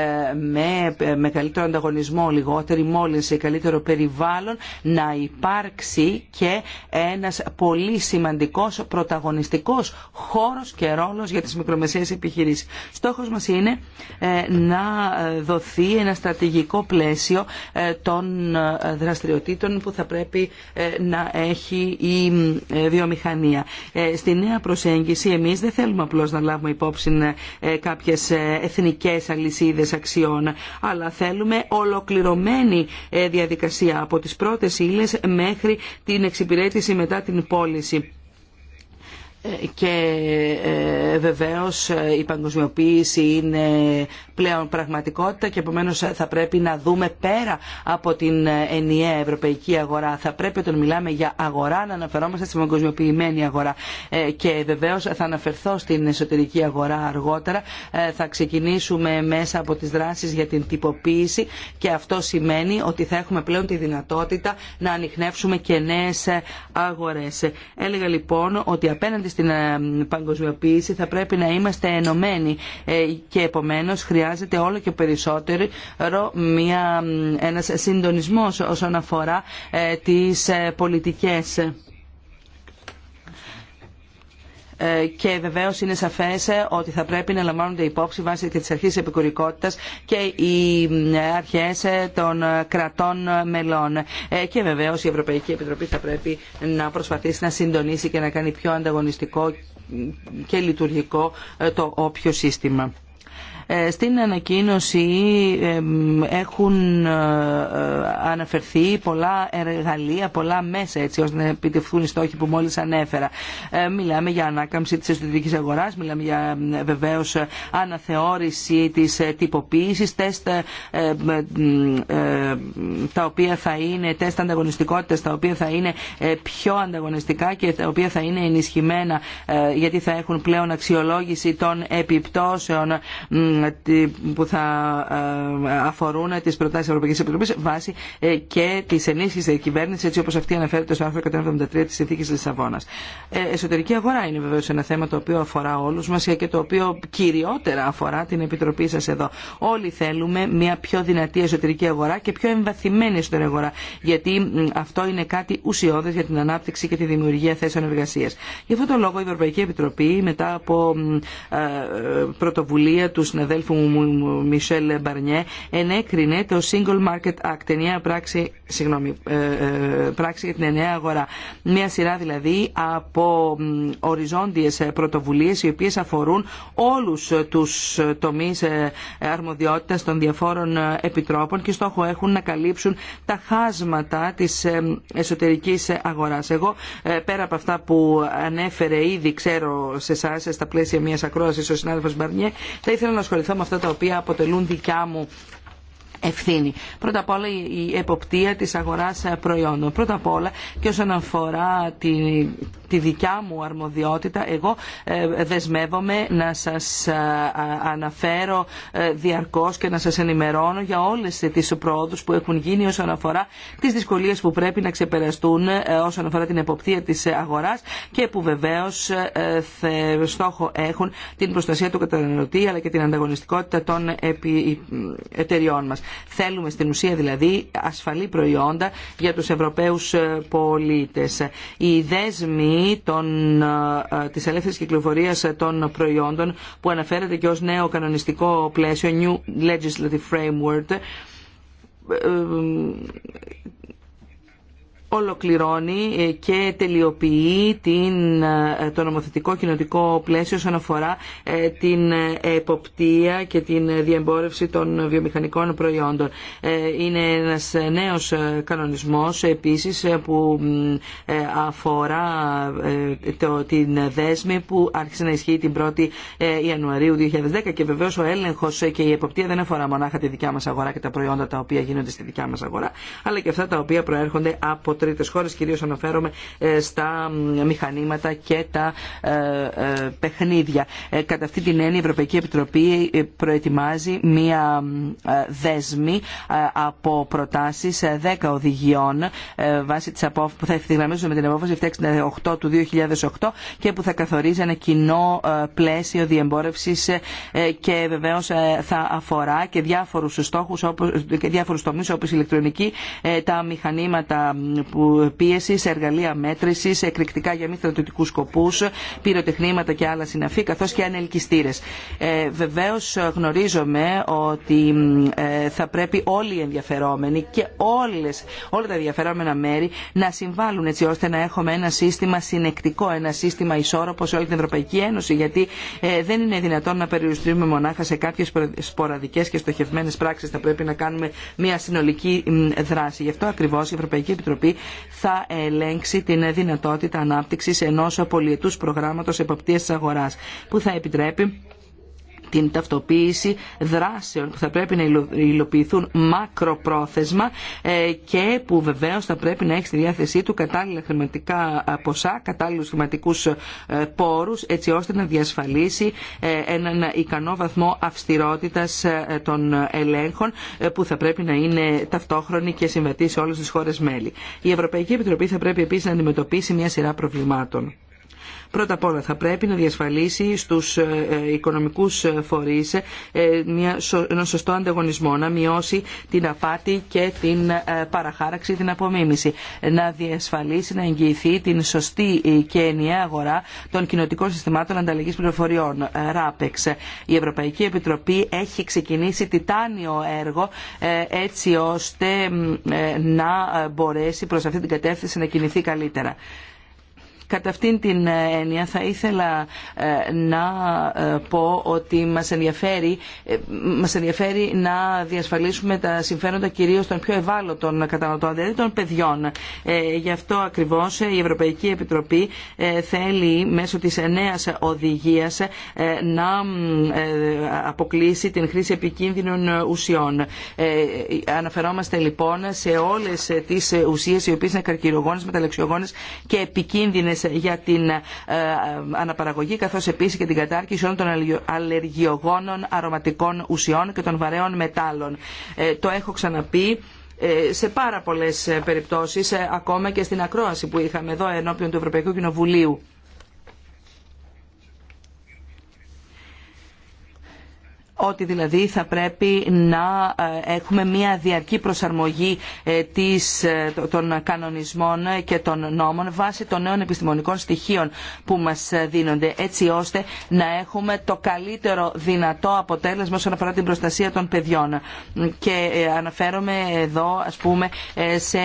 S3: με, ε, με καλύτερο ανταγωνισμό, λιγότερη μόλυνση, καλύτερο περιβάλλον να υπάρξει και ένας πολύ σημαντικός πρωταγωνιστικός χώρος και ρόλος για τις μικρομεσαίες επιχειρήσεις. Στόχος μας είναι να δοθεί ένα στρατηγικό πλαίσιο των δραστηριοτήτων που θα πρέπει ε, να έχει η ε, βιομηχανία. Ε, στη νέα προσέγγιση εμείς δεν θέλουμε απλώς να λάβουμε υπόψη κάποιες εθνικές αλυσίδες αξιών, αλλά θέλουμε ολοκληρωμένη διαδικασία από τις πρώτες ύλες μέχρι την εξυπηρέτηση μετά την πώληση και ε, βεβαίως η παγκοσμιοποίηση είναι πλέον πραγματικότητα και επομένως θα πρέπει να δούμε πέρα από την ενιαία ευρωπαϊκή αγορά. Θα πρέπει όταν μιλάμε για αγορά να αναφερόμαστε στην παγκοσμιοποιημένη αγορά ε, και βεβαίως θα αναφερθώ στην εσωτερική αγορά αργότερα. Ε, θα ξεκινήσουμε μέσα από τις δράσεις για την τυποποίηση και αυτό σημαίνει ότι θα έχουμε πλέον τη δυνατότητα να ανοιχνεύσουμε και νέες αγορές. Έλεγα λοιπόν ότι απέναντι στην ε, παγκοσμιοποίηση θα πρέπει να είμαστε ενωμένοι ε, και επομένως χρειάζεται όλο και περισσότερο μια, ένας συντονισμός όσον αφορά ε, τις πολιτικές ε, και βεβαίως είναι σαφές ε, ότι θα πρέπει να λαμβάνονται υπόψη βάσει και της αρχής επικουρικότητας και οι αρχές ε, των κρατών μελών. Και βεβαίως η Ευρωπαϊκή Επιτροπή θα πρέπει να προσπαθήσει να συντονίσει και να κάνει πιο ανταγωνιστικό και λειτουργικό το όποιο σύστημα. Ε, στην ανακοίνωση έχουν ε, ε, αναφερθεί πολλά εργαλεία, πολλά μέσα έτσι ώστε να επιτευχθούν οι στόχοι που μόλις ανέφερα. Μιλάμε για ανάκαμψη της εσωτερικής αγοράς, μιλάμε για βεβαίως αναθεώρηση της τυποποίησης, τεστ τα οποία θα είναι τεστ ανταγωνιστικότητας, τα οποία θα είναι πιο ανταγωνιστικά και τα οποία θα είναι ενισχυμένα γιατί θα έχουν πλέον αξιολόγηση των επιπτώσεων που θα ε, αφορούν τι προτάσει της Ευρωπαϊκής Επιτροπής βάσει ε, και τη ενίσχυση της κυβέρνηση, έτσι όπω αυτή αναφέρεται στο άρθρο 173 της Συνθήκης Λισαβόνα. Ε, εσωτερική αγορά είναι βεβαίω ένα θέμα το οποίο αφορά όλου μα και το οποίο κυριότερα αφορά την Επιτροπή σα εδώ. Όλοι θέλουμε μια πιο δυνατή εσωτερική αγορά και πιο εμβαθυμένη εσωτερική αγορά γιατί αυτό είναι κάτι ουσιώδες για την ανάπτυξη και τη δημιουργία θέσεων εργασία. Γι' αυτό το λόγο η Ευρωπαϊκή Επιτροπή μετά από πρωτοβουλία του συναδέλφου μου Μισελ Μπαρνιέ ενέκρινε το Single Market Act, νέα πράξη, συγγνώμη, ε, ε, πράξη για την νέα αγορά. Μια σειρά δηλαδή από οριζόντιες πρωτοβουλίες οι οποίες αφορούν όλους τους τομείς ε, αρμοδιότητας των διαφόρων επιτρόπων και στόχο έχουν να καλύψουν τα χάσματα της εσωτερικής αγοράς. Εγώ πέρα από αυτά που ανέφερε ήδη ξέρω σε εσά στα πλαίσια μιας ακρόασης ο συνάδελφος Μπαρνιέ θα ήθελα να ασχοληθώ με αυτά τα οποία αποτελούν δικιά μου ευθύνη. Πρώτα απ' όλα η εποπτεία της αγοράς προϊόντων. Πρώτα απ' όλα και όσον αφορά την, τη δικιά μου αρμοδιότητα. Εγώ ε, δεσμεύομαι να σας ε, αναφέρω ε, διαρκώς και να σας ενημερώνω για όλες τις πρόοδους που έχουν γίνει όσον αφορά τις δυσκολίες που πρέπει να ξεπεραστούν όσον αφορά την εποπτεία της αγοράς και που βεβαίως στόχο έχουν την προστασία του καταναλωτή αλλά και την ανταγωνιστικότητα των εταιριών μας. Θέλουμε στην ουσία δηλαδή ασφαλή προϊόντα για τους Ευρωπαίους πολίτες. Οι δέσμοι τιμή των, ε, της ελεύθερης κυκλοφορίας των προϊόντων που αναφέρεται και ως νέο κανονιστικό πλαίσιο, New Legislative Framework, ε, ε, ολοκληρώνει ε, και τελειοποιεί την, ε, το νομοθετικό κοινοτικό πλαίσιο όσον αφορά ε, την εποπτεία και την διεμπόρευση των βιομηχανικών προϊόντων. Είναι ένας νέος κανονισμός επίσης που αφορά το, την δέσμη που άρχισε να ισχύει την 1η Ιανουαρίου 2010 και βεβαίως ο έλεγχος και η εποπτεία δεν αφορά μονάχα τη δικιά μας αγορά και τα προϊόντα τα οποία γίνονται στη δικιά μας αγορά αλλά και αυτά τα οποία προέρχονται από τρίτες χώρες, κυρίως αναφέρομαι ε, στα μηχανήματα και τα ε, ε, παιχνίδια. Κατά αυτή την έννοια η Ευρωπαϊκή Επιτροπή προετοιμάζει μία δέσμη από προτάσεις 10 οδηγιών βάσει της οποίας που θα ευθυγραμμίζουν με την απόφαση 768 του 2008 και που θα καθορίζει ένα κοινό πλαίσιο διεμπόρευσης και βεβαίως θα αφορά και διάφορους στόχους και διάφορους τομείς όπως η ηλεκτρονική, τα μηχανήματα σε εργαλεία μέτρησης, εκρηκτικά για μη στρατιωτικού σκοπούς, πυροτεχνήματα και άλλα συναφή, καθώ και ανελκυστήρε. Ε, βεβαίως γνωρίζομαι ότι ε, θα πρέπει όλοι οι ενδιαφερόμενοι και όλες, όλα τα ενδιαφερόμενα μέρη να συμβάλλουν έτσι ώστε να έχουμε ένα σύστημα συνεκτικό, ένα σύστημα ισόρροπο σε όλη την Ευρωπαϊκή Ένωση, γιατί ε, δεν είναι δυνατόν να περιοριστούμε μονάχα σε κάποιε σποραδικέ και στοχευμένε πράξει, Θα πρέπει να κάνουμε μια συνολική δράση. Γι' αυτό ακριβώ η Ευρωπαϊκή Επιτροπή θα ελέγξει την δυνατότητα ανάπτυξης ενός πολιετούς προγράμματος εποπτείας της αγοράς που θα επιτρέπει την ταυτοποίηση δράσεων που θα πρέπει να υλοποιηθούν μακροπρόθεσμα ε, και που βεβαίω θα πρέπει να έχει στη διάθεσή του κατάλληλα χρηματικά ε, ποσά, κατάλληλους χρηματικούς ε, πόρους έτσι ώστε να διασφαλίσει έναν ικανό βαθμό αυστηρότητας των ελέγχων που θα πρέπει να είναι ταυτόχρονη και συμβατή σε όλες τι χώρε μέλη. Η Ευρωπαϊκή Επιτροπή θα πρέπει επίση να αντιμετωπίσει μια σειρά προβλημάτων. Πρώτα απ' όλα θα πρέπει να διασφαλίσει στους ε, ε, οικονομικούς ε, φορείς ένα σωστό ανταγωνισμό, να μειώσει την απάτη και την παραχάραξη, την απομίμηση, να διασφαλίσει, να εγγυηθεί την σωστή και ενιαία αγορά των κοινοτικών συστημάτων ανταλλαγής πληροφοριών, RAPEX. Η Ευρωπαϊκή Επιτροπή έχει ξεκινήσει τιτάνιο έργο έτσι ώστε να μπορέσει προς αυτή την κατεύθυνση να κινηθεί καλύτερα. Κατά αυτήν την ε, έννοια θα ήθελα ε, να ε, πω ότι μας ενδιαφέρει, μας ενδιαφέρει να διασφαλίσουμε τα συμφέροντα κυρίως των πιο ευάλωτων καταναλωτών, δηλαδή των παιδιών. Γι' αυτό ακριβώς η Ευρωπαϊκή Επιτροπή θέλει μέσω της νέας οδηγίας να αποκλείσει την χρήση επικίνδυνων ουσιών. Αναφερόμαστε λοιπόν σε όλες τις ουσίες οι οποίες είναι καρκυρογόνες, μεταλλαξιογόνες και επικίνδυνες για την ε, αναπαραγωγή καθώς επίσης και την κατάρκηση όλων των αλλεργιογόνων αρωματικών ουσιών και των βαρέων μετάλλων. Ε, το έχω ξαναπεί ε, σε πάρα πολλές περιπτώσεις, ακόμα και στην ακρόαση που είχαμε εδώ ενώπιον του Ευρωπαϊκού Κοινοβουλίου. ότι δηλαδή θα πρέπει να ε, έχουμε μια διαρκή προσαρμογή ε, της, ε, των κανονισμών και των νόμων βάσει των νέων επιστημονικών στοιχείων που μας δίνονται έτσι ώστε να έχουμε το καλύτερο δυνατό αποτέλεσμα όσον αφορά την προστασία των παιδιών. Και αναφέρομαι εδώ ας πούμε σε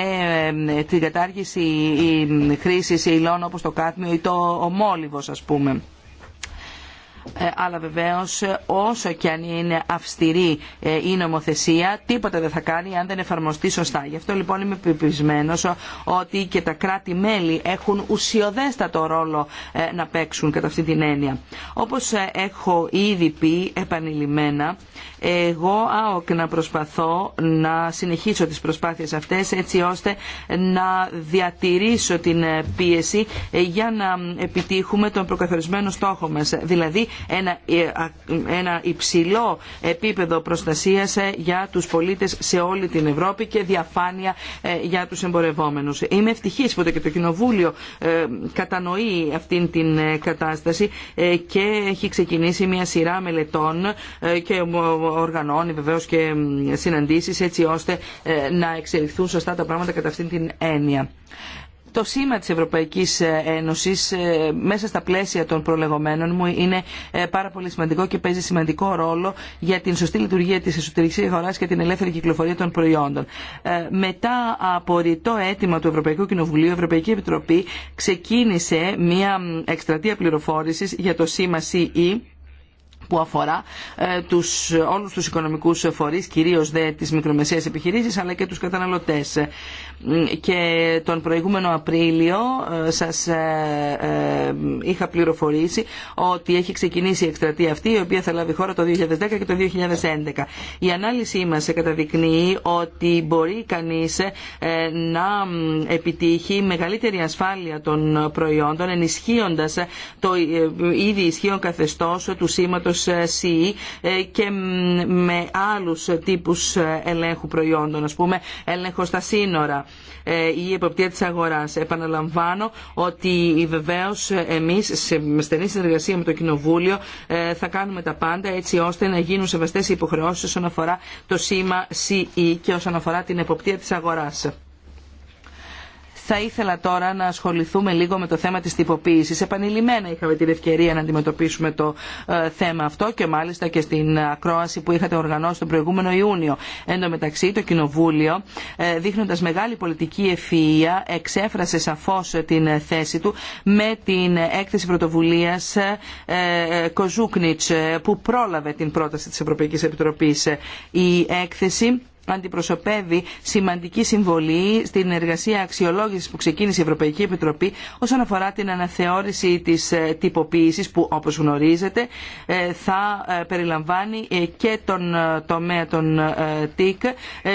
S3: την κατάργηση χρήσης υλών όπως το κάτμιο ή το ομόλυβος, ας πούμε. Ε, αλλά βεβαίως όσο και αν είναι αυστηρή ε, η νομοθεσία τίποτα δεν θα κάνει αν δεν εφαρμοστεί σωστά. Γι' αυτό λοιπόν είμαι πεπισμένο ότι και τα κράτη-μέλη έχουν ουσιοδέστατο ρόλο ε, να παίξουν κατά αυτή την έννοια. Όπως έχω ήδη πει επανειλημμένα, εγώ άοκ να προσπαθώ να συνεχίσω τις προσπάθειες αυτές έτσι ώστε να διατηρήσω την πίεση για να επιτύχουμε τον προκαθορισμένο στόχο μας, δηλαδή ε, ένα, υψηλό επίπεδο προστασίας ε, για τους πολίτες σε όλη την Ευρώπη και διαφάνεια ε, για τους εμπορευόμενους. Είμαι ευτυχής που και το Κοινοβούλιο κατανοεί αυτήν την κατάσταση και έχει ξεκινήσει μια σειρά μελετών και οργανώνει βεβαίως και συναντήσεις έτσι ώστε να εξελιχθούν σωστά τα πράγματα κατά αυτήν την έννοια. Το σήμα της Ευρωπαϊκής ε, Ένωσης ε, μέσα στα πλαίσια των προλεγωμένων μου είναι ε, πάρα πολύ σημαντικό και παίζει σημαντικό ρόλο για την σωστή λειτουργία της εσωτερικής αγοράς και την ελεύθερη κυκλοφορία των προϊόντων. Μετά από ρητό αίτημα του Ευρωπαϊκού Κοινοβουλίου, η Ευρωπαϊκή Επιτροπή ξεκίνησε μια εκστρατεία πληροφόρησης για το σήμα CE που αφορά ε, τους, όλους τους οικονομικούς φορείς, κυρίως δε τις μικρομεσαίες επιχειρήσεις, αλλά και τους καταναλωτές. Και τον προηγούμενο Απρίλιο ε, σας ε, είχα πληροφορήσει ότι έχει ξεκινήσει η εκστρατεία αυτή, η οποία θα λάβει χώρα το 2010 και το 2011. Η ανάλυση μας καταδεικνύει ότι μπορεί κανείς να επιτύχει μεγαλύτερη ασφάλεια των προϊόντων, ενισχύοντας το ήδη ισχύον καθεστώς του σήματος ε, e, ε, και με άλλους τύπους ε, ελέγχου προϊόντων, ας πούμε έλεγχο στα σύνορα ή εποπτεία της αγοράς. Επαναλαμβάνω ότι βεβαίω εμείς σε στενή συνεργασία με το Κοινοβούλιο θα κάνουμε τα πάντα έτσι ώστε να γίνουν σεβαστές οι υποχρεώσεις όσον αφορά το σήμα CE και όσον αφορά την εποπτεία της αγοράς. Θα ήθελα τώρα να ασχοληθούμε λίγο με το θέμα της τυποποίησης. Επανειλημμένα είχαμε την ευκαιρία να αντιμετωπίσουμε το ε, θέμα αυτό και μάλιστα και στην ακρόαση που είχατε οργανώσει τον προηγούμενο Ιούνιο. Εν τω μεταξύ το Κοινοβούλιο ε, δείχνοντας μεγάλη πολιτική ευφυΐα εξέφρασε σαφώς την θέση του με την έκθεση πρωτοβουλίας ε, Κοζούκνιτς που πρόλαβε την πρόταση της Ευρωπαϊκής Επιτροπής. Η έκθεση αντιπροσωπεύει σημαντική συμβολή στην εργασία αξιολόγησης που ξεκίνησε η Ευρωπαϊκή Επιτροπή όσον αφορά την αναθεώρηση της ε, τυποποίησης που όπως γνωρίζετε ε, θα ε, περιλαμβάνει και τον τομέα των ΤΙΚ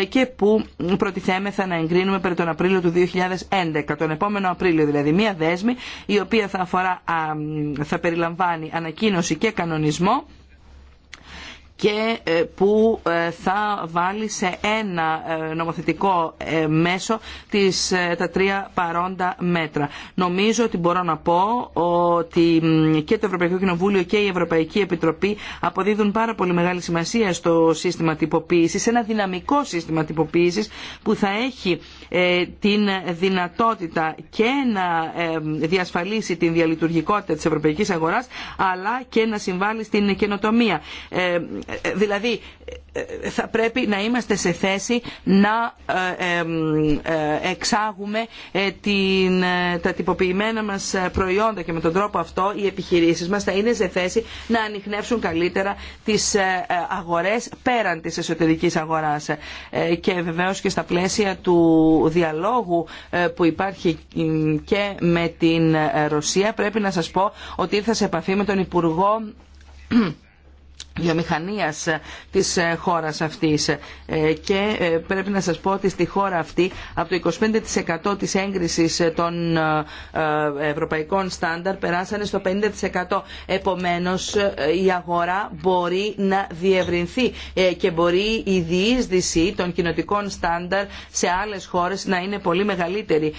S3: και που προτιθέμεθα να εγκρίνουμε περί τον Απρίλιο του 2011, τον επόμενο Απρίλιο δηλαδή, μία δέσμη η οποία θα, αφορά, θα περιλαμβάνει ανακοίνωση και κανονισμό και ε, που ε, θα βάλει σε ένα ε, νομοθετικό μέσο τις, τα τρία παρόντα μέτρα. Νομίζω ότι μπορώ να πω ότι και το Ευρωπαϊκό Κοινοβούλιο και η Ευρωπαϊκή Επιτροπή αποδίδουν πάρα πολύ μεγάλη σημασία στο σύστημα τυποποίησης, ένα δυναμικό σύστημα τυποποίησης που θα έχει ε, την δυνατότητα και να ε, διασφαλίσει την διαλειτουργικότητα της ευρωπαϊκής αγοράς αλλά και να συμβάλλει στην καινοτομία. Ε, δηλαδή θα πρέπει να είμαστε σε θέση να εξάγουμε την, τα τυποποιημένα μας προϊόντα και με τον τρόπο αυτό οι επιχειρήσεις μας θα είναι σε θέση να ανοιχνεύσουν καλύτερα τις αγορές πέραν της εσωτερικής αγοράς και βεβαίως και στα πλαίσια του διαλόγου ε, που υπάρχει και με την ε, Ρωσία πρέπει να σας πω ότι ήρθα σε επαφή με τον Υπουργό βιομηχανίας της χώρας αυτής ε, και ε, πρέπει να σας πω ότι στη χώρα αυτή από το 25% της έγκρισης των ε, ευρωπαϊκών στάνταρ περάσανε στο 50%. Επομένως η αγορά μπορεί να διευρυνθεί και μπορεί η διείσδυση των κοινοτικών στάνταρ σε άλλες χώρες να είναι πολύ μεγαλύτερη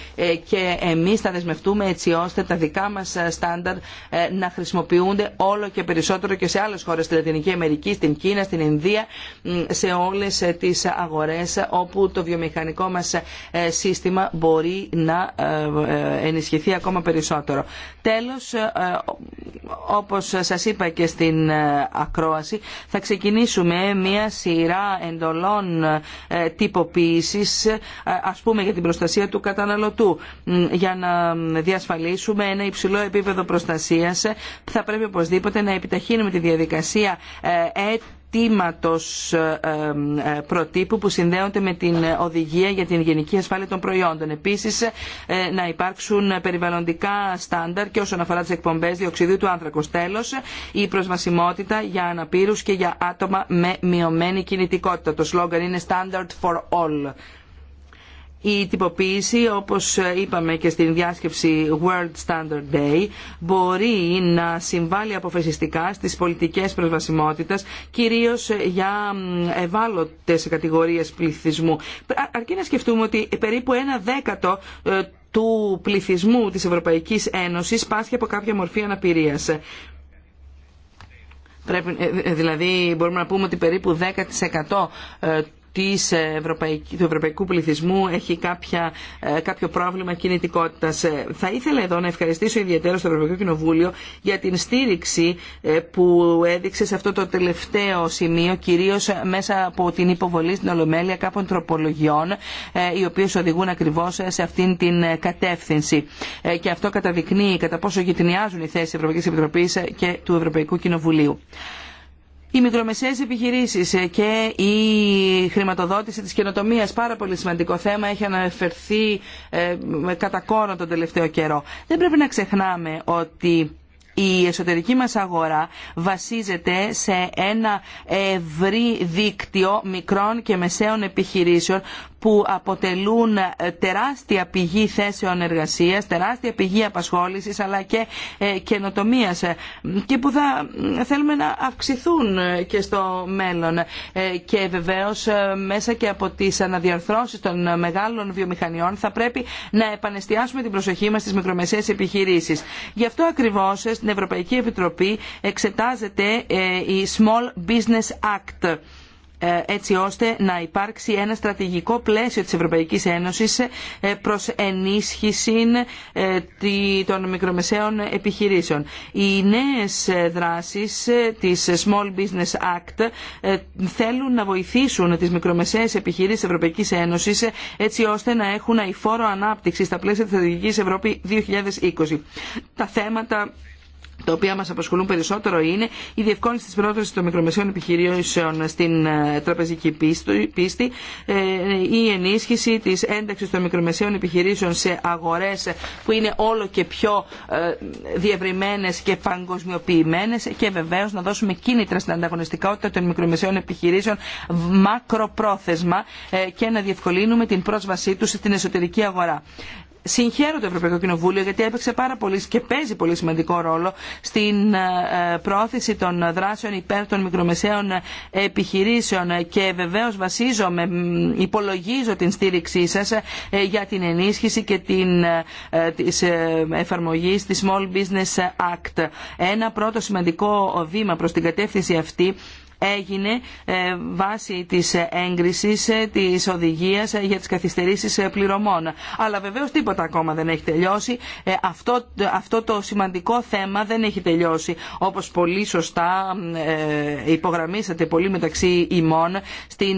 S3: και εμείς θα δεσμευτούμε έτσι ώστε τα δικά μας στάνταρ να χρησιμοποιούνται όλο και περισσότερο και σε άλλες χώρες Λατινική Αμερική, στην Κίνα, στην Ινδία, σε όλες ε, τις αγορές ε, όπου το βιομηχανικό μας ε, σύστημα μπορεί να ενισχυθεί ακόμα περισσότερο. Τέλος, όπως σας είπα και στην ακρόαση, θα ξεκινήσουμε μια σειρά εντολών τυποποίησης, ας πούμε για την προστασία του καταναλωτού, για να διασφαλίσουμε ένα υψηλό επίπεδο προστασίας. Θα πρέπει οπωσδήποτε να επιταχύνουμε τη διαδικασία ε, αιτήματος ε, ε, προτύπου που συνδέονται με την οδηγία για την γενική ασφάλεια των προϊόντων. Επίσης, να υπάρξουν περιβαλλοντικά στάνταρ και όσον αφορά τις εκπομπές διοξιδίου του άνθρακος. Τέλος, η προσβασιμότητα για αναπήρους και για άτομα με μειωμένη κινητικότητα. Το σλόγγαν είναι «Standard for all». Η τυποποίηση, όπως είπαμε και στην διάσκεψη World Standard Day, μπορεί να συμβάλλει αποφασιστικά στις πολιτικές προσβασιμότητας, κυρίως για ευάλωτες κατηγορίες πληθυσμού. Αρκεί να σκεφτούμε ότι περίπου ένα δέκατο ε, του πληθυσμού της Ευρωπαϊκής Ένωσης πάσχει από κάποια μορφή αναπηρίας. Πρέπει, ε, ε, δηλαδή μπορούμε να πούμε ότι περίπου 10% της του ευρωπαϊκού πληθυσμού έχει κάποια, ε, κάποιο πρόβλημα κινητικότητα. Ε, θα ήθελα εδώ να ευχαριστήσω ιδιαίτερα στο Ευρωπαϊκό Κοινοβούλιο για την στήριξη ε, που έδειξε σε αυτό το τελευταίο σημείο, κυρίω μέσα από την υποβολή στην Ολομέλεια κάποιων τροπολογιών, οι οποίε οδηγούν ακριβώ σε αυτήν την κατεύθυνση. Και αυτό καταδεικνύει κατά πόσο γυτνιάζουν οι θέσει της Ευρωπαϊκής Επιτροπής και του Ευρωπαϊκού Κοινοβουλίου οι μικρομεσαίες επιχειρήσεις και η χρηματοδότηση της καινοτομίας, πάρα πολύ σημαντικό θέμα, έχει αναφερθεί ε, κατά κόρο τον τελευταίο καιρό. Δεν πρέπει να ξεχνάμε ότι η εσωτερική μας αγορά βασίζεται σε ένα ευρύ δίκτυο μικρών και μεσαίων επιχειρήσεων που αποτελούν ε, τεράστια πηγή θέσεων εργασίας, τεράστια πηγή απασχόλησης αλλά και ε, καινοτομίας ε, και που θα θέλουμε να αυξηθούν και στο μέλλον. Και βεβαίως μέσα και από τις αναδιαρθρώσεις των μεγάλων βιομηχανιών θα πρέπει να επανεστιάσουμε την προσοχή μας στις μικρομεσαίες επιχειρήσεις. Γι' αυτό ακριβώς στην Ευρωπαϊκή Επιτροπή εξετάζεται η Small Business Act ε, έτσι ώστε να υπάρξει ένα στρατηγικό πλαίσιο της Ευρωπαϊκής Ένωσης ε, προς ενίσχυση ε, των μικρομεσαίων επιχειρήσεων. Οι νέες δράσεις της Small Business Act θέλουν να βοηθήσουν τις μικρομεσαίες επιχειρήσεις της Ευρωπαϊκής Ένωσης έτσι ώστε να έχουν αηφόρο ανάπτυξη στα πλαίσια της Στρατηγικής Ευρώπη 2020. Τα θέματα τα οποία μας απασχολούν περισσότερο είναι η διευκόλυνση της πρόσβασης των μικρομεσαίων επιχειρήσεων στην ε, τραπεζική πίστη, ε, η ενίσχυση της ένταξης των μικρομεσαίων επιχειρήσεων σε αγορές που είναι όλο και πιο ε, διευρυμένες και παγκοσμιοποιημένες και βεβαίως να δώσουμε κίνητρα στην ανταγωνιστικότητα των μικρομεσαίων επιχειρήσεων μακροπρόθεσμα και να διευκολύνουμε την πρόσβασή τους στην εσωτερική αγορά συγχαίρω το Ευρωπαϊκό Κοινοβούλιο γιατί έπαιξε πάρα πολύ και παίζει πολύ σημαντικό ρόλο στην ε, πρόθεση των δράσεων υπέρ των μικρομεσαίων επιχειρήσεων και βεβαίως βασίζομαι, υπολογίζω την στήριξή σας ε, για την ενίσχυση και την εφαρμογή ε, εφαρμογής της Small Business Act. Ένα πρώτο σημαντικό βήμα προς την κατεύθυνση αυτή έγινε ε, βάση της έγκρισης ε, της οδηγίας ε, για τις καθυστερήσεις πληρωμών. Αλλά βεβαίως τίποτα ακόμα δεν έχει τελειώσει. Αυτό, αυτό το σημαντικό θέμα δεν έχει τελειώσει. Όπως πολύ σωστά υπογραμμίσατε πολύ μεταξύ ημών στην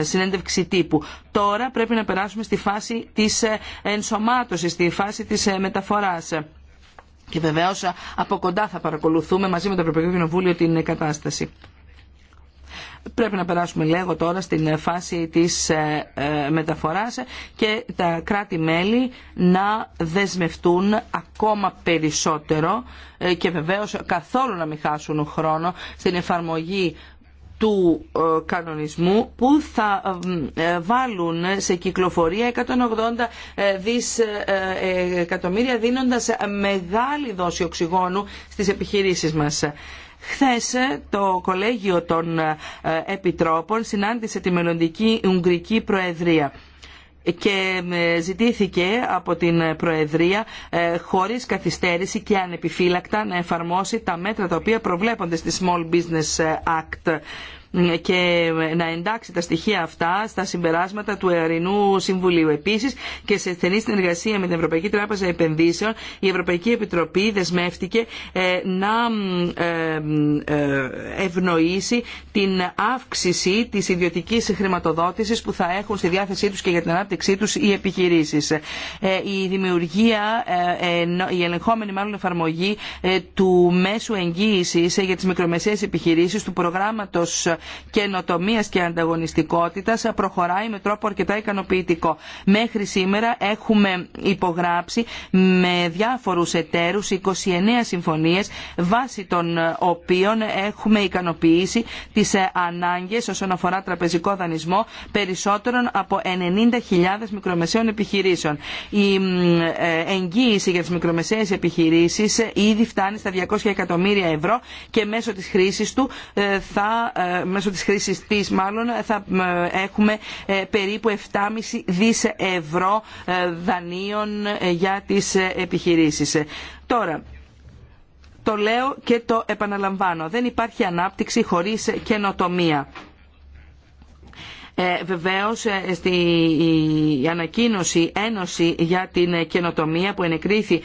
S3: συνέντευξη τύπου. Τώρα πρέπει να περάσουμε στη φάση της ενσωμάτωσης, στη φάση της μεταφοράς. Και βεβαίως από κοντά θα παρακολουθούμε μαζί με το Ευρωπαϊκό Κοινοβούλιο την κατάσταση. Πρέπει να περάσουμε λίγο τώρα στην ε, φάση της ε, ε, μεταφοράς και τα κράτη-μέλη να δεσμευτούν ακόμα περισσότερο και βεβαίως καθόλου να μην χάσουν χρόνο στην εφαρμογή του κανονισμού που θα βάλουν σε κυκλοφορία 180 δις εκατομμύρια δίνοντας μεγάλη δόση οξυγόνου στις επιχειρήσεις μας. Χθες ε, το Κολέγιο των ε, Επιτρόπων συνάντησε τη μελλοντική Ουγγρική Προεδρία και ε, ζητήθηκε από την Προεδρία χωρίς καθυστέρηση και ανεπιφύλακτα να εφαρμόσει τα μέτρα τα οποία προβλέπονται στη Small Business Act και να εντάξει τα στοιχεία αυτά στα συμπεράσματα του Εαρινού Συμβουλίου. Επίση, και σε στενή συνεργασία με την Ευρωπαϊκή Τράπεζα Επενδύσεων η Ευρωπαϊκή Επιτροπή δεσμεύτηκε ε, να ε, ε, ευνοήσει την αύξηση της ιδιωτικής χρηματοδότησης που θα έχουν στη διάθεσή τους και για την ανάπτυξή τους οι επιχειρήσεις. Η δημιουργία, η ελεγχόμενη μάλλον εφαρμογή του μέσου εγγύησης για τι μικρομεσαίε επιχειρήσει του καινοτομίας και ανταγωνιστικότητας προχωράει με τρόπο αρκετά ικανοποιητικό. Μέχρι σήμερα έχουμε υπογράψει με διάφορους εταίρους 29 συμφωνίες βάσει των οποίων έχουμε ικανοποιήσει τις ανάγκες όσον αφορά τραπεζικό δανεισμό περισσότερων από 90.000 μικρομεσαίων επιχειρήσεων. Η ε, εγγύηση για τις μικρομεσαίες επιχειρήσεις ήδη φτάνει στα 200 εκατομμύρια ευρώ και μέσω της χρήσης του ε, θα ε, μέσω της χρήσης της μάλλον θα έχουμε ε, περίπου 7,5 δις ευρώ ε, δανείων ε, για τις επιχειρήσεις. Τώρα, το λέω και το επαναλαμβάνω. Δεν υπάρχει ανάπτυξη χωρίς καινοτομία. Ε, βεβαίως στη ανακοίνωση Ένωση για την Καινοτομία που ενεκρίθη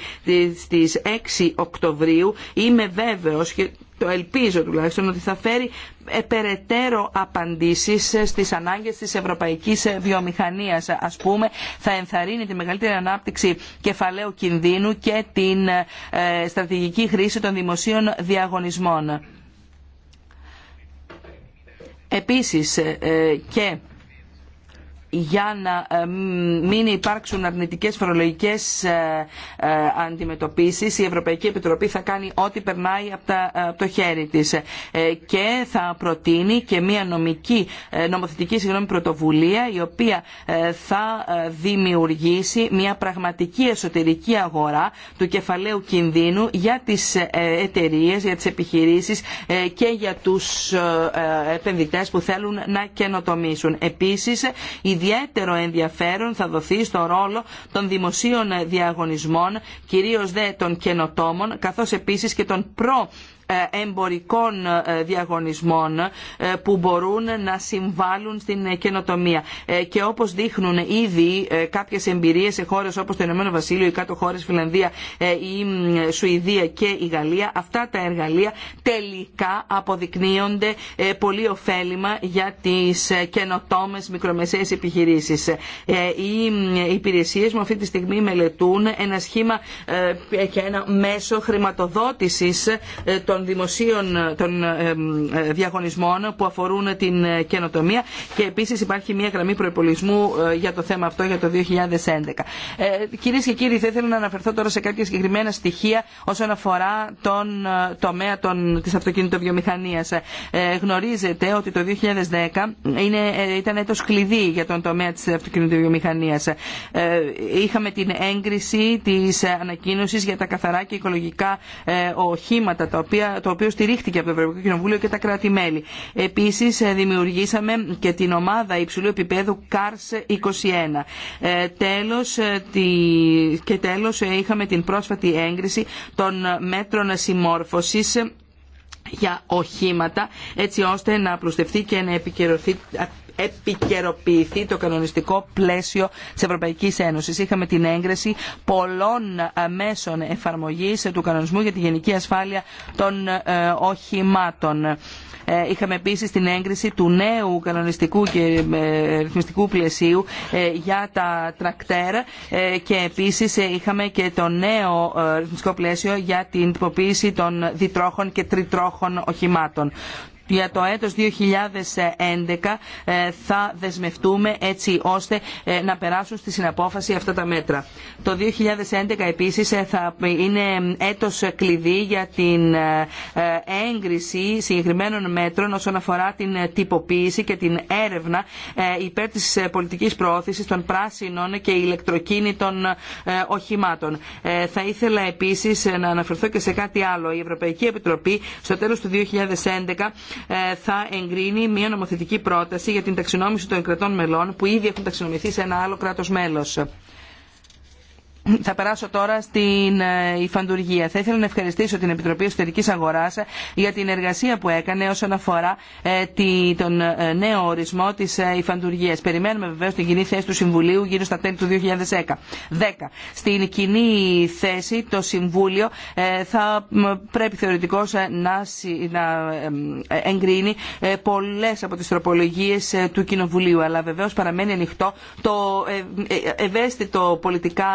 S3: στις 6 Οκτωβρίου είμαι βέβαιος το ελπίζω τουλάχιστον ότι θα φέρει ε, περαιτέρω απαντήσεις ε, στις ανάγκες της ευρωπαϊκής ε, βιομηχανίας. Ας πούμε θα ενθαρρύνει τη μεγαλύτερη ανάπτυξη κεφαλαίου κινδύνου και την στρατηγική χρήση των δημοσίων διαγωνισμών. Επίσης και για να ε, μην υπάρξουν αρνητικές φορολογικές ε, ε, αντιμετωπίσεις η Ευρωπαϊκή Επιτροπή θα κάνει ό,τι περνάει από το χέρι της και θα προτείνει και μια νομική, νομοθετική συγγνώμη, πρωτοβουλία η οποία θα δημιουργήσει μια πραγματική εσωτερική αγορά του κεφαλαίου κινδύνου για τις εταιρείε, για τις επιχειρήσεις και για τους επενδυτές που θέλουν να καινοτομήσουν. Επίσης, η ιδιαίτερο ενδιαφέρον θα δοθεί στο ρόλο των δημοσίων διαγωνισμών, κυρίως δε των καινοτόμων, καθώς επίσης και των προ ε, εμπορικών ε, διαγωνισμών ε, που μπορούν να συμβάλλουν στην καινοτομία. Και όπως δείχνουν ήδη κάποιες εμπειρίες σε χώρες όπως το Ηνωμένο Βασίλειο, οι κάτω χώρες, Φιλανδία, η Σουηδία και η Γαλλία, αυτά τα εργαλεία τελικά αποδεικνύονται πολύ ωφέλιμα για τις καινοτόμες μικρομεσαίες επιχειρήσεις. Οι υπηρεσίες μου αυτή τη στιγμή μελετούν ένα σχήμα και ένα μέσο χρηματοδότησης των των δημοσίων των ε, διαγωνισμών που αφορούν την ε, καινοτομία και επίσης υπάρχει μια γραμμή προπολισμού ε, για το θέμα αυτό για το 2011. Κυρίες και κύριοι, θα ήθελα να αναφερθώ τώρα σε κάποια συγκεκριμένα στοιχεία όσον αφορά τον τομέα των, της αυτοκινητοβιομηχανίας. Γνωρίζετε ότι το 2010 ήταν έτος κλειδί για τον τομέα της αυτοκινητοβιομηχανίας. Είχαμε την έγκριση της ανακοίνωσης για τα καθαρά και οικολογικά οχήματα τα οποία το οποίο στηρίχτηκε από το Ευρωπαϊκό Κοινοβούλιο και τα κράτη-μέλη. Επίσης ε, δημιουργήσαμε και την ομάδα υψηλού επίπεδου CARS 21. Ε, τέλος, ε, τη... Και τέλος είχαμε την πρόσφατη έγκριση των μέτρων συμμόρφωση για οχήματα έτσι ώστε να απλουστευτεί και να επικαιρωθεί επικαιροποιηθεί το κανονιστικό πλαίσιο της Ευρωπαϊκής Ένωσης. Είχαμε την έγκριση πολλών ε, μέσων εφαρμογής του κανονισμού για τη γενική ασφάλεια των ε, οχημάτων. Ε, είχαμε επίσης την έγκριση του νέου κανονιστικού και ρυθμιστικού πλαισίου για τα τρακτέρ και επίσης είχαμε και το νέο ρυθμιστικό πλαίσιο για την τυποποίηση των διτρόχων και τριτρόχων οχημάτων για το έτος 2011 ε, θα δεσμευτούμε έτσι ώστε ε, να περάσουν στη συναπόφαση αυτά τα μέτρα. Το 2011 επίσης ε, θα είναι έτος κλειδί για την έγκριση συγκεκριμένων μέτρων όσον αφορά την τυποποίηση και την έρευνα υπέρ της πολιτικής προώθησης των πράσινων και ηλεκτροκίνητων οχημάτων. Θα ήθελα επίσης να αναφερθώ και σε κάτι άλλο. Η Ευρωπαϊκή Επιτροπή στο τέλος του 2011 ε, θα εγκρίνει μια νομοθετική πρόταση για την ταξινόμηση των κρατών μελών που ήδη έχουν ταξινομηθεί σε ένα άλλο κράτος μέλος. Θα περάσω τώρα στην υφαντουργία. Ε, θα ήθελα να ευχαριστήσω την Επιτροπή Εσωτερική Αγοράς ε, για την εργασία που έκανε όσον αφορά ε, τον νέο ορισμό της υφαντουργίας. Περιμένουμε βεβαίω την κοινή θέση του Συμβουλίου γύρω στα τέλη του 2010. Στην κοινή θέση το Συμβούλιο θα πρέπει θεωρητικώς να, να εγκρίνει πολλέ από τις τροπολογίες του Κοινοβουλίου. Αλλά βεβαίω παραμένει ανοιχτό το ευαίσθητο πολιτικά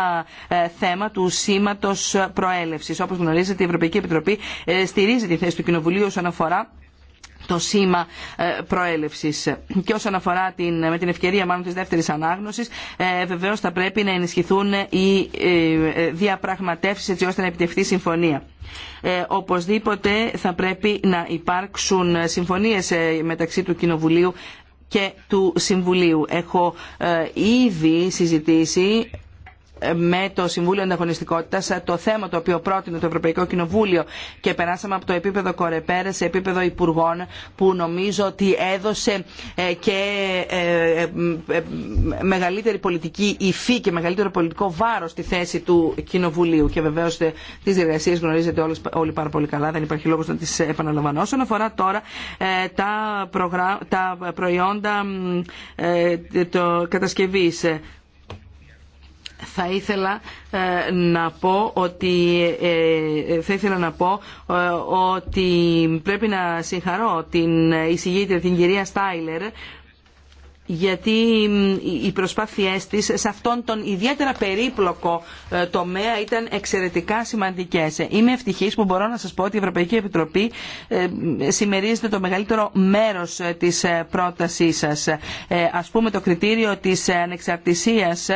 S3: ε, θέμα του σήματο προέλευση. Όπως γνωρίζετε η Ευρωπαϊκή Επιτροπή ε, στηρίζει τη θέση του Κοινοβουλίου όσον αφορά το σήμα ε, προέλευση. Και όσον αφορά την, με την ευκαιρία μάλλον τη δεύτερη ανάγνωση, βεβαίω θα πρέπει να ενισχυθούν οι διαπραγματεύσει έτσι ώστε να επιτευχθεί συμφωνία. οπωσδήποτε θα πρέπει να υπάρξουν συμφωνίες μεταξύ του Κοινοβουλίου και του Συμβουλίου. Έχω ήδη συζητήσει με το Συμβούλιο Ανταγωνιστικότητα το θέμα το οποίο πρότεινε το Ευρωπαϊκό Κοινοβούλιο και περάσαμε από το επίπεδο κορεπέρα σε επίπεδο Υπουργών που νομίζω ότι έδωσε ε, και ε, ε, μεγαλύτερη πολιτική υφή και μεγαλύτερο πολιτικό βάρο στη θέση του Κοινοβουλίου. Και βεβαίω τι διεργασίε γνωρίζετε όλες, όλοι πάρα πολύ καλά, δεν υπάρχει λόγο να τι επαναλαμβανώ. Όσον αφορά τώρα τα, προϊόντα κατασκευή. Ε, ε, θα ήθελα να πω ότι θα ήθελα να πω ότι πρέπει να συγχαρώ την εισηγήτρια την κυρία Στάιλερ γιατί οι προσπάθειές της σε αυτόν τον ιδιαίτερα περίπλοκο ε, τομέα ήταν εξαιρετικά σημαντικές. Είμαι ευτυχής που μπορώ να σας πω ότι η Ευρωπαϊκή Επιτροπή συμμερίζεται το μεγαλύτερο μέρος της πρότασής σας. Ας πούμε το κριτήριο της ανεξαρτησίας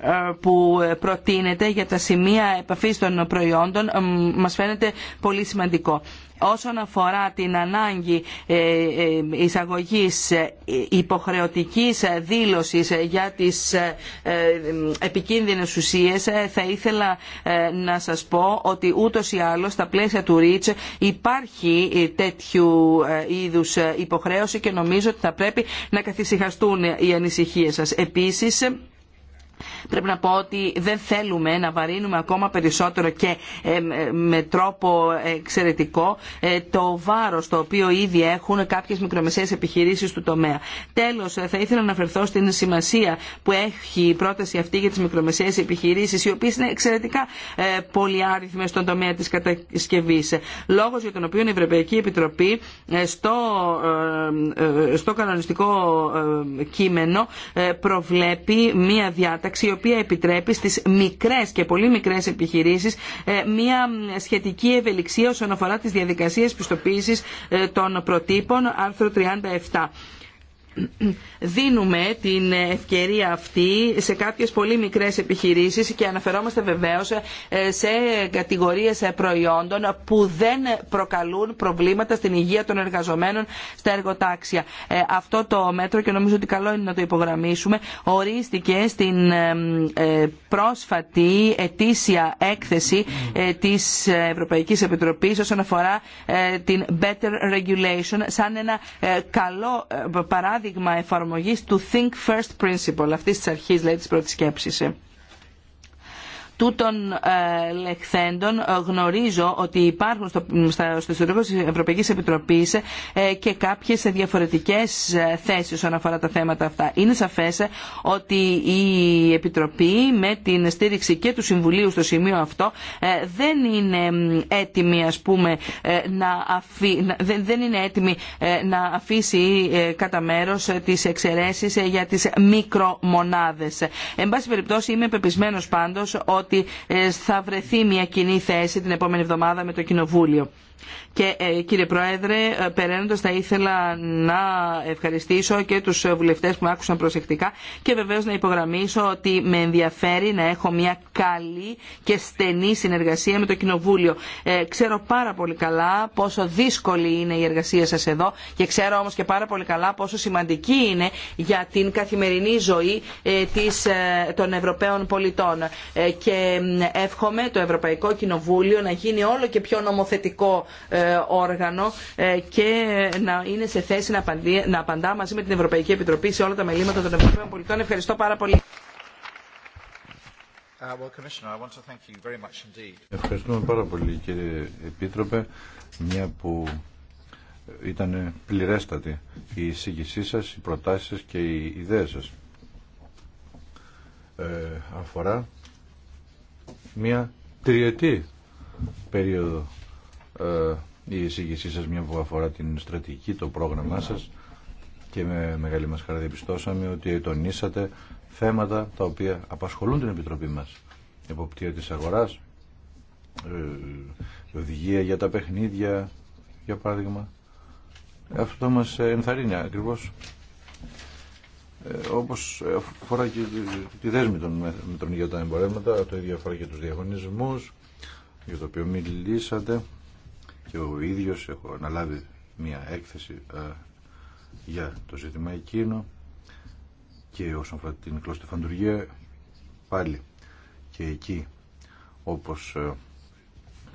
S3: ε, που προτείνεται για τα σημεία επαφής των προϊόντων ε, μας φαίνεται πολύ σημαντικό. Όσον αφορά την ανάγκη ε, εισαγωγής υποχρεωτικής δήλωσης για τις επικίνδυνες ουσίες, θα ήθελα να σας πω ότι ούτως ή άλλως στα πλαίσια του REACH υπάρχει τέτοιου είδους υποχρέωση και νομίζω ότι θα πρέπει να καθησυχαστούν οι ανησυχίες σας. Επίσης, πρέπει να πω ότι δεν θέλουμε να βαρύνουμε ακόμα περισσότερο και ε, ε, με τρόπο εξαιρετικό ε, το βάρος το οποίο ήδη έχουν κάποιες μικρομεσαίες επιχειρήσεις του τομέα. Τέλος, θα ήθελα να αναφερθώ στην σημασία που έχει η πρόταση αυτή για τις μικρομεσαίες επιχειρήσεις, οι οποίες είναι εξαιρετικά πολυάριθμες στον τομέα της κατασκευής. Λόγος για τον οποίο η Ευρωπαϊκή Επιτροπή στο, στο κανονιστικό κείμενο προβλέπει μία διάταξη οποία επιτρέπει στις μικρές και πολύ μικρές επιχειρήσεις ε, μια σχετική ευελιξία όσον αφορά τις διαδικασίες πιστοποίησης ε, των προτύπων, άρθρο 37 δίνουμε την ευκαιρία αυτή σε κάποιες πολύ μικρές επιχειρήσεις και αναφερόμαστε βεβαίως ε, σε κατηγορίες ε, προϊόντων που δεν προκαλούν προβλήματα στην υγεία των εργαζομένων στα εργοτάξια. Ε, αυτό το μέτρο και νομίζω ότι καλό είναι να το υπογραμμίσουμε ορίστηκε στην πρόσφατη ετήσια έκθεση της Ευρωπαϊκής Επιτροπής όσον αφορά την Better Regulation σαν ένα καλό παράδειγμα παράδειγμα εφαρμογής του Think First Principle, αυτής της αρχής, δηλαδή της πρώτης σκέψης. Τούτων ε, λεχθέντων ε, γνωρίζω ότι υπάρχουν στο, στο ιστορικό της Ευρωπαϊκής Επιτροπής ε, και κάποιες διαφορετικές θέσεις όσον αφορά τα θέματα αυτά. Είναι σαφές ότι η Επιτροπή με την στήριξη και του Συμβουλίου στο σημείο αυτό δεν είναι έτοιμη ας πούμε να, αφή, να δεν είναι έτοιμη να αφήσει κατά μέρος τις εξαιρέσεις για τις μικρομονάδες. Εν πάση περιπτώσει είμαι πεπισμένος πάντως ότι ότι ε, θα βρεθεί μια κοινή θέση την επόμενη εβδομάδα με το Κοινοβούλιο. Και ε, κύριε Πρόεδρε, ε, περαίνοντας θα ήθελα να ευχαριστήσω και τους βουλευτές που άκουσαν προσεκτικά και βεβαίως να υπογραμμίσω ότι με ενδιαφέρει να έχω μια καλή και στενή συνεργασία με το Κοινοβούλιο. ξέρω πάρα πολύ καλά πόσο δύσκολη είναι η εργασία σας εδώ και ξέρω όμως και πάρα πολύ καλά πόσο σημαντική είναι για την καθημερινή ζωή της, των Ευρωπαίων πολιτών και εύχομαι το Ευρωπαϊκό Κοινοβούλιο να γίνει όλο και πιο νομοθετικό ε, όργανο ε, και να είναι σε θέση να, να απαντά μαζί με την Ευρωπαϊκή Επιτροπή σε όλα τα μελήματα των Ευρωπαϊκών πολιτών. Ευχαριστώ πάρα πολύ.
S2: Ευχαριστούμε πάρα πολύ κύριε Επίτροπε, μια που ήταν πληρέστατη η εισήγησή σας, οι προτάσεις σας και οι ιδέες σας. Ε, αφορά μια τριετή περίοδο ε, η εισήγησή σας μια που αφορά την στρατηγική, το πρόγραμμά σας και με μεγάλη μας χαρά διαπιστώσαμε ότι τονίσατε θέματα τα οποία απασχολούν την Επιτροπή μας. Εποπτεία της αγοράς, ε, οδηγία για τα παιχνίδια, για παράδειγμα. Αυτό μας ενθαρρύνει ακριβώς όπως αφορά και τη δέσμη των μέτρων για τα εμπορεύματα, το ίδιο αφορά και του διαγωνισμού για το οποίο μιλήσατε και ο ίδιος έχω αναλάβει μια έκθεση ε, για το ζήτημα εκείνο και όσον αφορά την φαντουργία, πάλι και εκεί όπως ε,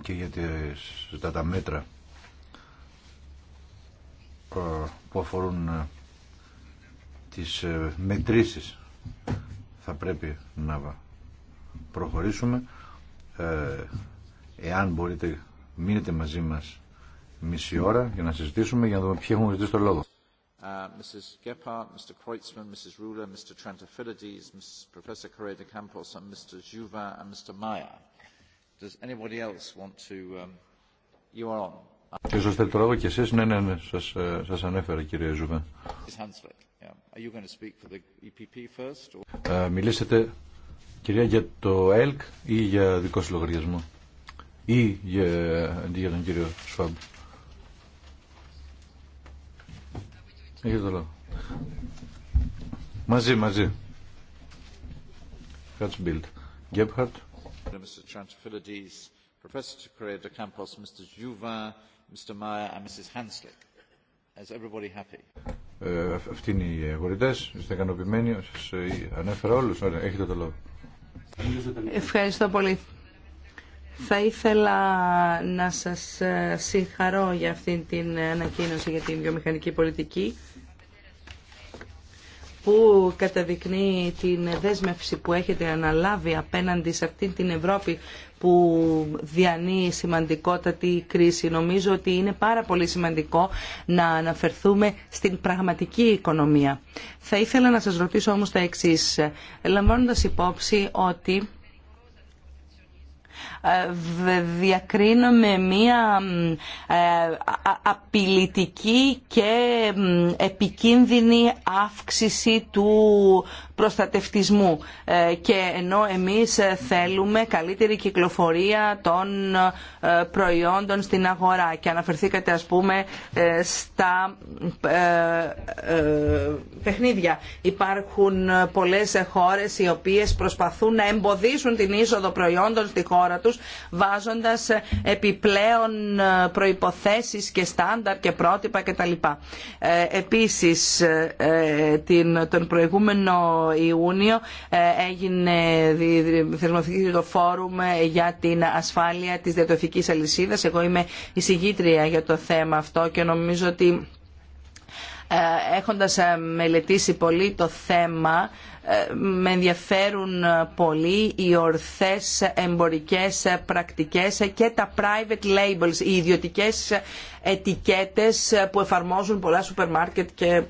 S2: και για τα, τα μέτρα ε, που αφορούν τις ε, μετρήσεις θα πρέπει να προχωρήσουμε ε, εάν μπορείτε μείνετε μαζί μας μισή ώρα για να συζητήσουμε για να δούμε ποιοι έχουν ζητήσει το λόγο. σας θέλω το λόγο και εσείς, ναι, ναι, ναι, σας, ε, σας ανέφερα κύριε Ζουβά.
S1: E
S2: ε, Μιλήσατε κυρία, για το ΕΛΚ ή για δικό σου λογαριασμό ή για, για τον κύριο Σφάμπ. Έχετε το λόγο. Μαζί, μαζί. Χατσμπίλτ. Γκέπχαρτ.
S1: Mr. Trantafilides, Professor Correa de Campos, Mr. Juvin, Mr. Meyer and Mrs. Hanslick. Is everybody happy?
S2: Ε, αυτοί είναι οι αγορητέ. Είστε ικανοποιημένοι. Σα ε, ανέφερα όλου. Έχετε το λόγο.
S3: Ευχαριστώ πολύ. Θα ήθελα να σας ε, συγχαρώ για αυτήν την ανακοίνωση για την βιομηχανική πολιτική που καταδεικνύει την δέσμευση που έχετε αναλάβει απέναντι σε αυτή την Ευρώπη που διανύει σημαντικότατη κρίση. Νομίζω ότι είναι πάρα πολύ σημαντικό να αναφερθούμε στην πραγματική οικονομία. Θα ήθελα να σας ρωτήσω όμως τα εξής. Λαμβάνοντας υπόψη ότι ε, διακρίνουμε μία ε, απειλητική και επικίνδυνη αύξηση του προστατευτισμού ε, και ενώ εμείς θέλουμε καλύτερη κυκλοφορία των προϊόντων στην αγορά και αναφερθήκατε ας πούμε στα παιχνίδια. Υπάρχουν πολλές χώρες οι οποίες προσπαθούν να εμποδίσουν την είσοδο προϊόντων στη χώρα τους τους βάζοντας επιπλέον ε, προϋποθέσεις και στάνταρ και πρότυπα κτλ. Ε, επίσης ε, τον προηγούμενο Ιούνιο έγινε θεσμοθήκη το φόρουμ για την ασφάλεια της διατροφικής αλυσίδας. Εγώ είμαι η συγγήτρια για το θέμα αυτό και νομίζω ότι ε, έχοντας ε, μελετήσει πολύ το θέμα ε, με ενδιαφέρουν πολύ οι ορθές εμπορικές πρακτικές και τα private labels, οι ιδιωτικές ετικέτες που εφαρμόζουν πολλά σούπερ μάρκετ και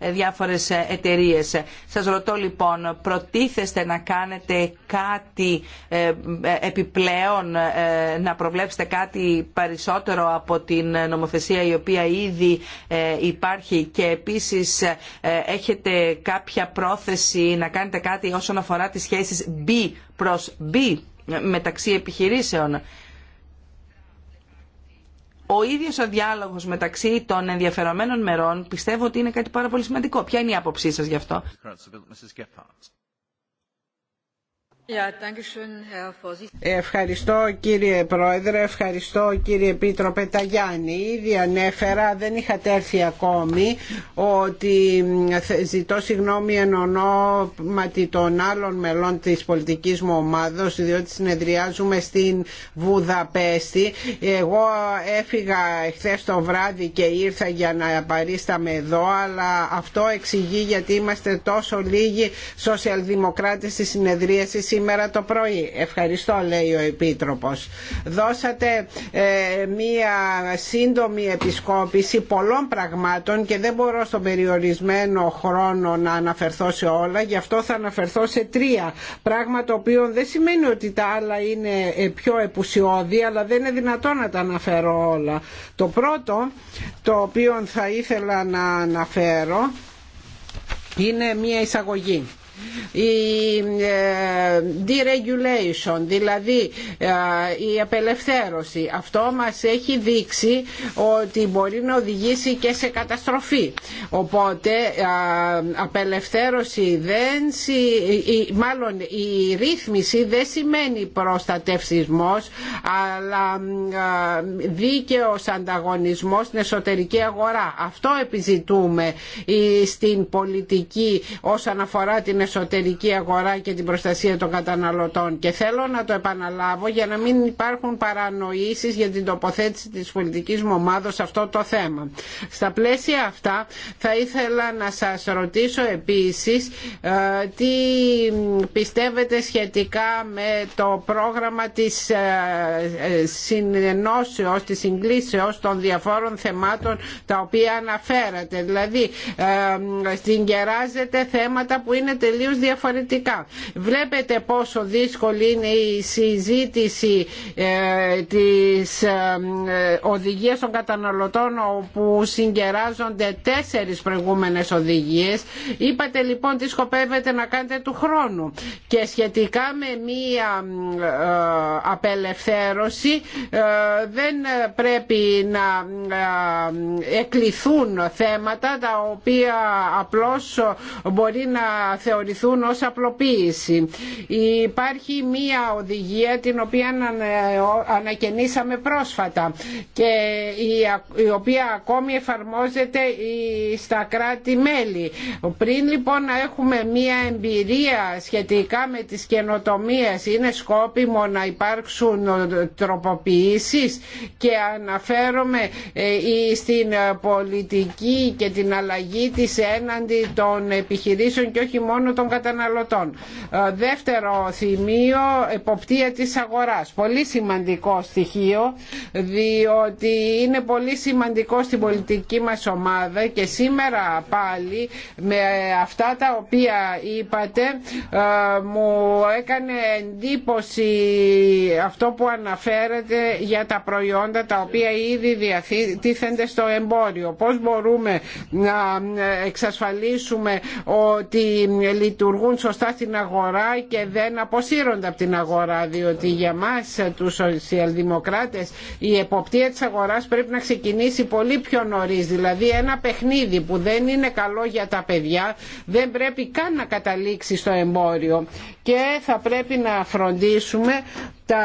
S3: διάφορες εταιρείες. Σας ρωτώ λοιπόν, προτίθεστε να κάνετε κάτι ε, ε, επιπλέον, ε, να προβλέψετε κάτι περισσότερο από την νομοθεσία η οποία ήδη υπάρχει και επίσης έχετε κάποια πρόθεση να κάνετε κάτι όσον αφορά τις σχέσεις B προς B μεταξύ επιχειρήσεων ο ίδιος ο διάλογος μεταξύ των ενδιαφερομένων μερών πιστεύω ότι είναι κάτι πάρα πολύ σημαντικό. Ποια είναι η άποψή σας γι' αυτό.
S4: Ε, ευχαριστώ κύριε Πρόεδρε, ευχαριστώ κύριε Πίτροπε Ταγιάννη. Ήδη ανέφερα, δεν είχατε έρθει ακόμη, ότι ζητώ συγγνώμη εν ονόματι των άλλων μελών της πολιτικής μου ομάδος, διότι συνεδριάζουμε στην Βουδαπέστη. Εγώ έφυγα χθε το βράδυ και ήρθα για να παρίσταμε εδώ, αλλά αυτό εξηγεί γιατί είμαστε τόσο λίγοι σοσιαλδημοκράτες στη συνεδρίαση σήμερα το πρωί. Ευχαριστώ λέει ο επίτροπο. Δώσατε ε, μία σύντομη επισκόπηση πολλών πραγμάτων και δεν μπορώ στον περιορισμένο χρόνο να αναφερθώ σε όλα. Γι' αυτό θα αναφερθώ σε τρία. Πράγμα το οποίο δεν σημαίνει ότι τα άλλα είναι ε, πιο επουσιώδη αλλά δεν είναι δυνατόν να τα αναφέρω όλα. Το πρώτο το οποίο θα ήθελα να αναφέρω είναι μία εισαγωγή η ε, deregulation, δηλαδή ε, η απελευθέρωση, αυτό μας έχει δείξει ότι μπορεί να οδηγήσει και σε καταστροφή. Οπότε απελευθέρωση δεν, μάλλον η ρύθμιση δεν σημαίνει προστατευσισμός, αλλά δίκαιος ανταγωνισμός στην εσωτερική αγορά. Αυτό επιζητούμε ε, στην πολιτική όσον αφορά την εσωτερική αγορά και την προστασία των καταναλωτών και θέλω να το επαναλάβω για να μην υπάρχουν παρανοήσεις για την τοποθέτηση της πολιτικής μου ομάδος σε αυτό το θέμα. Στα πλαίσια αυτά θα ήθελα να σας ρωτήσω επίσης ε, τι πιστεύετε σχετικά με το πρόγραμμα της ε, συνενώσεως, της συγκλήσεως των διαφόρων θεμάτων τα οποία αναφέρατε. Δηλαδή ε, στην θέματα που είναι τελείως διαφορετικά. Βλέπετε πόσο δύσκολη είναι η συζήτηση ε, της ε, ε, οδηγίας των καταναλωτών όπου συγκεράζονται τέσσερις προηγούμενες οδηγίες. Είπατε λοιπόν τι σκοπεύετε να κάνετε του χρόνου και σχετικά με μία απελευθέρωση δεν πρέπει να εκλειθούν θέματα τα οποία απλώς μπορεί να θεωρηθούν θεωρηθούν απλοποίηση. Υπάρχει μία οδηγία την οποία ανακαινήσαμε πρόσφατα και η οποία ακόμη εφαρμόζεται στα κράτη-μέλη. Πριν λοιπόν να έχουμε μία εμπειρία σχετικά με τις καινοτομίες είναι σκόπιμο να υπάρξουν τροποποιήσεις και αναφέρομαι ε, στην πολιτική και την αλλαγή της έναντι των επιχειρήσεων και όχι μόνο των καταναλωτών. Ε, δεύτερο σημείο, εποπτεία της αγοράς. Πολύ σημαντικό στοιχείο, διότι είναι πολύ σημαντικό στην πολιτική μας ομάδα και σήμερα πάλι με αυτά τα οποία είπατε ε, μου έκανε εντύπωση αυτό που αναφέρετε για τα προϊόντα τα οποία ήδη διατίθενται στο εμπόριο. Πώς μπορούμε να εξασφαλίσουμε ότι λειτουργούν σωστά στην αγορά και δεν αποσύρονται από την αγορά διότι για μας τους σοσιαλδημοκράτες η εποπτεία της αγοράς πρέπει να ξεκινήσει πολύ πιο νωρίς δηλαδή ένα παιχνίδι που δεν είναι καλό για τα παιδιά δεν πρέπει καν να καταλήξει στο εμπόριο και θα πρέπει να φροντίσουμε τα,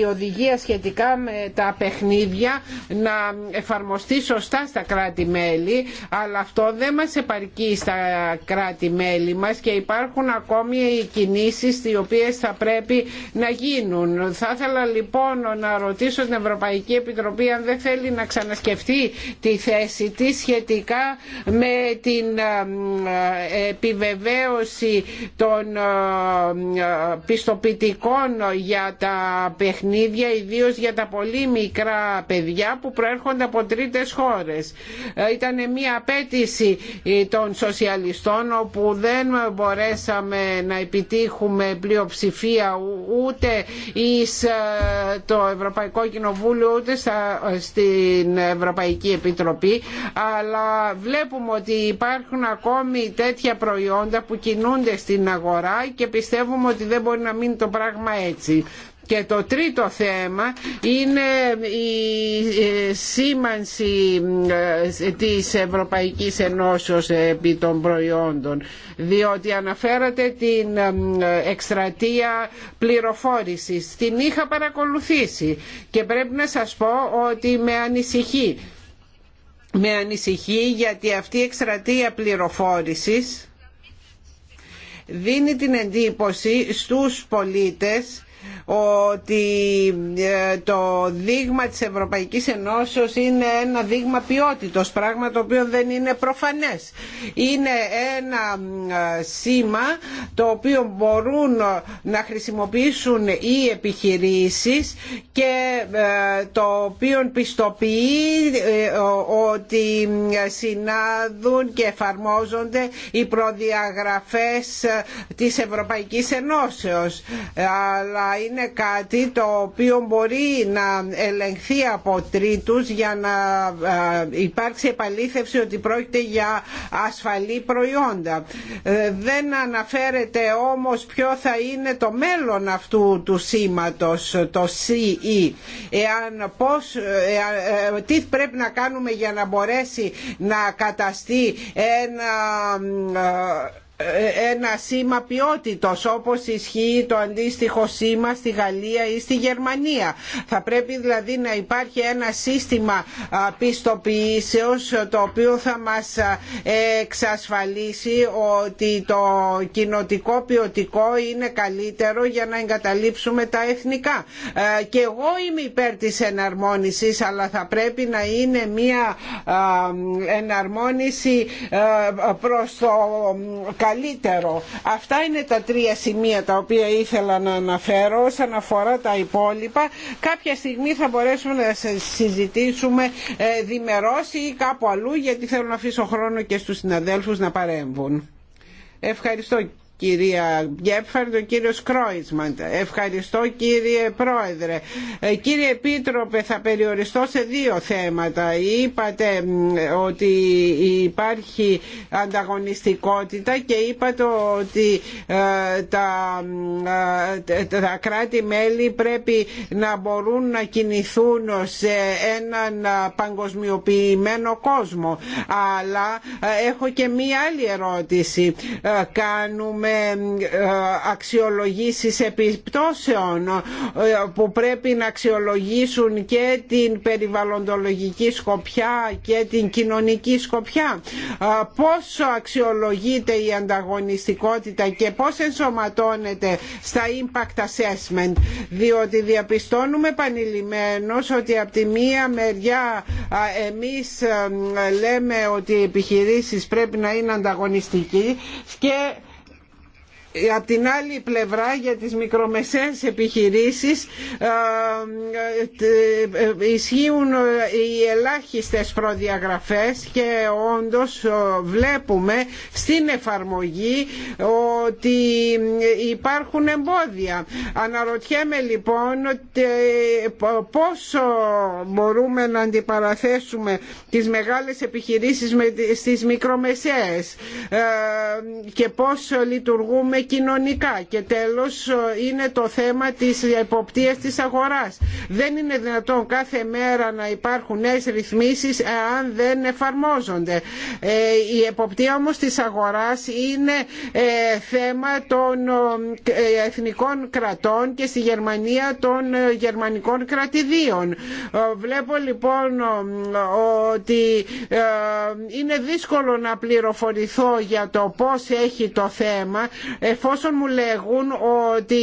S4: η οδηγία σχετικά με τα παιχνίδια να εφαρμοστεί σωστά στα κράτη-μέλη αλλά αυτό δεν μας επαρκεί στα κράτη-μέλη μας και υπάρχουν ακόμη οι κινήσεις οι οποίες θα πρέπει να γίνουν. Θα ήθελα λοιπόν να ρωτήσω την Ευρωπαϊκή Επιτροπή αν δεν θέλει να ξανασκεφτεί τη θέση τη σχετικά με την ε, επιβεβαίωση των ε, πιστοποιητικών για τα παιχνίδια ιδίως για τα πολύ μικρά παιδιά που προέρχονται από τρίτες χώρες. Ε, ήταν μια απέτηση ε, των σοσιαλιστών όπου δεν μπορέσαμε να επιτύχουμε πλειοψηφία ούτε εις ε, το Ευρωπαϊκό Κοινοβούλιο ούτε στην Ευρωπαϊκή Επιτροπή αλλά βλέπουμε ότι υπάρχουν ακόμη τέτοια προϊόντα που κινούνται στην αγορά και πιστεύουμε ότι δεν μπορεί να μείνει το πράγμα έτσι. Και το τρίτο θέμα είναι η ε, σήμανση ε, της Ευρωπαϊκής Ενώσεως επί των προϊόντων διότι αναφέρατε την ε, εκστρατεία πληροφόρησης. Την είχα παρακολουθήσει και πρέπει να σας πω ότι με ανησυχεί. Με ανησυχεί γιατί αυτή η εκστρατεία πληροφόρησης δίνει την εντύπωση στους πολίτες ότι ε, το δείγμα της Ευρωπαϊκής Ενώσεως είναι ένα δείγμα ποιότητος, πράγμα το οποίο δεν είναι προφανές. Είναι ένα ε, σήμα το οποίο μπορούν να χρησιμοποιήσουν οι επιχειρήσεις και ε, το οποίο πιστοποιεί ότι συνάδουν και εφαρμόζονται οι προδιαγραφές της Ευρωπαϊκής Ενώσεως. Αλλά είναι κάτι το οποίο μπορεί να ελεγχθεί από τρίτους για να ε, υπάρξει επαλήθευση ότι πρόκειται για ασφαλή προϊόντα. Ε, δεν αναφέρεται όμως ποιο θα είναι το μέλλον αυτού του σήματος, το CE. Εάν πώς, ε, τι πρέπει να κάνουμε για να μπορέσει να καταστεί ένα ε, ένα σήμα ποιότητος όπως ισχύει το αντίστοιχο σήμα στη Γαλλία ή στη Γερμανία. Θα πρέπει δηλαδή να υπάρχει ένα σύστημα πιστοποιήσεως το οποίο θα μας εξασφαλίσει ότι το κοινοτικό ποιοτικό είναι καλύτερο για να εγκαταλείψουμε τα εθνικά. Ε, και εγώ είμαι υπέρ της εναρμόνισης αλλά θα πρέπει να είναι μια εναρμόνιση ε, προς το καλύτερο. Αυτά είναι τα τρία σημεία τα οποία ήθελα να αναφέρω. Όσον αφορά τα υπόλοιπα, κάποια στιγμή θα μπορέσουμε να συζητήσουμε ε, διμερώς ή κάπου αλλού, γιατί θέλω να αφήσω χρόνο και στους συναδέλφους να παρέμβουν. Ευχαριστώ κυρία Γκέφαρντ, ο κύριος Κρόισμαντ. Ευχαριστώ κύριε Πρόεδρε. Ε, κύριε Επίτροπε, θα περιοριστώ σε δύο θέματα. Είπατε ότι υπάρχει ανταγωνιστικότητα και είπατε ότι ε, τα, ε, τα κράτη-μέλη πρέπει να μπορούν να κινηθούν σε έναν παγκοσμιοποιημένο κόσμο. Αλλά έχω και μία άλλη ερώτηση. Κάνουμε αξιολογήσεις επιπτώσεων ε, που πρέπει να αξιολογήσουν και την περιβαλλοντολογική σκοπιά και την κοινωνική σκοπιά. Ε, πόσο αξιολογείται η ανταγωνιστικότητα και πώς ενσωματώνεται στα impact assessment διότι διαπιστώνουμε επανειλημμένως ότι από τη μία μεριά εμείς ε, λέμε ότι οι επιχειρήσεις πρέπει να είναι ανταγωνιστικοί και από την άλλη πλευρά για τις μικρομεσαίες επιχειρήσεις ε, ε, ε, ισχύουν οι ελάχιστες προδιαγραφές και όντως βλέπουμε στην εφαρμογή ότι υπάρχουν εμπόδια. Αναρωτιέμαι λοιπόν πόσο μπορούμε να αντιπαραθέσουμε τις μεγάλες επιχειρήσεις στις μικρομεσαίες και πώς λειτουργούμε κοινωνικά. Και τέλος ε, είναι το θέμα της εποπτείας της αγοράς. Δεν είναι δυνατόν κάθε μέρα να υπάρχουν νέες ρυθμίσεις ε, αν δεν εφαρμόζονται. Ε, η εποπτεία όμως της αγοράς είναι θέμα των εθνικών κρατών και στη Γερμανία των γερμανικών κρατηδίων. Βλέπω λοιπόν ότι είναι δύσκολο να πληροφορηθώ για το πώς έχει το θέμα εφόσον μου λέγουν ότι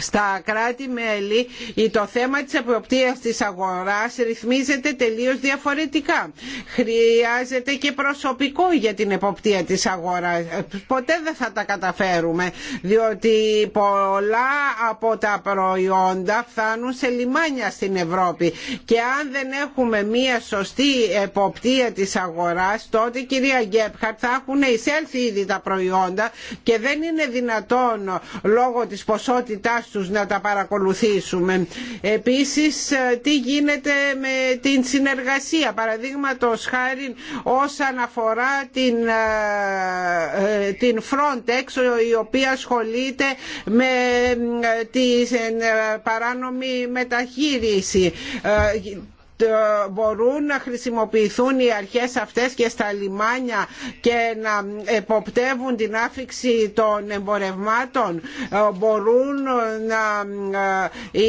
S4: στα κράτη-μέλη το θέμα της εποπτείας της αγοράς ρυθμίζεται τελείως διαφορετικά. Χρειάζεται και προσωπικό για την εποπτεία της αγοράς. Ποτέ δεν θα τα καταφέρουμε, διότι πολλά από τα προϊόντα φτάνουν σε λιμάνια στην Ευρώπη και αν δεν έχουμε μία σωστή εποπτεία της αγοράς, τότε κυρία Γκέπχαρτ θα έχουν εισέλθει ήδη τα προϊόντα και δεν είναι δυνατόν λόγω της ποσότητάς τους να τα παρακολουθήσουμε. Επίσης ε, τι γίνεται με την συνεργασία παραδείγματο χάρη όσον αφορά την, ε, ε, την Frontex η οποία ασχολείται με την παράνομη μεταχείριση μπορούν να χρησιμοποιηθούν οι αρχές αυτές και στα λιμάνια και να εποπτεύουν την άφηξη των εμπορευμάτων ε, μπορούν να ε,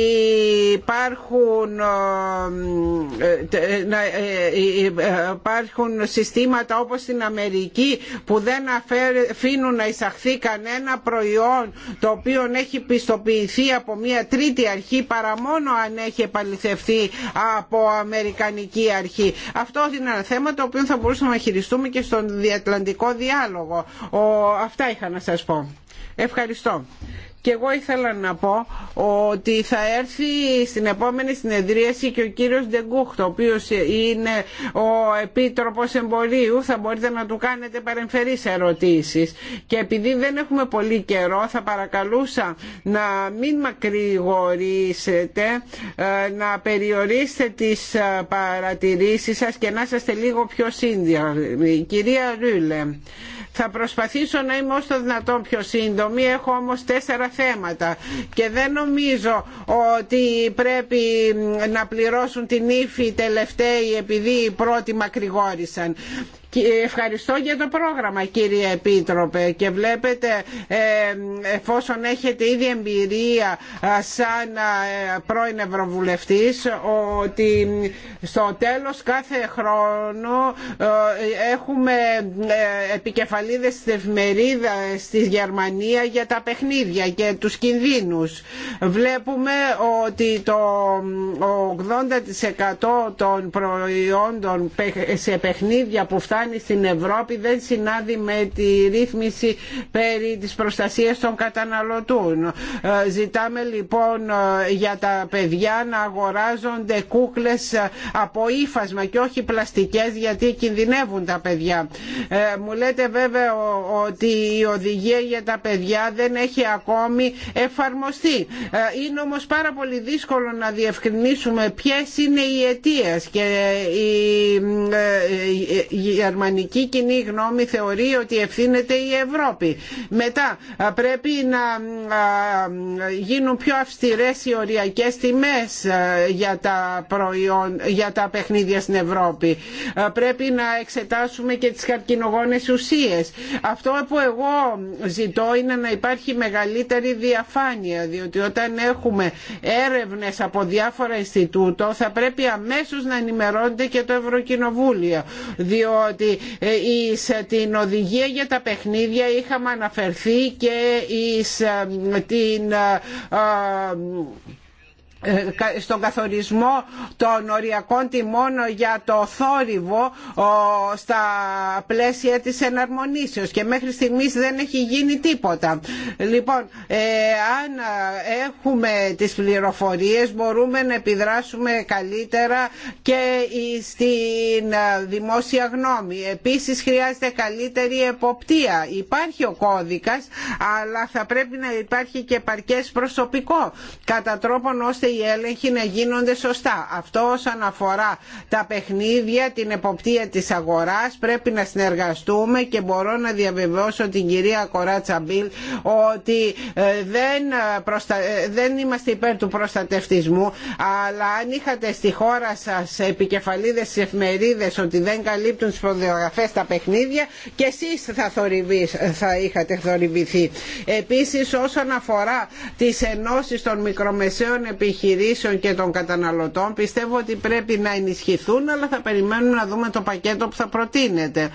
S4: υπάρχουν ε, να συστήματα όπως στην Αμερική που δεν αφήνουν να εισαχθεί κανένα προϊόν το οποίο έχει πιστοποιηθεί από μια τρίτη αρχή παρά μόνο αν έχει επαληθευτεί από Αμερικανική αρχή. Αυτό είναι ένα θέμα το οποίο θα μπορούσαμε να χειριστούμε και στον διατλαντικό διάλογο. Ο, αυτά είχα να σας πω. Ευχαριστώ. Και εγώ ήθελα να πω ότι θα έρθει στην επόμενη συνεδρίαση και ο κύριος Ντεγκούχτ, ο οποίος είναι ο Επίτροπος Εμπορίου, θα μπορείτε να του κάνετε παρεμφερείς ερωτήσεις. Και επειδή δεν έχουμε πολύ καιρό, θα παρακαλούσα να μην μακρηγορήσετε, ε, να περιορίσετε τις ε, παρατηρήσεις σας και να είστε λίγο πιο Κυρία Ρούλε, θα προσπαθήσω να είμαι όσο δυνατόν πιο σύντομη, έχω όμως τέσσερα και δεν νομίζω ότι πρέπει να πληρώσουν την ύφη τελευταίοι επειδή οι πρώτοι μακρηγόρησαν. Ευχαριστώ για το πρόγραμμα κύριε Επίτροπε και βλέπετε ε, εφόσον έχετε ήδη εμπειρία σαν πρώην Ευρωβουλευτής ότι στο τέλος κάθε χρόνο ε, έχουμε ε, επικεφαλίδες στην εφημερίδα στη Γερμανία για τα παιχνίδια και τους κινδύνους. Βλέπουμε ότι το 80% των προϊόντων σε παιχνίδια που φτάνουν κάνει στην Ευρώπη δεν συνάδει με τη ρύθμιση περί της προστασίας των καταναλωτών. Ε, ζητάμε λοιπόν ε, για τα παιδιά να αγοράζονται κούκλες ε, από ύφασμα και όχι πλαστικές γιατί κινδυνεύουν τα παιδιά. Μου λέτε βέβαια ότι η οδηγία για τα παιδιά δεν έχει ακόμη εφαρμοστεί. Είναι όμως πάρα πολύ δύσκολο να διευκρινίσουμε ποιε είναι οι αιτίες και γερμανική κοινή γνώμη θεωρεί ότι ευθύνεται η Ευρώπη. Μετά πρέπει να γίνουν πιο αυστηρές οι οριακές τιμές για τα, προϊόν, για τα παιχνίδια στην Ευρώπη. Πρέπει να εξετάσουμε και τις καρκινογόνες ουσίες. Αυτό που εγώ ζητώ είναι να υπάρχει μεγαλύτερη διαφάνεια διότι όταν έχουμε έρευνες από διάφορα Ινστιτούτο θα πρέπει αμέσως να ενημερώνεται και το Ευρωκοινοβούλιο διότι ότι σε ε, την οδηγία για τα παιχνίδια είχαμε αναφερθεί και εις ε, την ε, ε, στον καθορισμό των οριακών τιμών για το θόρυβο στα πλαίσια της εναρμονήσεως και μέχρι στιγμής δεν έχει γίνει τίποτα. Λοιπόν, ε, αν έχουμε τις πληροφορίες μπορούμε να επιδράσουμε καλύτερα και στην δημόσια γνώμη. Επίσης χρειάζεται καλύτερη εποπτεία. Υπάρχει ο κώδικας αλλά θα πρέπει να υπάρχει και παρκές προσωπικό κατά τρόπον ώστε οι έλεγχοι να γίνονται σωστά. Αυτό όσον αφορά τα παιχνίδια, την εποπτεία της αγοράς πρέπει να συνεργαστούμε και μπορώ να διαβεβαιώσω την κυρία Κοράτσα Μπίλ ότι ε, δεν, ε, ε, δεν είμαστε υπέρ του προστατευτισμού αλλά αν είχατε στη χώρα σας επικεφαλίδες στις εφημερίδες ότι δεν καλύπτουν τις προδιογραφές τα παιχνίδια και εσείς θα, θα είχατε θορυβηθεί. Επίσης όσον αφορά τις ενώσεις των μικρομεσαίων επιχειρήσεων επιχειρήσεων και των καταναλωτών πιστεύω ότι πρέπει να ενισχυθούν αλλά θα περιμένουμε να δούμε το πακέτο που θα προτείνεται. Ε,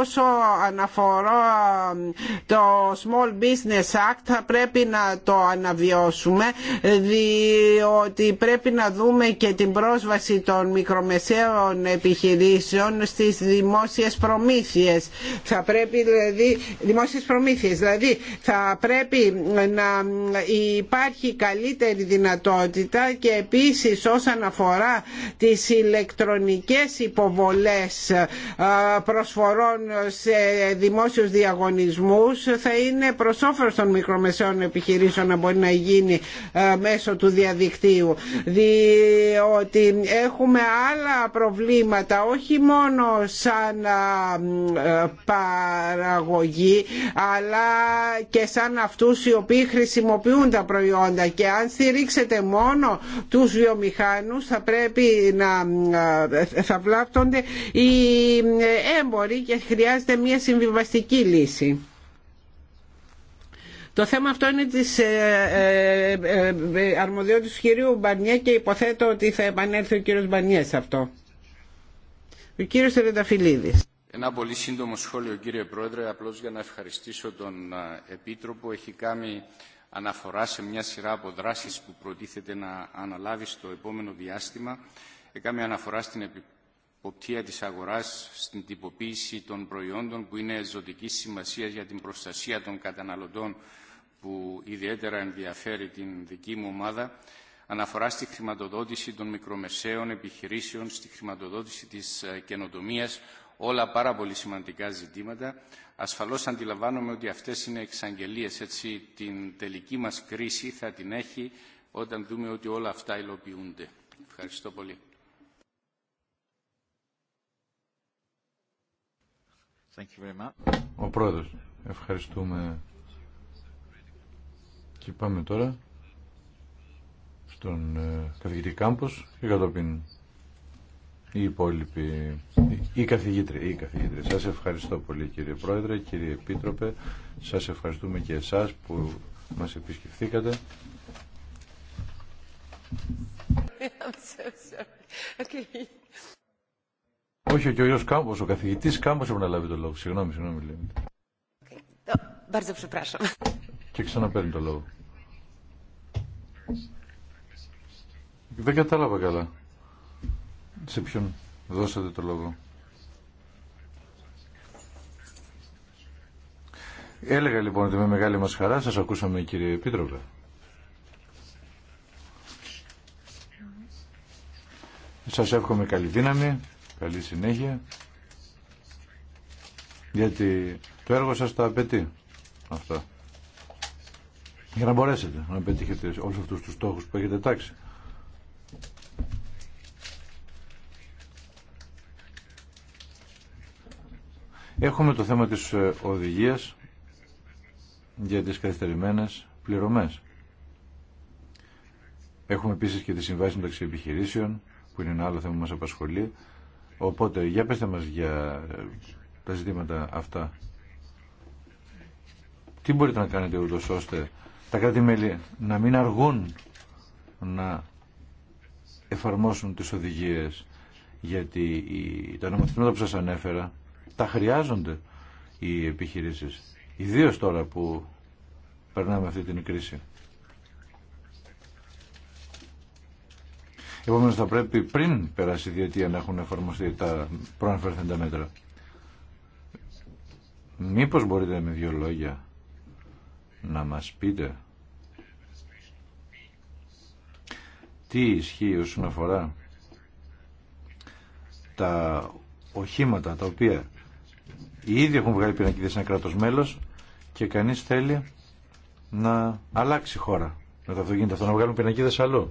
S4: όσο αναφορώ ε, το Small Business Act θα πρέπει να το αναβιώσουμε διότι πρέπει να δούμε και την πρόσβαση των μικρομεσαίων επιχειρήσεων στις δημόσιες προμήθειες. Θα πρέπει δηλαδή, δημόσιες προμήθειες, δηλαδή θα πρέπει να υπάρχει καλύτερη δυνατότητα και επίσης όσον αφορά τις ηλεκτρονικές υποβολές ε, προσφορών σε δημόσιους διαγωνισμούς θα είναι προς όφελος των μικρομεσαίων επιχειρήσεων να μπορεί να γίνει ε, μέσω του διαδικτύου διότι έχουμε άλλα προβλήματα όχι μόνο σαν ε, παραγωγή αλλά και σαν αυτούς οι οποίοι χρησιμοποιούν τα προϊόντα και αν στηρίξετε μόνο τους βιομηχάνους θα πρέπει να ε, θα βλάπτονται οι ε, έμποροι και χρειάζεται μια συμβιβαστική λύση. Το θέμα αυτό είναι της ε, αρμοδιότητας του κυρίου Μπανιέ και υποθέτω ότι θα επανέλθει ο κύριος Μπανιέ σε αυτό. Ο κύριος Ρενταφυλίδης.
S5: Ένα πολύ σύντομο σχόλιο κύριε Πρόεδρε, απλώς για να ευχαριστήσω τον Επίτροπο. Έχει κάνει αναφορά σε μια σειρά από δράσεις που προτίθεται να αναλάβει στο επόμενο διάστημα. Έκαμε αναφορά στην επιποπτεία της αγοράς, στην τυποποίηση των προϊόντων που είναι ζωτική σημασία για την προστασία των καταναλωτών που ιδιαίτερα ενδιαφέρει την δική μου ομάδα, αναφορά στη χρηματοδότηση των μικρομεσαίων επιχειρήσεων, στη χρηματοδότηση της ε, καινοτομίας, όλα πάρα πολύ σημαντικά ζητήματα. Ασφαλώς αντιλαμβάνομαι ότι αυτές είναι εξαγγελίες, έτσι την τελική μας κρίση θα την έχει όταν δούμε ότι όλα αυτά υλοποιούνται. Ευχαριστώ πολύ. Thank you very much.
S2: Ο Πρόεδρος, ευχαριστούμε. Και πάμε τώρα στον ε, καθηγητή Κάμπος και κατόπιν οι υπόλοιποι, οι καθηγήτρια, οι Σας ευχαριστώ πολύ κύριε Πρόεδρε, κύριε Επίτροπε, σας ευχαριστούμε και εσάς που μας επισκεφθήκατε. Όχι, ο κύριος Κάμπος, ο καθηγητής Κάμπος έπρεπε να λάβει το λόγο. Συγγνώμη, συγγνώμη. Και ξαναπαίρνει το λόγο. Δεν κατάλαβα καλά. Σε ποιον δώσατε το λόγο. Έλεγα λοιπόν ότι με μεγάλη μας χαρά σας ακούσαμε κύριε Επίτροπε. Σας εύχομαι καλή δύναμη, καλή συνέχεια, γιατί το έργο σας τα απαιτεί αυτά. Για να μπορέσετε να πετύχετε όλους αυτούς τους στόχους που έχετε τάξει. Έχουμε το θέμα της ε, οδηγίας για τις καθυστερημένες πληρωμές. Έχουμε επίσης και τη συμβάση μεταξύ επιχειρήσεων, που είναι ένα άλλο θέμα που μας απασχολεί. Οπότε, για πέστε μας για ε, τα ζητήματα αυτά. Τι μπορείτε να κάνετε ούτως ώστε τα κράτη-μέλη να μην αργούν να εφαρμόσουν τις οδηγίες γιατί τα νομοθετήματα που σας ανέφερα τα χρειάζονται οι επιχειρήσεις, ιδίως τώρα που περνάμε αυτή την κρίση. Επομένως θα πρέπει πριν περάσει η διετία να έχουν εφαρμοστεί τα προαναφερθέντα μέτρα. Μήπως μπορείτε με δύο λόγια να μας πείτε τι ισχύει όσον αφορά τα οχήματα τα οποία Ήδη έχουν βγάλει πινακίδε σε ένα κράτο μέλο και κανεί θέλει να αλλάξει χώρα. με αυτό γίνεται αυτό, να βγάλουν πινακίδε αλλού.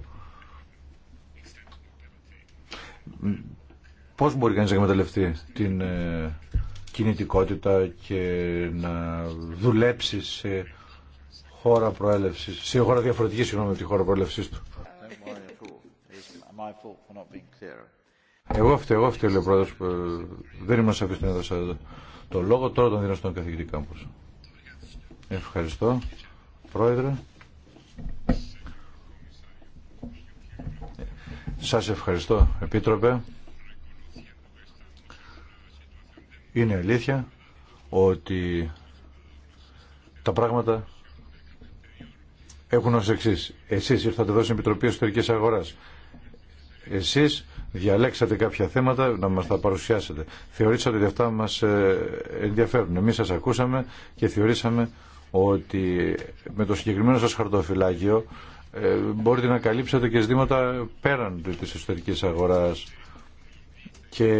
S2: Πώ μπορεί κανεί να εκμεταλλευτεί την ε, κινητικότητα και να δουλέψει σε χώρα προέλευση, σε χώρα διαφορετική συγγνώμη από τη χώρα προέλευσή του. Εγώ φταίω, εγώ φταίω, λέει ο πρόεδρο. Δεν ήμουν σαφή στην έδωσα το λόγο τώρα τον δίνω στον καθηγητή Κάμπος. Ευχαριστώ, Πρόεδρε. Σας ευχαριστώ, Επίτροπε. Είναι αλήθεια ότι τα πράγματα έχουν ως εξής. Εσείς ήρθατε εδώ στην Επιτροπή Εσωτερικής Αγοράς εσείς διαλέξατε κάποια θέματα να μας τα παρουσιάσετε. Θεωρήσατε ότι αυτά μας ε, ενδιαφέρουν. Εμείς σας ακούσαμε και θεωρήσαμε ότι με το συγκεκριμένο σας χαρτοφυλάκιο ε, μπορείτε να καλύψετε και ζητήματα πέραν της εσωτερικής αγοράς. Και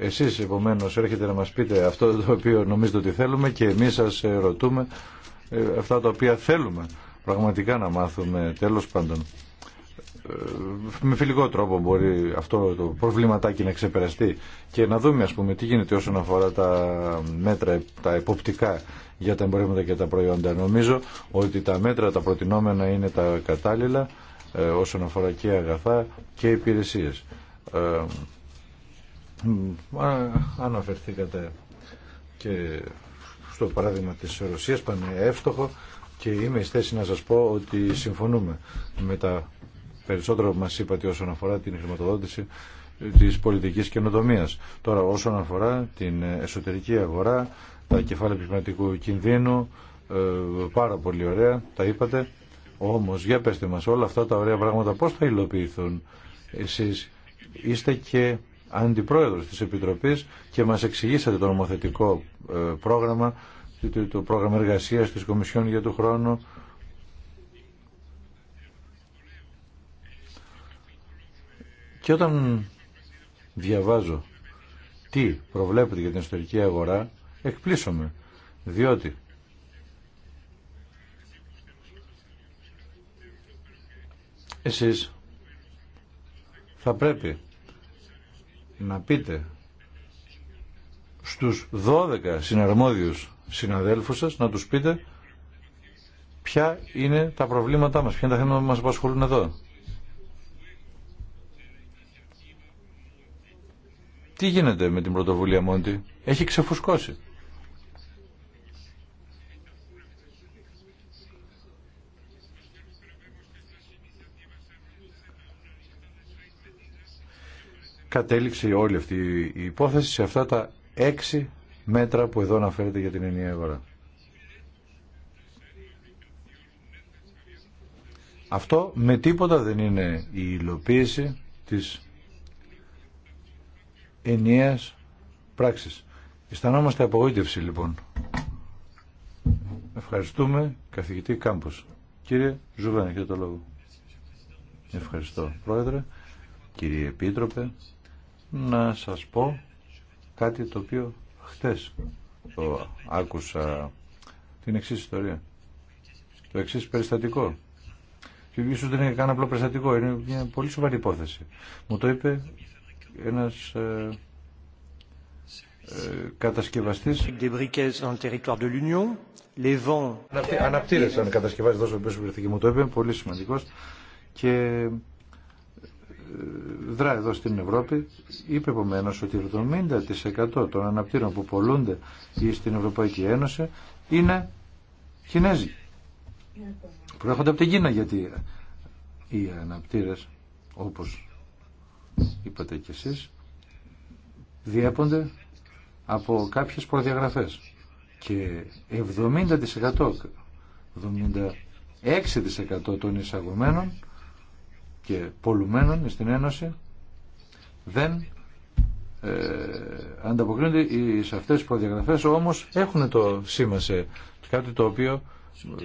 S2: εσείς επομένως έρχεται να μας πείτε αυτό το οποίο νομίζετε ότι θέλουμε και εμείς σας ε, ρωτούμε αυτά τα οποία θέλουμε πραγματικά να μάθουμε τέλος πάντων. Ε, με φιλικό τρόπο μπορεί αυτό το προβληματάκι να ξεπεραστεί και να δούμε ας πούμε τι γίνεται όσον αφορά τα μέτρα, τα εποπτικά για τα εμπορεύματα και τα προϊόντα. Νομίζω ότι τα μέτρα, τα προτινόμενα είναι τα κατάλληλα ε, όσον αφορά και αγαθά και υπηρεσίες. Ε, αναφερθήκατε και στο παράδειγμα της Ρωσίας, πάνε εύστοχο και είμαι στη θέση να σας πω ότι συμφωνούμε με τα περισσότερο μας είπατε όσον αφορά την χρηματοδότηση της πολιτικής καινοτομίας. Τώρα όσον αφορά την εσωτερική αγορά, τα κεφάλαια επιχειρηματικού κινδύνου, ε, πάρα πολύ ωραία, τα είπατε. Όμως, για πέστε μας, όλα αυτά τα ωραία πράγματα πώς θα υλοποιηθούν. Εσείς είστε και αντιπρόεδρος της Επιτροπής και μας εξηγήσατε το νομοθετικό ε, πρόγραμμα, το πρόγραμμα εργασίας της Κομισιόν για του χρόνου Και όταν διαβάζω τι προβλέπεται για την ιστορική αγορά, εκπλήσωμαι. Διότι εσείς θα πρέπει να πείτε στους 12 συναρμόδιους συναδέλφους σας να τους πείτε ποια είναι τα προβλήματά μας, ποια είναι τα θέματα που μας απασχολούν εδώ. Τι γίνεται με την πρωτοβουλία Μόντι. Έχει ξεφουσκώσει. Κατέληξε όλη αυτή η υπόθεση σε αυτά τα έξι μέτρα που εδώ αναφέρεται για την ενιαία αγορά. Αυτό με τίποτα δεν είναι η υλοποίηση της ενιαίας πράξης. Αισθανόμαστε απογοήτευση λοιπόν. Ευχαριστούμε καθηγητή Κάμπος. Κύριε Ζουβέν, έχετε το λόγο. Ευχαριστώ πρόεδρε, κύριε επίτροπε, να σας πω κάτι το οποίο χτες το άκουσα την εξής ιστορία. Το εξής περιστατικό. Και ίσως δεν είναι καν απλό περιστατικό, είναι μια πολύ σοβαρή υπόθεση. Μου το είπε ένας ε, ε, κατασκευαστής αναπτύρες αν κατασκευάζει τόσο πίσω που μου το είπε, πολύ σημαντικός και ε, δρά εδώ στην Ευρώπη είπε επομένω ότι 70% των αναπτύρων που πολλούνται στην Ευρωπαϊκή Ένωση είναι Κινέζοι προέρχονται από την Κίνα γιατί οι αναπτύρες όπως είπατε κι εσείς, διέπονται από κάποιες προδιαγραφές. Και 70%, 76% των εισαγωμένων και πολλουμένων στην Ένωση δεν ε, ανταποκρίνονται σε αυτές τις προδιαγραφές, όμως έχουν το σήμα σε κάτι το οποίο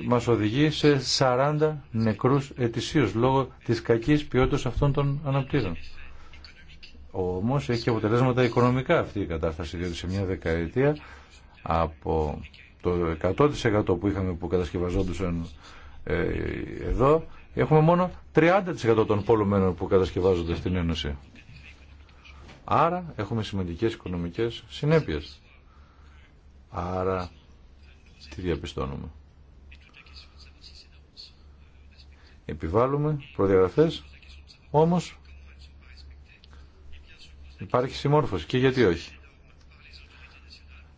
S2: μας οδηγεί σε 40 νεκρούς ετησίως λόγω της κακής ποιότητας αυτών των αναπτύρων. Όμως έχει και αποτελέσματα οικονομικά αυτή η κατάσταση, διότι σε μια δεκαετία από το 100% που είχαμε που κατασκευαζόντουσαν ε, εδώ, έχουμε μόνο 30% των πολλωμένων που κατασκευάζονται στην Ένωση. Άρα έχουμε σημαντικές οικονομικές συνέπειες. Άρα τι διαπιστώνουμε. Επιβάλλουμε προδιαγραφές, όμως Υπάρχει συμμόρφωση και γιατί όχι.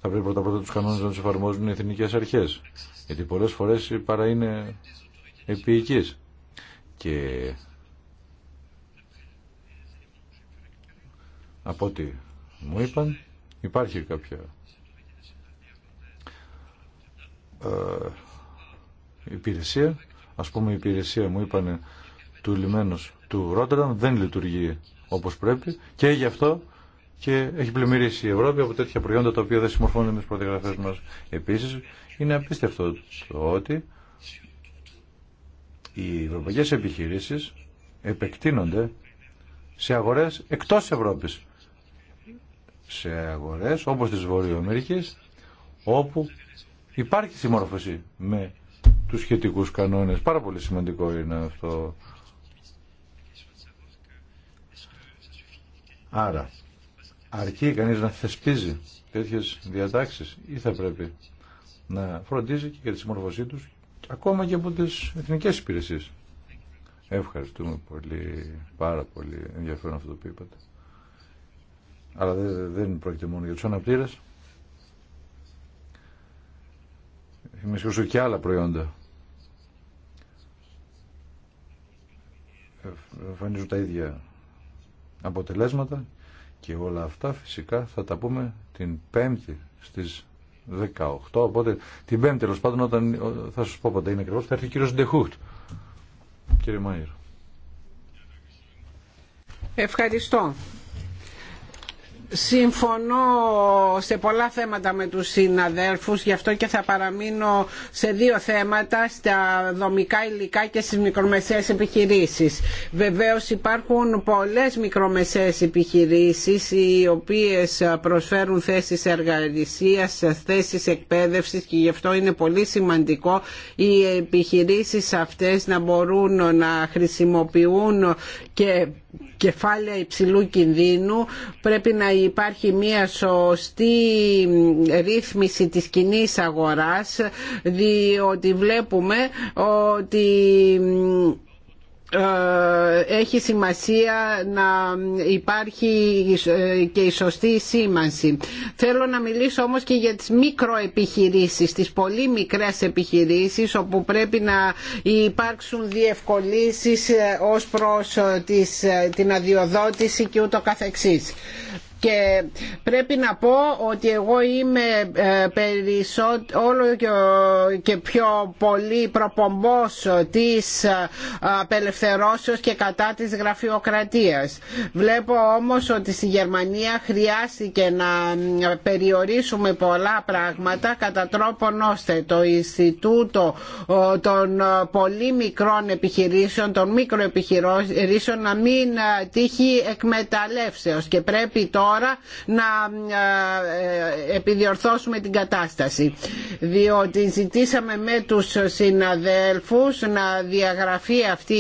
S2: Θα πρέπει πρώτα πρώτα του κανόνες να του εφαρμόζουν οι εθνικές αρχές. Γιατί πολλές φορές παρά είναι οικείς. Και από ό,τι μου είπαν υπάρχει κάποια ε, υπηρεσία. Ας πούμε η υπηρεσία μου είπανε του λιμένους του Ρότερνταμ δεν λειτουργεί όπως πρέπει και γι' αυτό και έχει πλημμυρίσει η Ευρώπη από τέτοια προϊόντα τα οποία δεν συμμορφώνουν με τις προδιαγραφές μας. Επίσης είναι απίστευτο το ότι οι ευρωπαϊκές επιχειρήσεις επεκτείνονται σε αγορές εκτός Ευρώπης. Σε αγορές όπως της Βορειοαμερικής όπου υπάρχει συμμόρφωση με τους σχετικούς κανόνες. Πάρα πολύ σημαντικό είναι αυτό. Άρα, αρκεί κανείς να θεσπίζει τέτοιες διατάξεις ή θα πρέπει να φροντίζει και για τη συμμορφωσή τους ακόμα και από τις εθνικές υπηρεσίες. Ευχαριστούμε πολύ, πάρα πολύ ενδιαφέρον αυτό που είπατε. Αλλά δεν πρόκειται μόνο για τους αναπλήρες. Είμαι σίγουρος και άλλα προϊόντα. Εμφανίζουν τα ίδια αποτελέσματα και όλα αυτά φυσικά θα τα πούμε την Πέμπτη στις 18. Οπότε την Πέμπτη τέλο πάντων όταν θα σας πω πότε είναι ακριβώς θα έρθει ο κύριος Ντεχούχτ. Κύριε Μάιρ
S4: Ευχαριστώ. Συμφωνώ σε πολλά θέματα με τους συναδέλφους, γι' αυτό και θα παραμείνω σε δύο θέματα, στα δομικά υλικά και στις μικρομεσαίες επιχειρήσεις. Βεβαίως υπάρχουν πολλές μικρομεσαίες επιχειρήσεις οι οποίες προσφέρουν θέσεις εργασίας, θέσεις εκπαίδευσης και γι' αυτό είναι πολύ σημαντικό οι επιχειρήσεις αυτές να μπορούν να χρησιμοποιούν και κεφάλαια υψηλού κινδύνου πρέπει να υπάρχει μια σωστή ρύθμιση της κοινή αγοράς διότι βλέπουμε ότι ε, έχει σημασία να υπάρχει ε, και η σωστή σήμανση. Θέλω να μιλήσω όμως και για τις μικροεπιχειρήσεις, τις πολύ μικρές επιχειρήσεις όπου πρέπει να υπάρξουν διευκολύνσεις ε, ως προς την αδειοδότηση και ούτω καθεξής και πρέπει να πω ότι εγώ είμαι ε, περισσότερο όλο και πιο πολύ προπομπός της ε, απελευθερώσεως και κατά της γραφειοκρατίας. Βλέπω όμως ότι στη Γερμανία χρειάστηκε να ε, περιορίσουμε πολλά πράγματα κατά τρόπον ώστε το Ινστιτούτο των πολύ μικρών επιχειρήσεων, των μικροεπιχειρήσεων να μην τύχει εκμεταλλεύσεως και πρέπει το να ε, ε, επιδιορθώσουμε την κατάσταση. Διότι ζητήσαμε με τους συναδέλφους να διαγραφεί αυτή,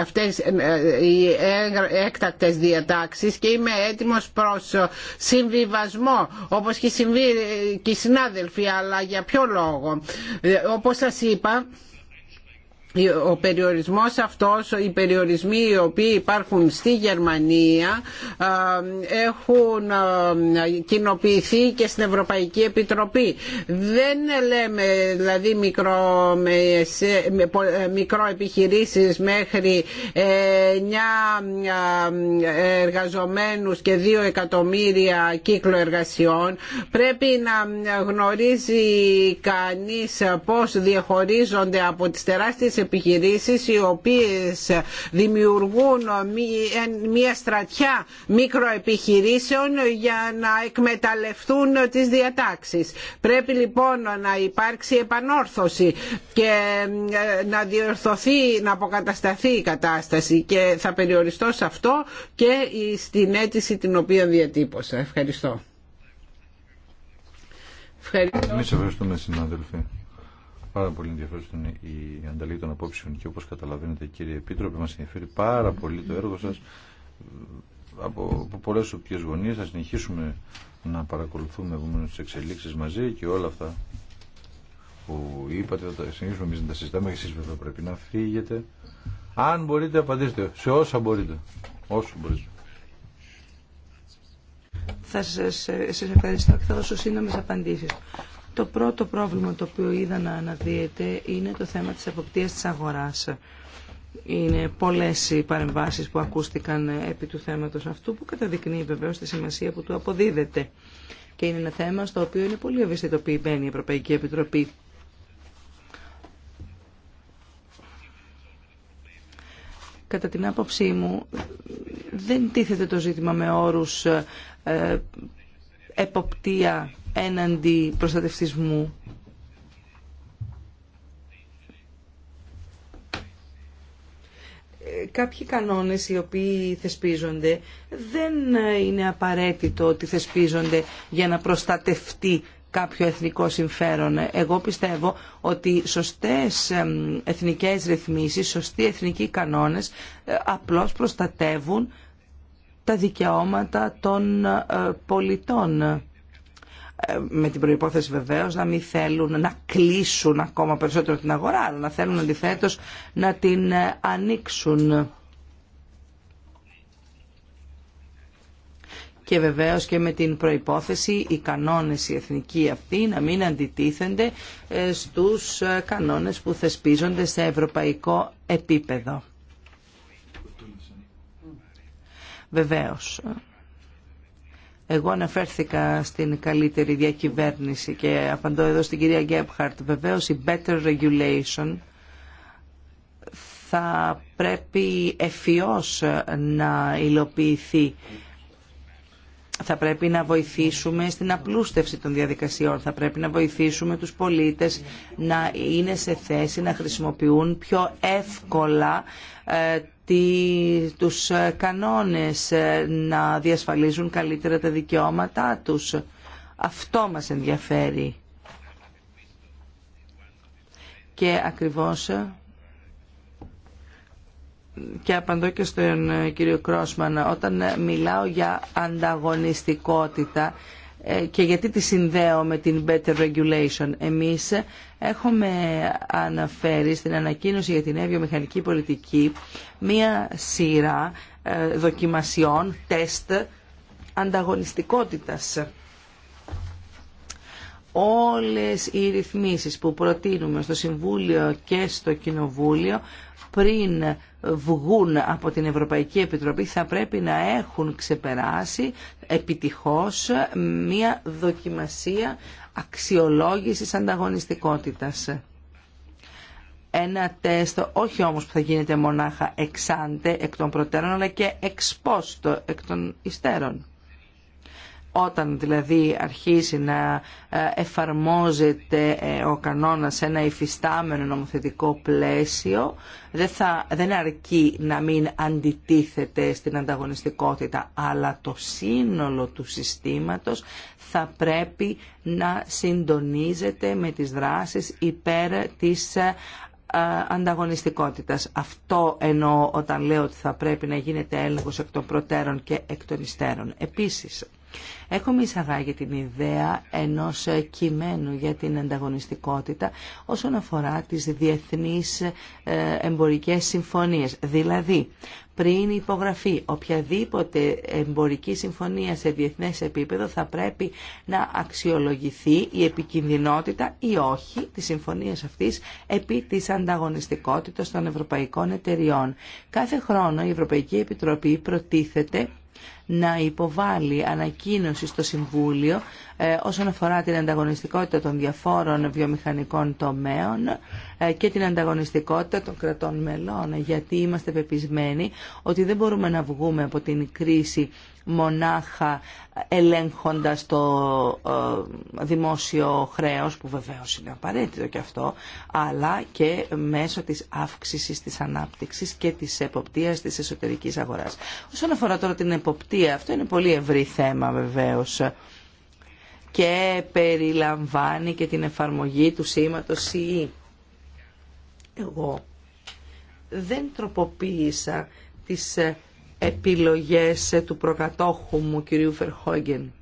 S4: αυτές ε, οι έκτακτες διατάξεις και είμαι έτοιμος προς συμβιβασμό όπως και, και οι συνάδελφοι αλλά για ποιο λόγο. Όπως σας είπα ο περιορισμός αυτός, οι περιορισμοί οι οποίοι υπάρχουν στη Γερμανία έχουν κοινοποιηθεί και στην Ευρωπαϊκή Επιτροπή. Δεν λέμε δηλαδή μικρο, ε, μικρο επιχειρήσεις μέχρι 9 ε, εργαζομένους και 2 εκατομμύρια κύκλο εργασιών. Πρέπει να γνωρίζει κανείς πώς διαχωρίζονται από τις τεράστιες επιχειρήσεις οι οποίες δημιουργούν μια στρατιά μικροεπιχειρήσεων για να εκμεταλλευτούν τις διατάξεις. Πρέπει λοιπόν να υπάρξει επανόρθωση και ε, να διορθωθεί, να αποκατασταθεί η κατάσταση και θα περιοριστώ σε αυτό και στην αίτηση την οποία διατύπωσα. Ευχαριστώ. Ευχαριστώ. Εμείς
S2: ευχαριστούμε συνάδελφοι πάρα πολύ ενδιαφέρουσαν η ανταλλαγή των απόψεων και όπως καταλαβαίνετε κύριε Επίτροπε μας ενδιαφέρει πάρα πολύ το έργο σας από, από πολλές οπτικές γωνίες θα συνεχίσουμε να παρακολουθούμε τι τις εξελίξεις μαζί και όλα αυτά που είπατε θα τα συνεχίσουμε εμείς να τα συζητάμε εσείς βέβαια πρέπει να φύγετε αν μπορείτε απαντήστε σε όσα μπορείτε όσο μπορείτε
S3: θα σας, ε, σας ευχαριστώ και θα δώσω σύντομες απαντήσεις. Το πρώτο πρόβλημα το οποίο είδα να αναδύεται είναι το θέμα της εποπτείας της αγοράς. Είναι πολλές οι παρεμβάσεις που ακούστηκαν επί του θέματος αυτού που καταδεικνύει βεβαίως τη σημασία που του αποδίδεται. Και είναι ένα θέμα στο οποίο είναι πολύ ευαισθητοποιημένη η Ευρωπαϊκή Επιτροπή. Κατά την άποψή μου δεν τίθεται το ζήτημα με όρους ε, εποπτεία έναντι προστατευτισμού. Ε, κάποιοι κανόνες οι οποίοι θεσπίζονται δεν είναι απαραίτητο ότι θεσπίζονται για να προστατευτεί κάποιο εθνικό συμφέρον. Εγώ πιστεύω ότι σωστές εθνικές ρυθμίσεις, σωστοί εθνικοί κανόνες ε, απλώς προστατεύουν τα δικαιώματα των ε, πολιτών. Ε, με την προϋπόθεση βεβαίως να μην θέλουν να κλείσουν ακόμα περισσότερο την αγορά, αλλά να θέλουν αντιθέτως να την ε, ανοίξουν. και βεβαίως και με την προϋπόθεση οι κανόνες οι εθνικοί αυτοί να μην αντιτίθενται ε, στους κανόνες που θεσπίζονται σε ευρωπαϊκό επίπεδο. Βεβαίως, εγώ αναφέρθηκα στην καλύτερη διακυβέρνηση και απαντώ εδώ στην κυρία Γκέμπχαρτ. Βεβαίως η better regulation θα πρέπει εφιώς να υλοποιηθεί. Θα πρέπει να βοηθήσουμε στην απλούστευση των διαδικασιών. Θα πρέπει να βοηθήσουμε τους πολίτες να είναι σε θέση να χρησιμοποιούν πιο εύκολα ε, τους ε, κανόνες, ε, να διασφαλίζουν καλύτερα τα δικαιώματά τους. Αυτό μας ενδιαφέρει. Και ακριβώς ε, και απαντώ και στον κύριο Κρόσμαν, όταν μιλάω για ανταγωνιστικότητα, ε, και γιατί τη συνδέω με την Better Regulation. Εμείς έχουμε αναφέρει στην ανακοίνωση για την μηχανική πολιτική μία σειρά ε, δοκιμασιών, τεστ ανταγωνιστικότητας. Όλες οι ρυθμίσεις που προτείνουμε στο Συμβούλιο και στο Κοινοβούλιο πριν βγουν από την Ευρωπαϊκή Επιτροπή θα πρέπει να έχουν ξεπεράσει επιτυχώς μια δοκιμασία αξιολόγησης ανταγωνιστικότητας. Ένα τεστ, όχι όμως που θα γίνεται μονάχα εξάντε εκ των προτέρων, αλλά και εξπόστο εκ των υστέρων. Όταν δηλαδή αρχίσει να ε, εφαρμόζεται ε, ο κανόνας σε ένα υφιστάμενο νομοθετικό πλαίσιο, δεν, θα, δεν αρκεί να μην αντιτίθεται στην ανταγωνιστικότητα, αλλά το σύνολο του συστήματος θα πρέπει να συντονίζεται με τις δράσεις υπέρ της ε, ανταγωνιστικότητας. Αυτό εννοώ όταν λέω ότι θα πρέπει να γίνεται έλεγχος εκ των προτέρων και εκ των υστέρων. Επίσης, Έχουμε εισαγάγει την ιδέα ενός κειμένου για την ανταγωνιστικότητα όσον αφορά τις διεθνείς ε, εμπορικές συμφωνίες. Δηλαδή, πριν υπογραφεί οποιαδήποτε εμπορική συμφωνία σε διεθνές επίπεδο θα πρέπει να αξιολογηθεί η επικινδυνότητα ή όχι της συμφωνίας αυτής επί της ανταγωνιστικότητας των ευρωπαϊκών εταιριών. Κάθε χρόνο η Ευρωπαϊκή Επιτροπή προτίθεται να υποβάλει ανακοίνωση στο Συμβούλιο ε, όσον αφορά την ανταγωνιστικότητα των διαφόρων βιομηχανικών τομέων ε, και την ανταγωνιστικότητα των κρατών μελών, γιατί είμαστε πεπισμένοι ότι δεν μπορούμε να βγούμε από την κρίση μονάχα ελέγχοντας το ε, δημόσιο χρέος, που βεβαίως είναι απαραίτητο και αυτό, αλλά και μέσω της αύξησης της ανάπτυξης και της εποπτείας της εσωτερικής αγοράς. Όσον αφορά τώρα την εποπτεία, αυτό είναι πολύ ευρύ θέμα βεβαίως και περιλαμβάνει και την εφαρμογή του σήματος ΣΥΗ. Εγώ δεν τροποποίησα τις επιλογές του προκατόχου μου κυρίου Φερχόγγεν.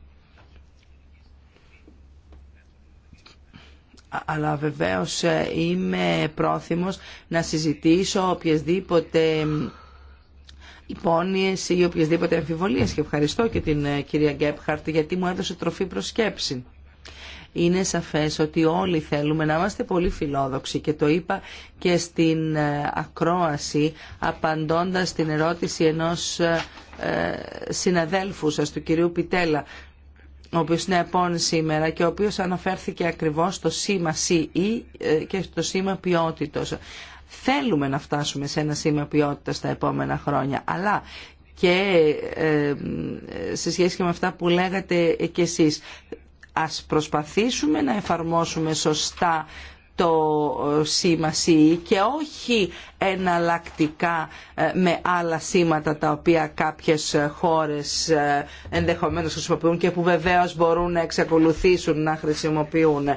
S3: αλλά βεβαίως είμαι πρόθυμος να συζητήσω οποιασδήποτε υπόνοιε ή οποιασδήποτε αμφιβολίε. και ευχαριστώ και την ε, κυρία Γκέπχαρτ γιατί μου έδωσε τροφή προσκέψη. Είναι σαφές ότι όλοι θέλουμε να είμαστε πολύ φιλόδοξοι και το είπα και στην ε, ακρόαση απαντώντας την ερώτηση ενός ε, συναδέλφου σας, του κυρίου Πιτέλα, ο οποίος είναι επόμενη σήμερα και ο οποίος αναφέρθηκε ακριβώς στο σήμα CE και στο σήμα ποιότητος. Θέλουμε να φτάσουμε σε ένα σήμα ποιότητα τα επόμενα χρόνια, αλλά και ε, σε σχέση και με αυτά που λέγατε κι εσείς, ας προσπαθήσουμε να εφαρμόσουμε σωστά το ε, σήμα ΣΥΗ και όχι εναλλακτικά ε, με άλλα σήματα τα οποία κάποιες χώρες ενδεχομένως χρησιμοποιούν και που βεβαίως μπορούν να εξακολουθήσουν να χρησιμοποιούν.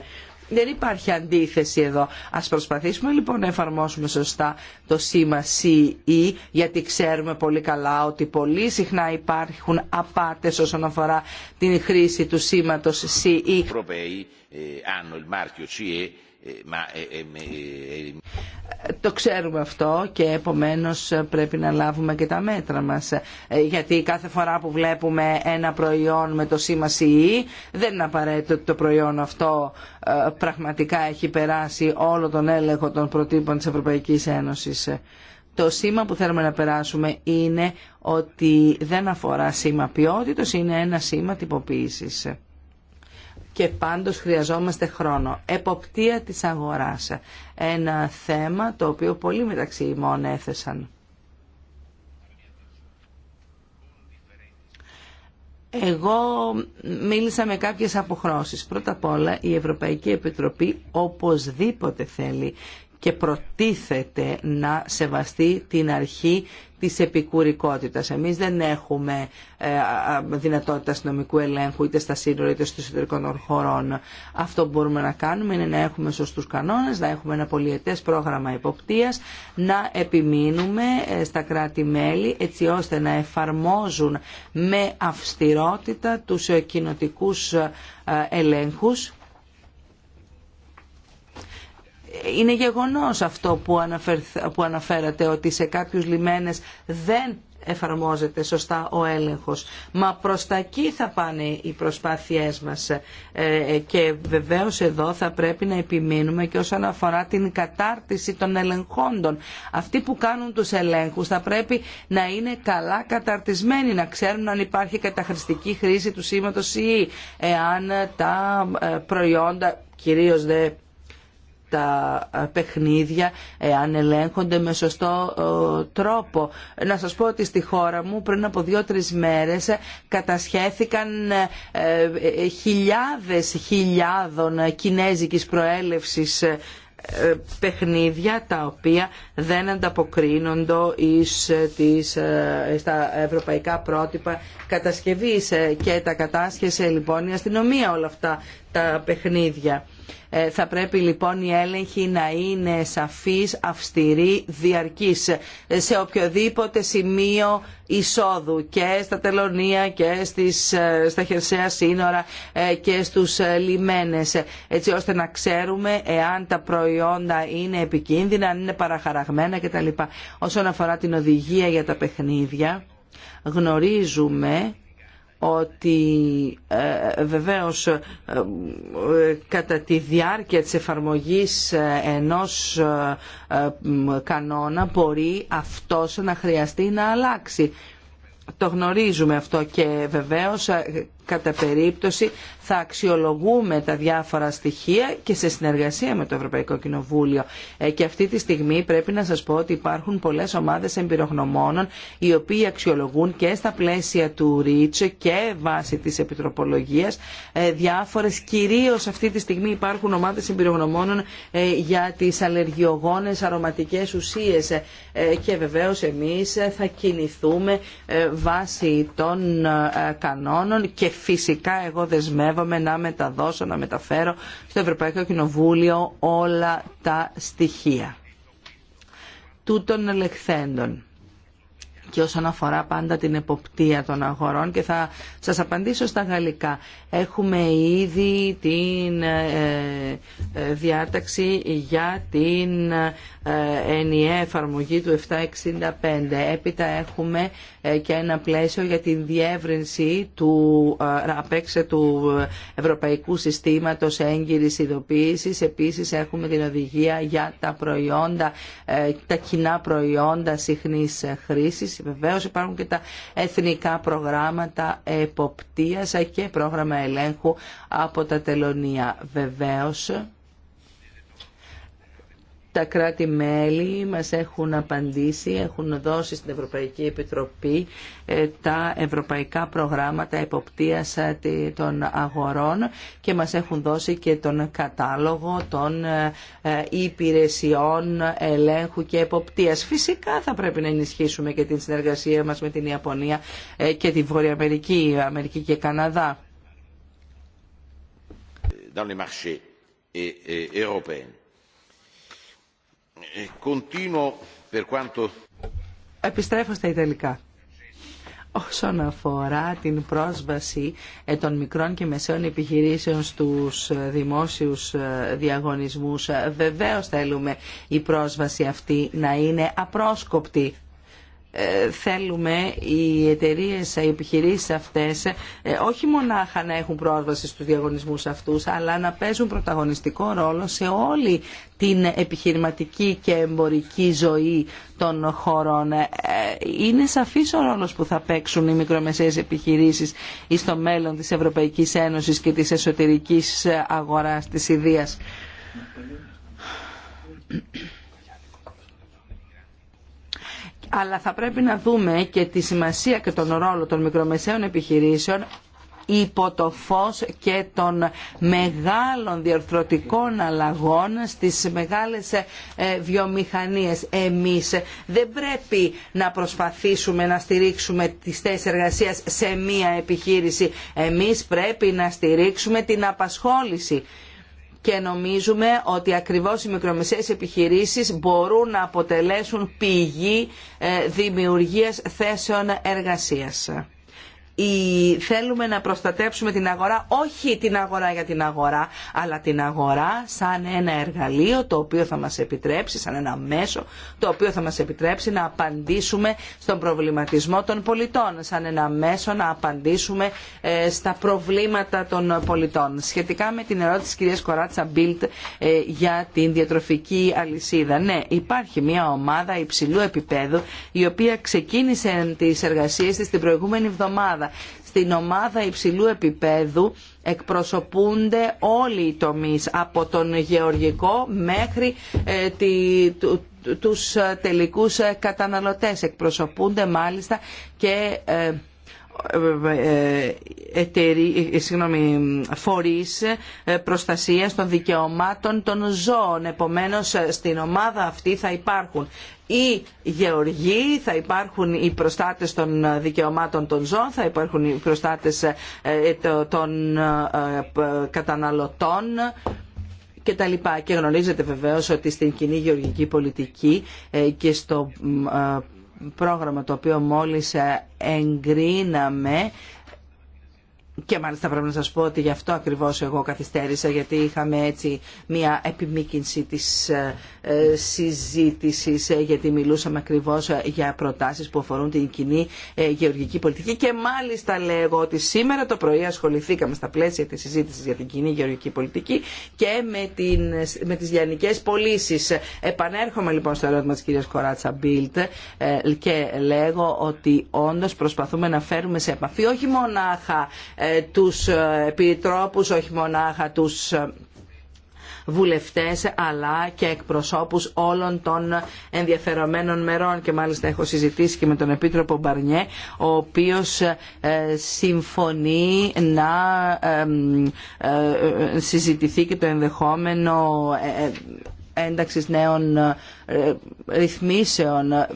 S3: Δεν υπάρχει αντίθεση εδώ. Ας προσπαθήσουμε λοιπόν να εφαρμόσουμε σωστά το σήμα CE, γιατί ξέρουμε πολύ καλά ότι πολύ συχνά υπάρχουν απάτες όσον αφορά την χρήση του σήματος
S5: CE. Ε, ε, ε,
S3: το ξέρουμε αυτό και επομένως πρέπει να λάβουμε και τα μέτρα μας. Γιατί κάθε φορά που βλέπουμε ένα προϊόν με το σήμα CE δεν είναι απαραίτητο ότι το προϊόν αυτό πραγματικά έχει περάσει όλο τον έλεγχο των προτύπων της Ευρωπαϊκής Ένωσης. Το σήμα που θέλουμε να περάσουμε είναι ότι δεν αφορά σήμα ποιότητος, είναι ένα σήμα τυποποίησης και πάντως χρειαζόμαστε χρόνο. Εποπτεία της αγοράς. Ένα θέμα το οποίο πολλοί μεταξύ ημών έθεσαν. Εγώ μίλησα με κάποιες αποχρώσεις. Πρώτα απ' όλα η Ευρωπαϊκή Επιτροπή οπωσδήποτε θέλει και προτίθεται να σεβαστεί την αρχή της επικουρικότητας. Εμείς δεν έχουμε ε, δυνατότητα αστυνομικού ελέγχου είτε στα σύνορα είτε στους εσωτερικών των χωρών. Αυτό που μπορούμε να κάνουμε είναι να έχουμε σωστούς κανόνες, να έχουμε ένα πολιετές πρόγραμμα υποπτίας, να επιμείνουμε ε, στα κράτη-μέλη έτσι ώστε να εφαρμόζουν με αυστηρότητα τους ε, κοινοτικούς ελέγχους είναι γεγονός αυτό που, που αναφέρατε ότι σε κάποιους λιμένες δεν εφαρμόζεται σωστά ο έλεγχος. Μα προς τα εκεί θα πάνε οι προσπάθειές μας ε, ε, και βεβαίως εδώ θα πρέπει να επιμείνουμε και όσον αφορά την κατάρτιση των ελεγχόντων. Αυτοί που κάνουν τους ελέγχους θα πρέπει να είναι καλά καταρτισμένοι, να ξέρουν αν υπάρχει καταχρηστική χρήση του σήματος ή εάν τα ε, προϊόντα, κυρίως δε τα παιχνίδια εάν ελέγχονται με σωστό ε, τρόπο. Να σας πω ότι στη χώρα μου πριν από δύο-τρεις μέρες κατασχέθηκαν ε, ε, χιλιάδες χιλιάδων κινέζικης προέλευσης παιχνίδια τα οποία δεν ανταποκρίνονται εις, τις, στα ευρωπαϊκά πρότυπα κατασκευής και τα κατάσχεσε λοιπόν η αστυνομία όλα αυτά τα παιχνίδια. Ε, θα πρέπει λοιπόν η έλεγχη να είναι σαφής, αυστηρή, διαρκής ε, σε οποιοδήποτε σημείο εισόδου και στα τελωνία και στις, ε, στα χερσαία σύνορα και στους λιμένες έτσι ώστε να ξέρουμε εάν τα προϊόντα είναι επικίνδυνα, αν είναι παραχαραγμένα κτλ. Όσον αφορά την οδηγία για τα παιχνίδια γνωρίζουμε ότι ε, βεβαίως ε, κατά τη διάρκεια της εφαρμογής ε, ενός ε, κανόνα μπορεί αυτός να χρειαστεί να αλλάξει. Το γνωρίζουμε αυτό και βεβαίως κατά περίπτωση θα αξιολογούμε τα διάφορα στοιχεία και σε συνεργασία με το Ευρωπαϊκό Κοινοβούλιο. Ε, και αυτή τη στιγμή πρέπει να σας πω ότι υπάρχουν πολλές ομάδες εμπειρογνωμόνων οι οποίοι αξιολογούν και στα πλαίσια του ΡΙΤΣ και βάσει της επιτροπολογίας ε, διάφορες κυρίως αυτή τη στιγμή υπάρχουν ομάδες εμπειρογνωμόνων ε, για τις αλλεργιογόνες αρωματικές ουσίες και βεβαίως εμείς θα κινηθούμε βάσει των κανόνων και φυσικά εγώ δεσμεύομαι να μεταδώσω, να μεταφέρω στο Ευρωπαϊκό Κοινοβούλιο όλα τα στοιχεία τούτων ελεγχθέντων και όσον αφορά πάντα την εποπτεία των αγορών και θα σας απαντήσω στα γαλλικά. Έχουμε ήδη την ε, ε, διάταξη για την ε, ενιαία εφαρμογή του 765. Έπειτα έχουμε και ένα πλαίσιο για την διεύρυνση του απέξε του Ευρωπαϊκού Συστήματος Έγκυρης Ειδοποίησης. Επίσης έχουμε την οδηγία για τα προϊόντα, τα κοινά προϊόντα συχνής χρήσης Βεβαίως υπάρχουν και τα εθνικά προγράμματα εποπτείας και πρόγραμμα ελέγχου από τα τελωνία. Βεβαίως τα κράτη-μέλη μας έχουν απαντήσει, έχουν δώσει στην Ευρωπαϊκή Επιτροπή ε, τα ευρωπαϊκά προγράμματα εποπτείας ε, των αγορών και μας έχουν δώσει και τον κατάλογο των ε, υπηρεσιών ελέγχου και εποπτείας. Φυσικά θα πρέπει να ενισχύσουμε και την συνεργασία μας με την Ιαπωνία και τη Βόρεια Αμερική, Αμερική και Καναδά.
S5: Dans les marchés E
S3: Επιστρέφω στα Ιταλικά. Όσον αφορά την πρόσβαση ε, των μικρών και μεσαίων επιχειρήσεων στους ε, δημόσιους ε, διαγωνισμούς, βεβαίως θέλουμε η πρόσβαση αυτή να είναι απρόσκοπτη. Ε, θέλουμε οι εταιρείε, οι επιχειρήσει αυτέ ε, όχι μονάχα να έχουν πρόσβαση στου διαγωνισμού αυτού, αλλά να παίζουν πρωταγωνιστικό ρόλο σε όλη την επιχειρηματική και εμπορική ζωή των χωρών. Ε, είναι σαφή ο ρόλο που θα παίξουν οι μικρομεσαίες επιχειρήσεις στο μέλλον της Ευρωπαϊκής Ένωσης και της εσωτερικής αγορά της Ιδία αλλά θα πρέπει να δούμε και τη σημασία και τον ρόλο των μικρομεσαίων επιχειρήσεων υπό το φως και των μεγάλων διαρθρωτικών αλλαγών στις μεγάλες ε, βιομηχανίες. Εμείς δεν πρέπει να προσπαθήσουμε να στηρίξουμε τις θέσεις εργασίας σε μία επιχείρηση. Εμείς πρέπει να στηρίξουμε την απασχόληση και νομίζουμε ότι ακριβώς οι μικρομεσαίες επιχειρήσεις μπορούν να αποτελέσουν πηγή ε, δημιουργίας θέσεων εργασίας η, θέλουμε να προστατέψουμε την αγορά, όχι την αγορά για την αγορά, αλλά την αγορά σαν ένα εργαλείο το οποίο θα μας επιτρέψει, σαν ένα μέσο το οποίο θα μας επιτρέψει να απαντήσουμε στον προβληματισμό των πολιτών, σαν ένα μέσο να απαντήσουμε ε, στα προβλήματα των πολιτών. Σχετικά με την ερώτηση της κυρίας Κοράτσα Μπίλτ ε, για την διατροφική αλυσίδα. Ναι, υπάρχει μια ομάδα υψηλού επίπεδου η οποία ξεκίνησε τις εργασίες της την προηγούμενη εβδομάδα στην ομάδα υψηλού επίπεδου εκπροσωπούνται όλοι οι τομείς από τον γεωργικό μέχρι ε, τους ε, τελικούς ε, καταναλωτές. Εκπροσωπούνται μάλιστα και εταιρεί, συγγνώμη, φορείς προστασίας των δικαιωμάτων των ζώων. Επομένως, στην ομάδα αυτή θα υπάρχουν οι γεωργοί, θα υπάρχουν οι προστάτες των δικαιωμάτων των ζώων, θα υπάρχουν οι προστάτες ε, των ε, καταναλωτών και Και γνωρίζετε βεβαίως ότι στην κοινή γεωργική πολιτική ε, και στο πρόγραμμα το οποίο μόλις εγκρίναμε και μάλιστα πρέπει να σας πω ότι γι' αυτό ακριβώς εγώ καθυστέρησα γιατί είχαμε έτσι μια επιμήκυνση της ε, ε, συζήτησης ε, γιατί μιλούσαμε ακριβώς για προτάσεις που αφορούν την κοινή γεωργική πολιτική και μάλιστα λέγω ότι σήμερα το πρωί ασχοληθήκαμε στα πλαίσια της συζήτησης για την κοινή γεωργική πολιτική και με, την, με τις λιανικές πωλήσει. Επανέρχομαι λοιπόν στο ερώτημα της κυρίας Κοράτσα Μπίλτ και λέγω ότι όντως προσπαθούμε να φέρουμε σε επαφή όχι μονάχα τους επιτρόπους, όχι μονάχα τους βουλευτές αλλά και εκπροσώπους όλων των ενδιαφερομένων μερών και μάλιστα έχω συζητήσει και με τον Επίτροπο Μπαρνιέ ο οποίος ε, συμφωνεί να ε, ε, συζητηθεί και το ενδεχόμενο ένταξης νέων ε, ρυθμίσεων. Ε,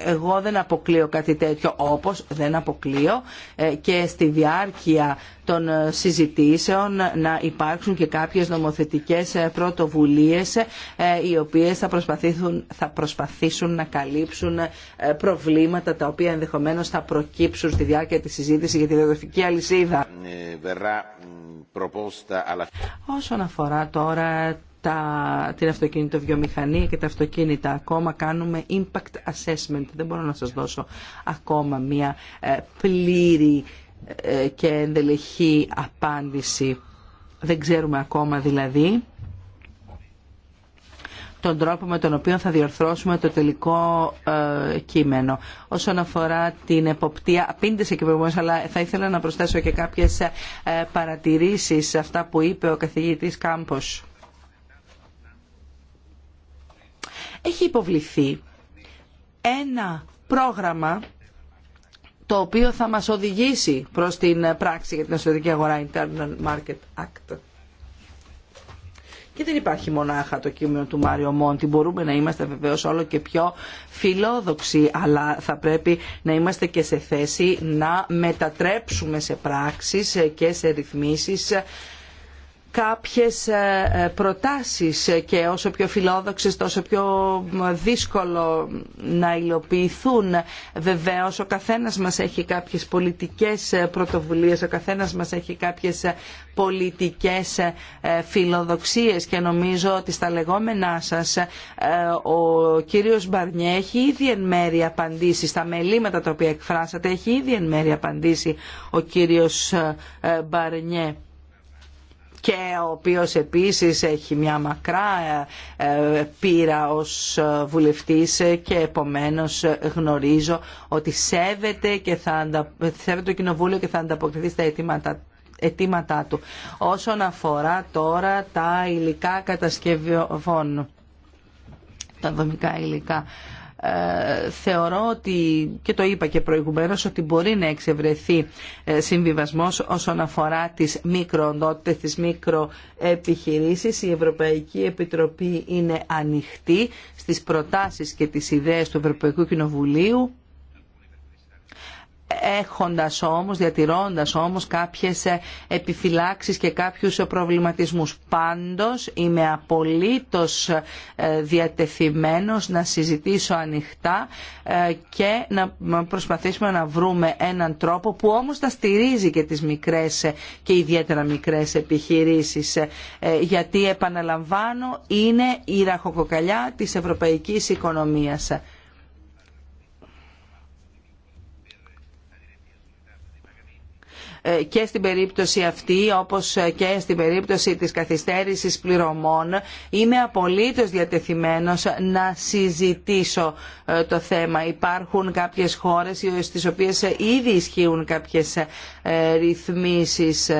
S3: εγώ δεν αποκλείω κάτι τέτοιο, όπως δεν αποκλείω ε, και στη διάρκεια των συζητήσεων να υπάρξουν και κάποιες νομοθετικές πρωτοβουλίες οι οποίες θα προσπαθήσουν, θα προσπαθήσουν να καλύψουν προβλήματα τα οποία ενδεχομένως θα προκύψουν στη διάρκεια της συζήτησης για τη διαδροφική αλυσίδα. Όσον αφορά τώρα τα, την αυτοκίνητο βιομηχανία και τα αυτοκίνητα. Ακόμα κάνουμε impact assessment. Δεν μπορώ να σας δώσω ακόμα μια ε, πλήρη ε, και ενδελεχή απάντηση. Δεν ξέρουμε ακόμα δηλαδή τον τρόπο με τον οποίο θα διορθώσουμε το τελικό ε, κείμενο. Όσον αφορά την εποπτεία, απήντησε και προηγουμένως, αλλά θα ήθελα να προσθέσω και κάποιες ε, παρατηρήσεις σε αυτά που είπε ο καθηγητής Κάμπος. έχει υποβληθεί ένα πρόγραμμα το οποίο θα μας οδηγήσει προς την πράξη για την εσωτερική αγορά Internal Market Act. Και δεν υπάρχει μονάχα το κείμενο του Μάριο Μόντι. Μπορούμε να είμαστε βεβαίω όλο και πιο φιλόδοξοι, αλλά θα πρέπει να είμαστε και σε θέση να μετατρέψουμε σε πράξεις και σε ρυθμίσεις κάποιες ε, ε, προτάσεις και όσο πιο φιλόδοξες τόσο πιο δύσκολο να υλοποιηθούν. Βεβαίως ο καθένας μας έχει κάποιες πολιτικές ε, πρωτοβουλίες, ο καθένας μας έχει κάποιες πολιτικές φιλοδοξίες και νομίζω ότι στα λεγόμενά σας ο κύριος Μπαρνιέ έχει ήδη εν μέρει απαντήσει στα μελήματα τα οποία εκφράσατε έχει ήδη εν μέρει απαντήσει ο κύριος Μπαρνιέ και ο οποίος επίσης έχει μια μακρά ε, πείρα ως βουλευτής και επομένως γνωρίζω ότι σέβεται, και θα σέβεται το Κοινοβούλιο και θα ανταποκριθεί στα αιτήματα αιτήματά του. Όσον αφορά τώρα τα υλικά κατασκευών, τα δομικά υλικά, ε, θεωρώ ότι, και το είπα και προηγουμένως, ότι μπορεί να εξευρεθεί ε, συμβιβασμός όσον αφορά τις μικροοντότητες, τις μικροεπιχειρήσεις. Η Ευρωπαϊκή Επιτροπή είναι ανοιχτή στις προτάσεις και τις ιδέες του Ευρωπαϊκού Κοινοβουλίου έχοντας όμως, διατηρώντας όμως κάποιες ε, επιφυλάξεις και κάποιους προβληματισμούς. Πάντως είμαι απολύτως ε, διατεθειμένος να συζητήσω ανοιχτά ε, και να προσπαθήσουμε να βρούμε έναν τρόπο που όμως θα στηρίζει και τις μικρές και ιδιαίτερα μικρές επιχειρήσεις γιατί επαναλαμβάνω είναι η ραχοκοκαλιά της ευρωπαϊκής οικονομίας. Ε, και στην περίπτωση αυτή όπως και στην περίπτωση της καθυστέρησης πληρωμών είμαι απολύτως διατεθειμένος να συζητήσω ε, το θέμα. Υπάρχουν κάποιες χώρες στις οποίες ήδη ισχύουν κάποιες ε, ρυθμίσεις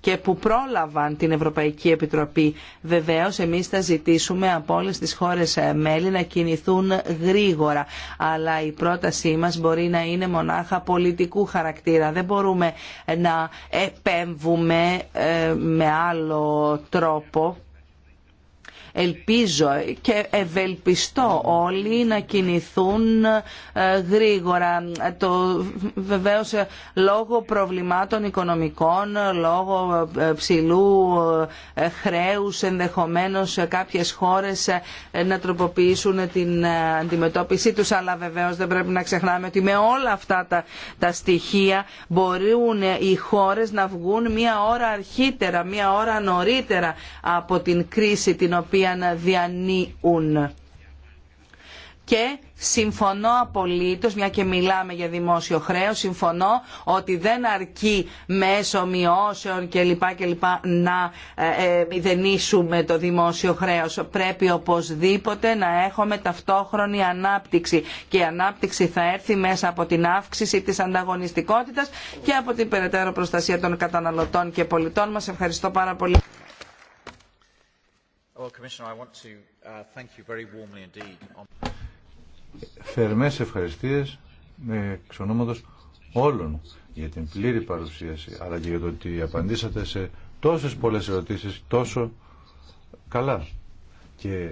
S3: και που πρόλαβαν την Ευρωπαϊκή Επιτροπή. Βεβαίως εμείς θα ζητήσουμε από όλες τις χώρες ε, μέλη να κινηθούν γρήγορα. Αλλά η πρότασή μας μπορεί να είναι μονάχα πολιτικού χαρακτήρα. Δεν μπορούμε ε, να επέμβουμε ε, με άλλο τρόπο Ελπίζω και ευελπιστώ όλοι να κινηθούν ε, γρήγορα. Το, βεβαίως ε, λόγω προβλημάτων οικονομικών, λόγω ε, ψηλού χρέους ενδεχομένως κάποιες χώρες να τροποποιήσουν την αντιμετώπιση τους αλλά βεβαίως δεν πρέπει να ξεχνάμε ότι με όλα αυτά τα, τα στοιχεία μπορούν οι χώρες να βγουν μία ώρα αρχίτερα, μία ώρα νωρίτερα από την κρίση την οποία οποία να διανύουν. Και συμφωνώ απολύτως, μια και μιλάμε για δημόσιο χρέος, συμφωνώ ότι δεν αρκεί μέσω μειώσεων κλπ. κλπ να ε, ε, μηδενίσουμε το δημόσιο χρέος. Πρέπει οπωσδήποτε να έχουμε ταυτόχρονη ανάπτυξη και η ανάπτυξη θα έρθει μέσα από την αύξηση της ανταγωνιστικότητας και από την περαιτέρω προστασία των καταναλωτών και πολιτών μας. Ευχαριστώ πάρα πολύ.
S2: Θερμές ευχαριστίες με εξ όλων για την πλήρη παρουσίαση αλλά και για το ότι απαντήσατε σε τόσες πολλές ερωτήσεις τόσο καλά και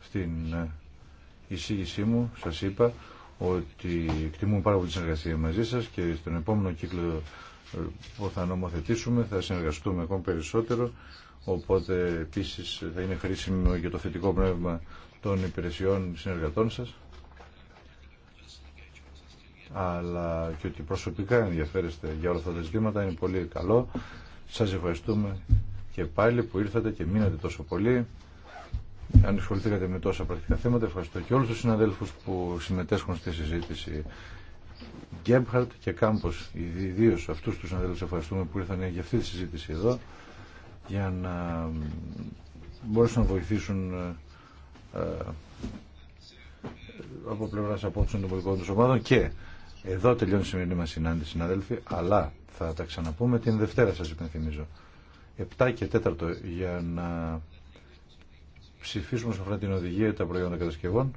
S2: στην εισήγησή μου σας είπα ότι εκτιμούμε πάρα πολύ τη συνεργασία μαζί σας και στον επόμενο κύκλο που θα νομοθετήσουμε θα συνεργαστούμε ακόμα περισσότερο Οπότε επίσης θα είναι χρήσιμο για το θετικό πνεύμα των υπηρεσιών συνεργατών σας αλλά και ότι προσωπικά ενδιαφέρεστε για όλα αυτά τα ζητήματα είναι πολύ καλό. Σας ευχαριστούμε και πάλι που ήρθατε και μείνατε τόσο πολύ. Αν ασχοληθήκατε με τόσα πρακτικά θέματα, ευχαριστώ και όλους τους συναδέλφους που συμμετέσχουν στη συζήτηση. Γκέμπχαρτ και Κάμπος, ιδίως αυτούς τους συναδέλφους ευχαριστούμε που ήρθαν για αυτή τη συζήτηση εδώ για να μπορέσουν να βοηθήσουν ε, ε, από πλευρά απόψεων των πολιτικών του ομάδων και εδώ τελειώνει η σημερινή μα συνάντηση, συναδέλφοι, αλλά θα τα ξαναπούμε την Δευτέρα, σα υπενθυμίζω. 7 και 4 για να ψηφίσουμε σε αυτή την οδηγία τα προϊόντα κατασκευών.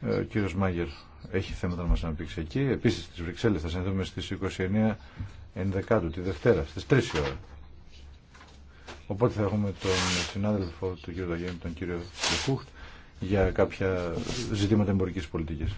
S2: Ε, ο κύριο Μάγερ έχει θέματα να μα αναπτύξει εκεί. Επίση, στι Βρυξέλλε θα συνδέουμε στι 29 ενδεκάτου τη Δευτέρα στις 3 η ώρα. Οπότε θα έχουμε τον συνάδελφο του κ. Δαγέννη, τον κύριο Φούχτ, για κάποια ζητήματα εμπορική πολιτικής.